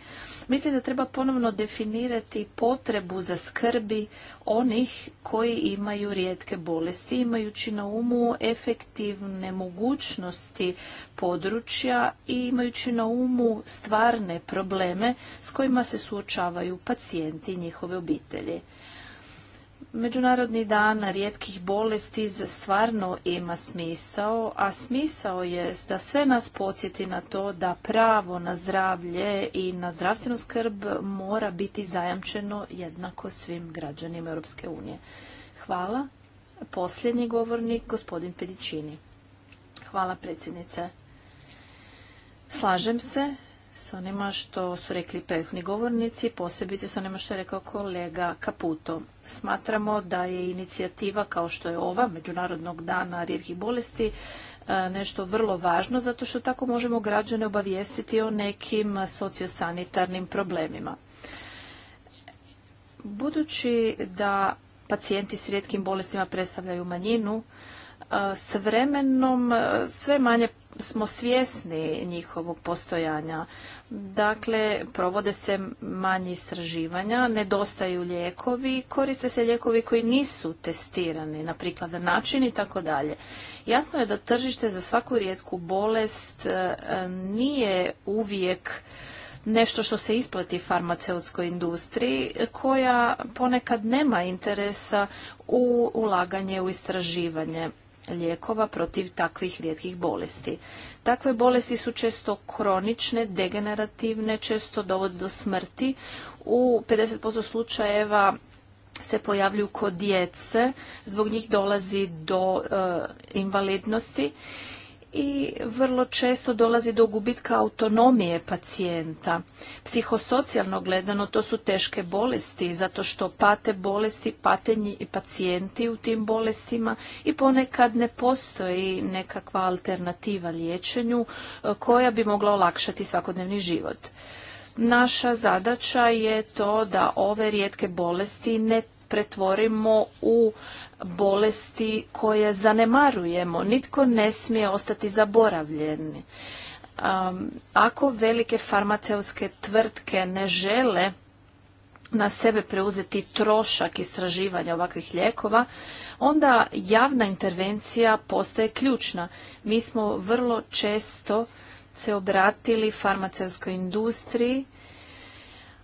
Mislim da treba ponovno definirati potrebu za skrbi onih koji imaju rijetke bolesti, imajući na umu efektivne mogućnosti područja i imajući na umu stvarne probleme s kojima se suočavaju pacijenti i njihove obitelji. Međunarodni dan rijetkih bolesti stvarno ima smisao, a smisao je da sve nas podsjeti na to da pravo na zdravlje i na zdravstvenu skrb mora biti zajamčeno jednako svim građanima Europske unije. Hvala. Posljednji govornik, gospodin Pedičini. Hvala predsjednice. Slažem se s onima što su rekli prethodni govornici, posebice s onima što je rekao kolega Kaputo. Smatramo da je inicijativa kao što je ova, Međunarodnog dana rijetkih bolesti, e, nešto vrlo važno, zato što tako možemo građane obavijestiti o nekim sociosanitarnim problemima. Budući da pacijenti s rijetkim bolestima predstavljaju manjinu, s vremenom sve manje smo svjesni njihovog postojanja. Dakle, provode se manje istraživanja, nedostaju lijekovi, koriste se lijekovi koji nisu testirani na prikladan način i tako dalje. Jasno je da tržište za svaku rijetku bolest nije uvijek nešto što se isplati farmaceutskoj industriji koja ponekad nema interesa u ulaganje u istraživanje lijekova protiv takvih rijetkih bolesti. Takve bolesti su često kronične, degenerativne, često dovode do smrti. U 50% slučajeva se pojavljuju kod djece, zbog njih dolazi do e, invalidnosti i vrlo često dolazi do gubitka autonomije pacijenta. Psihosocijalno gledano to su teške bolesti zato što pate bolesti, patenji i pacijenti u tim bolestima i ponekad ne postoji nekakva alternativa liječenju e, koja bi mogla olakšati svakodnevni život. Naša zadaća je to da ove rijetke bolesti ne pretvorimo u bolesti koje zanemarujemo. Nitko ne smije ostati zaboravljen. Ako velike farmaceutske tvrtke ne žele na sebe preuzeti trošak istraživanja ovakvih lijekova, onda javna intervencija postaje ključna. Mi smo vrlo često se obratili farmaceutskoj industriji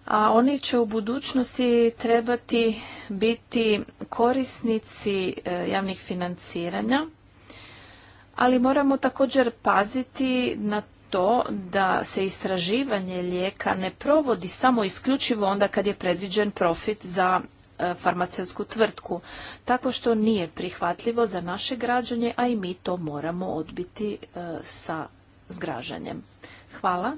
a oni će u budućnosti trebati biti korisnici e, javnih financiranja, ali moramo također paziti na to da se istraživanje lijeka ne provodi samo isključivo onda kad je predviđen profit za e, farmaceutsku tvrtku, tako što nije prihvatljivo za naše građanje, a i mi to moramo odbiti e, sa zgražanjem. Hvala.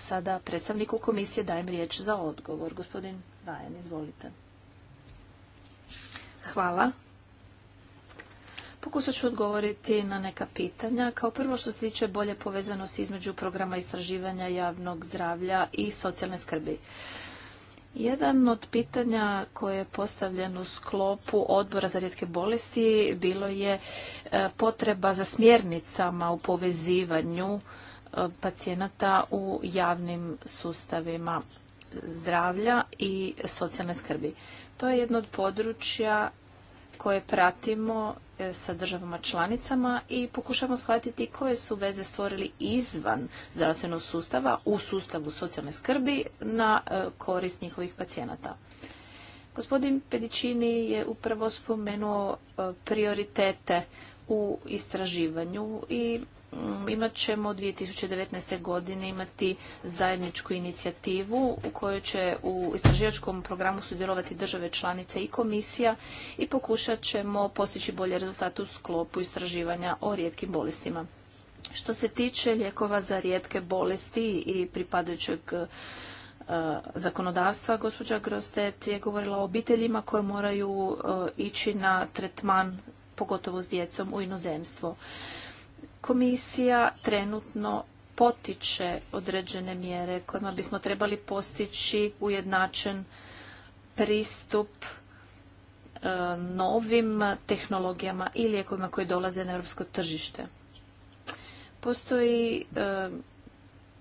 Sada predstavniku komisije dajem riječ za odgovor. Gospodin Vajan, izvolite. Hvala. Pokušat ću odgovoriti na neka pitanja. Kao prvo što se tiče bolje povezanosti između programa istraživanja javnog zdravlja i socijalne skrbi. Jedan od pitanja koje je postavljen u sklopu odbora za rijetke bolesti bilo je e, potreba za smjernicama u povezivanju pacijenata u javnim sustavima zdravlja i socijalne skrbi. To je jedno od područja koje pratimo e, sa državama članicama i pokušamo shvatiti koje su veze stvorili izvan zdravstvenog sustava u sustavu socijalne skrbi na e, korist njihovih pacijenata. Gospodin Pedicini je upravo spomenuo e, prioritete u istraživanju i Mm, imat ćemo 2019. godine imati zajedničku inicijativu u kojoj će u istraživačkom programu sudjelovati države članice i komisija i pokušat ćemo postići bolje rezultate u sklopu istraživanja o rijetkim bolestima. Što se tiče lijekova za rijetke bolesti i pripadajućeg e, zakonodavstva. Gospođa Grostet je govorila o obiteljima koje moraju e, ići na tretman, pogotovo s djecom, u inozemstvo. Komisija trenutno potiče određene mjere kojima bismo trebali postići ujednačen pristup e, novim tehnologijama i lijekovima koji dolaze na europsko tržište. Postoji e,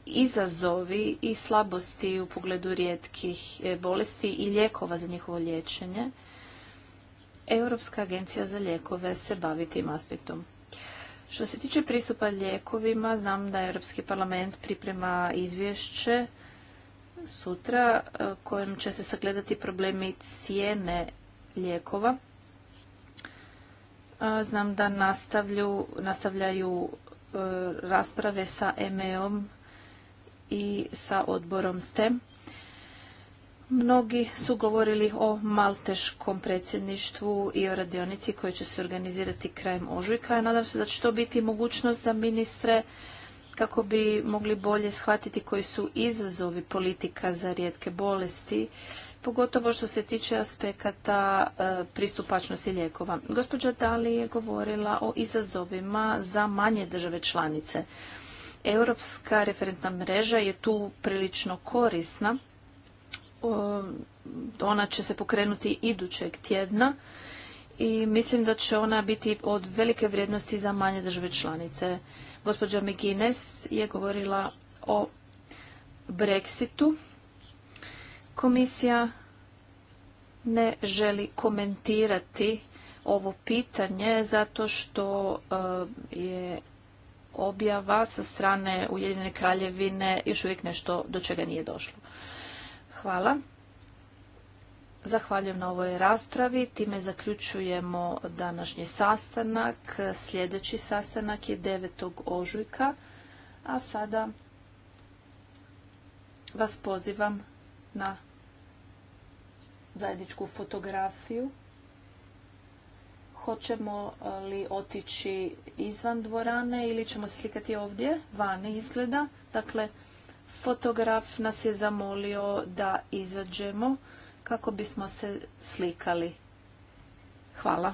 izazovi i slabosti u pogledu rijetkih e, bolesti i lijekova za njihovo liječenje. Europska agencija za lijekove se bavi tim aspektom. Što se tiče pristupa lijekovima, znam da Europski parlament priprema izvješće sutra e, kojem će se sagledati problemi cijene lijekova. Znam da nastavlju, nastavljaju e, rasprave sa EME-om i sa odborom STEM Mnogi su govorili o malteškom predsjedništvu i o radionici koje će se organizirati krajem ožujka. Nadam se da će to biti mogućnost za ministre kako bi mogli bolje shvatiti koji su izazovi politika za rijetke bolesti, pogotovo što se tiče aspekata e, pristupačnosti lijekova. Gospođa Dali je govorila o izazovima za manje države članice. Europska referentna mreža je tu prilično korisna Um, ona će se pokrenuti idućeg tjedna i mislim da će ona biti od velike vrijednosti za manje države članice. Gospođa McGuinness je govorila o Brexitu. Komisija ne želi komentirati ovo pitanje zato što uh, je objava sa strane Ujedine kraljevine još uvijek nešto do čega nije došlo. Hvala. Zahvaljujem na ovoj raspravi. Time zaključujemo današnji sastanak. Sljedeći sastanak je 9. ožujka. A sada vas pozivam na zajedničku fotografiju. Hoćemo li otići izvan dvorane ili ćemo se slikati ovdje? Vani izgleda. Dakle, Fotograf nas je zamolio da izađemo kako bismo se slikali. Hvala.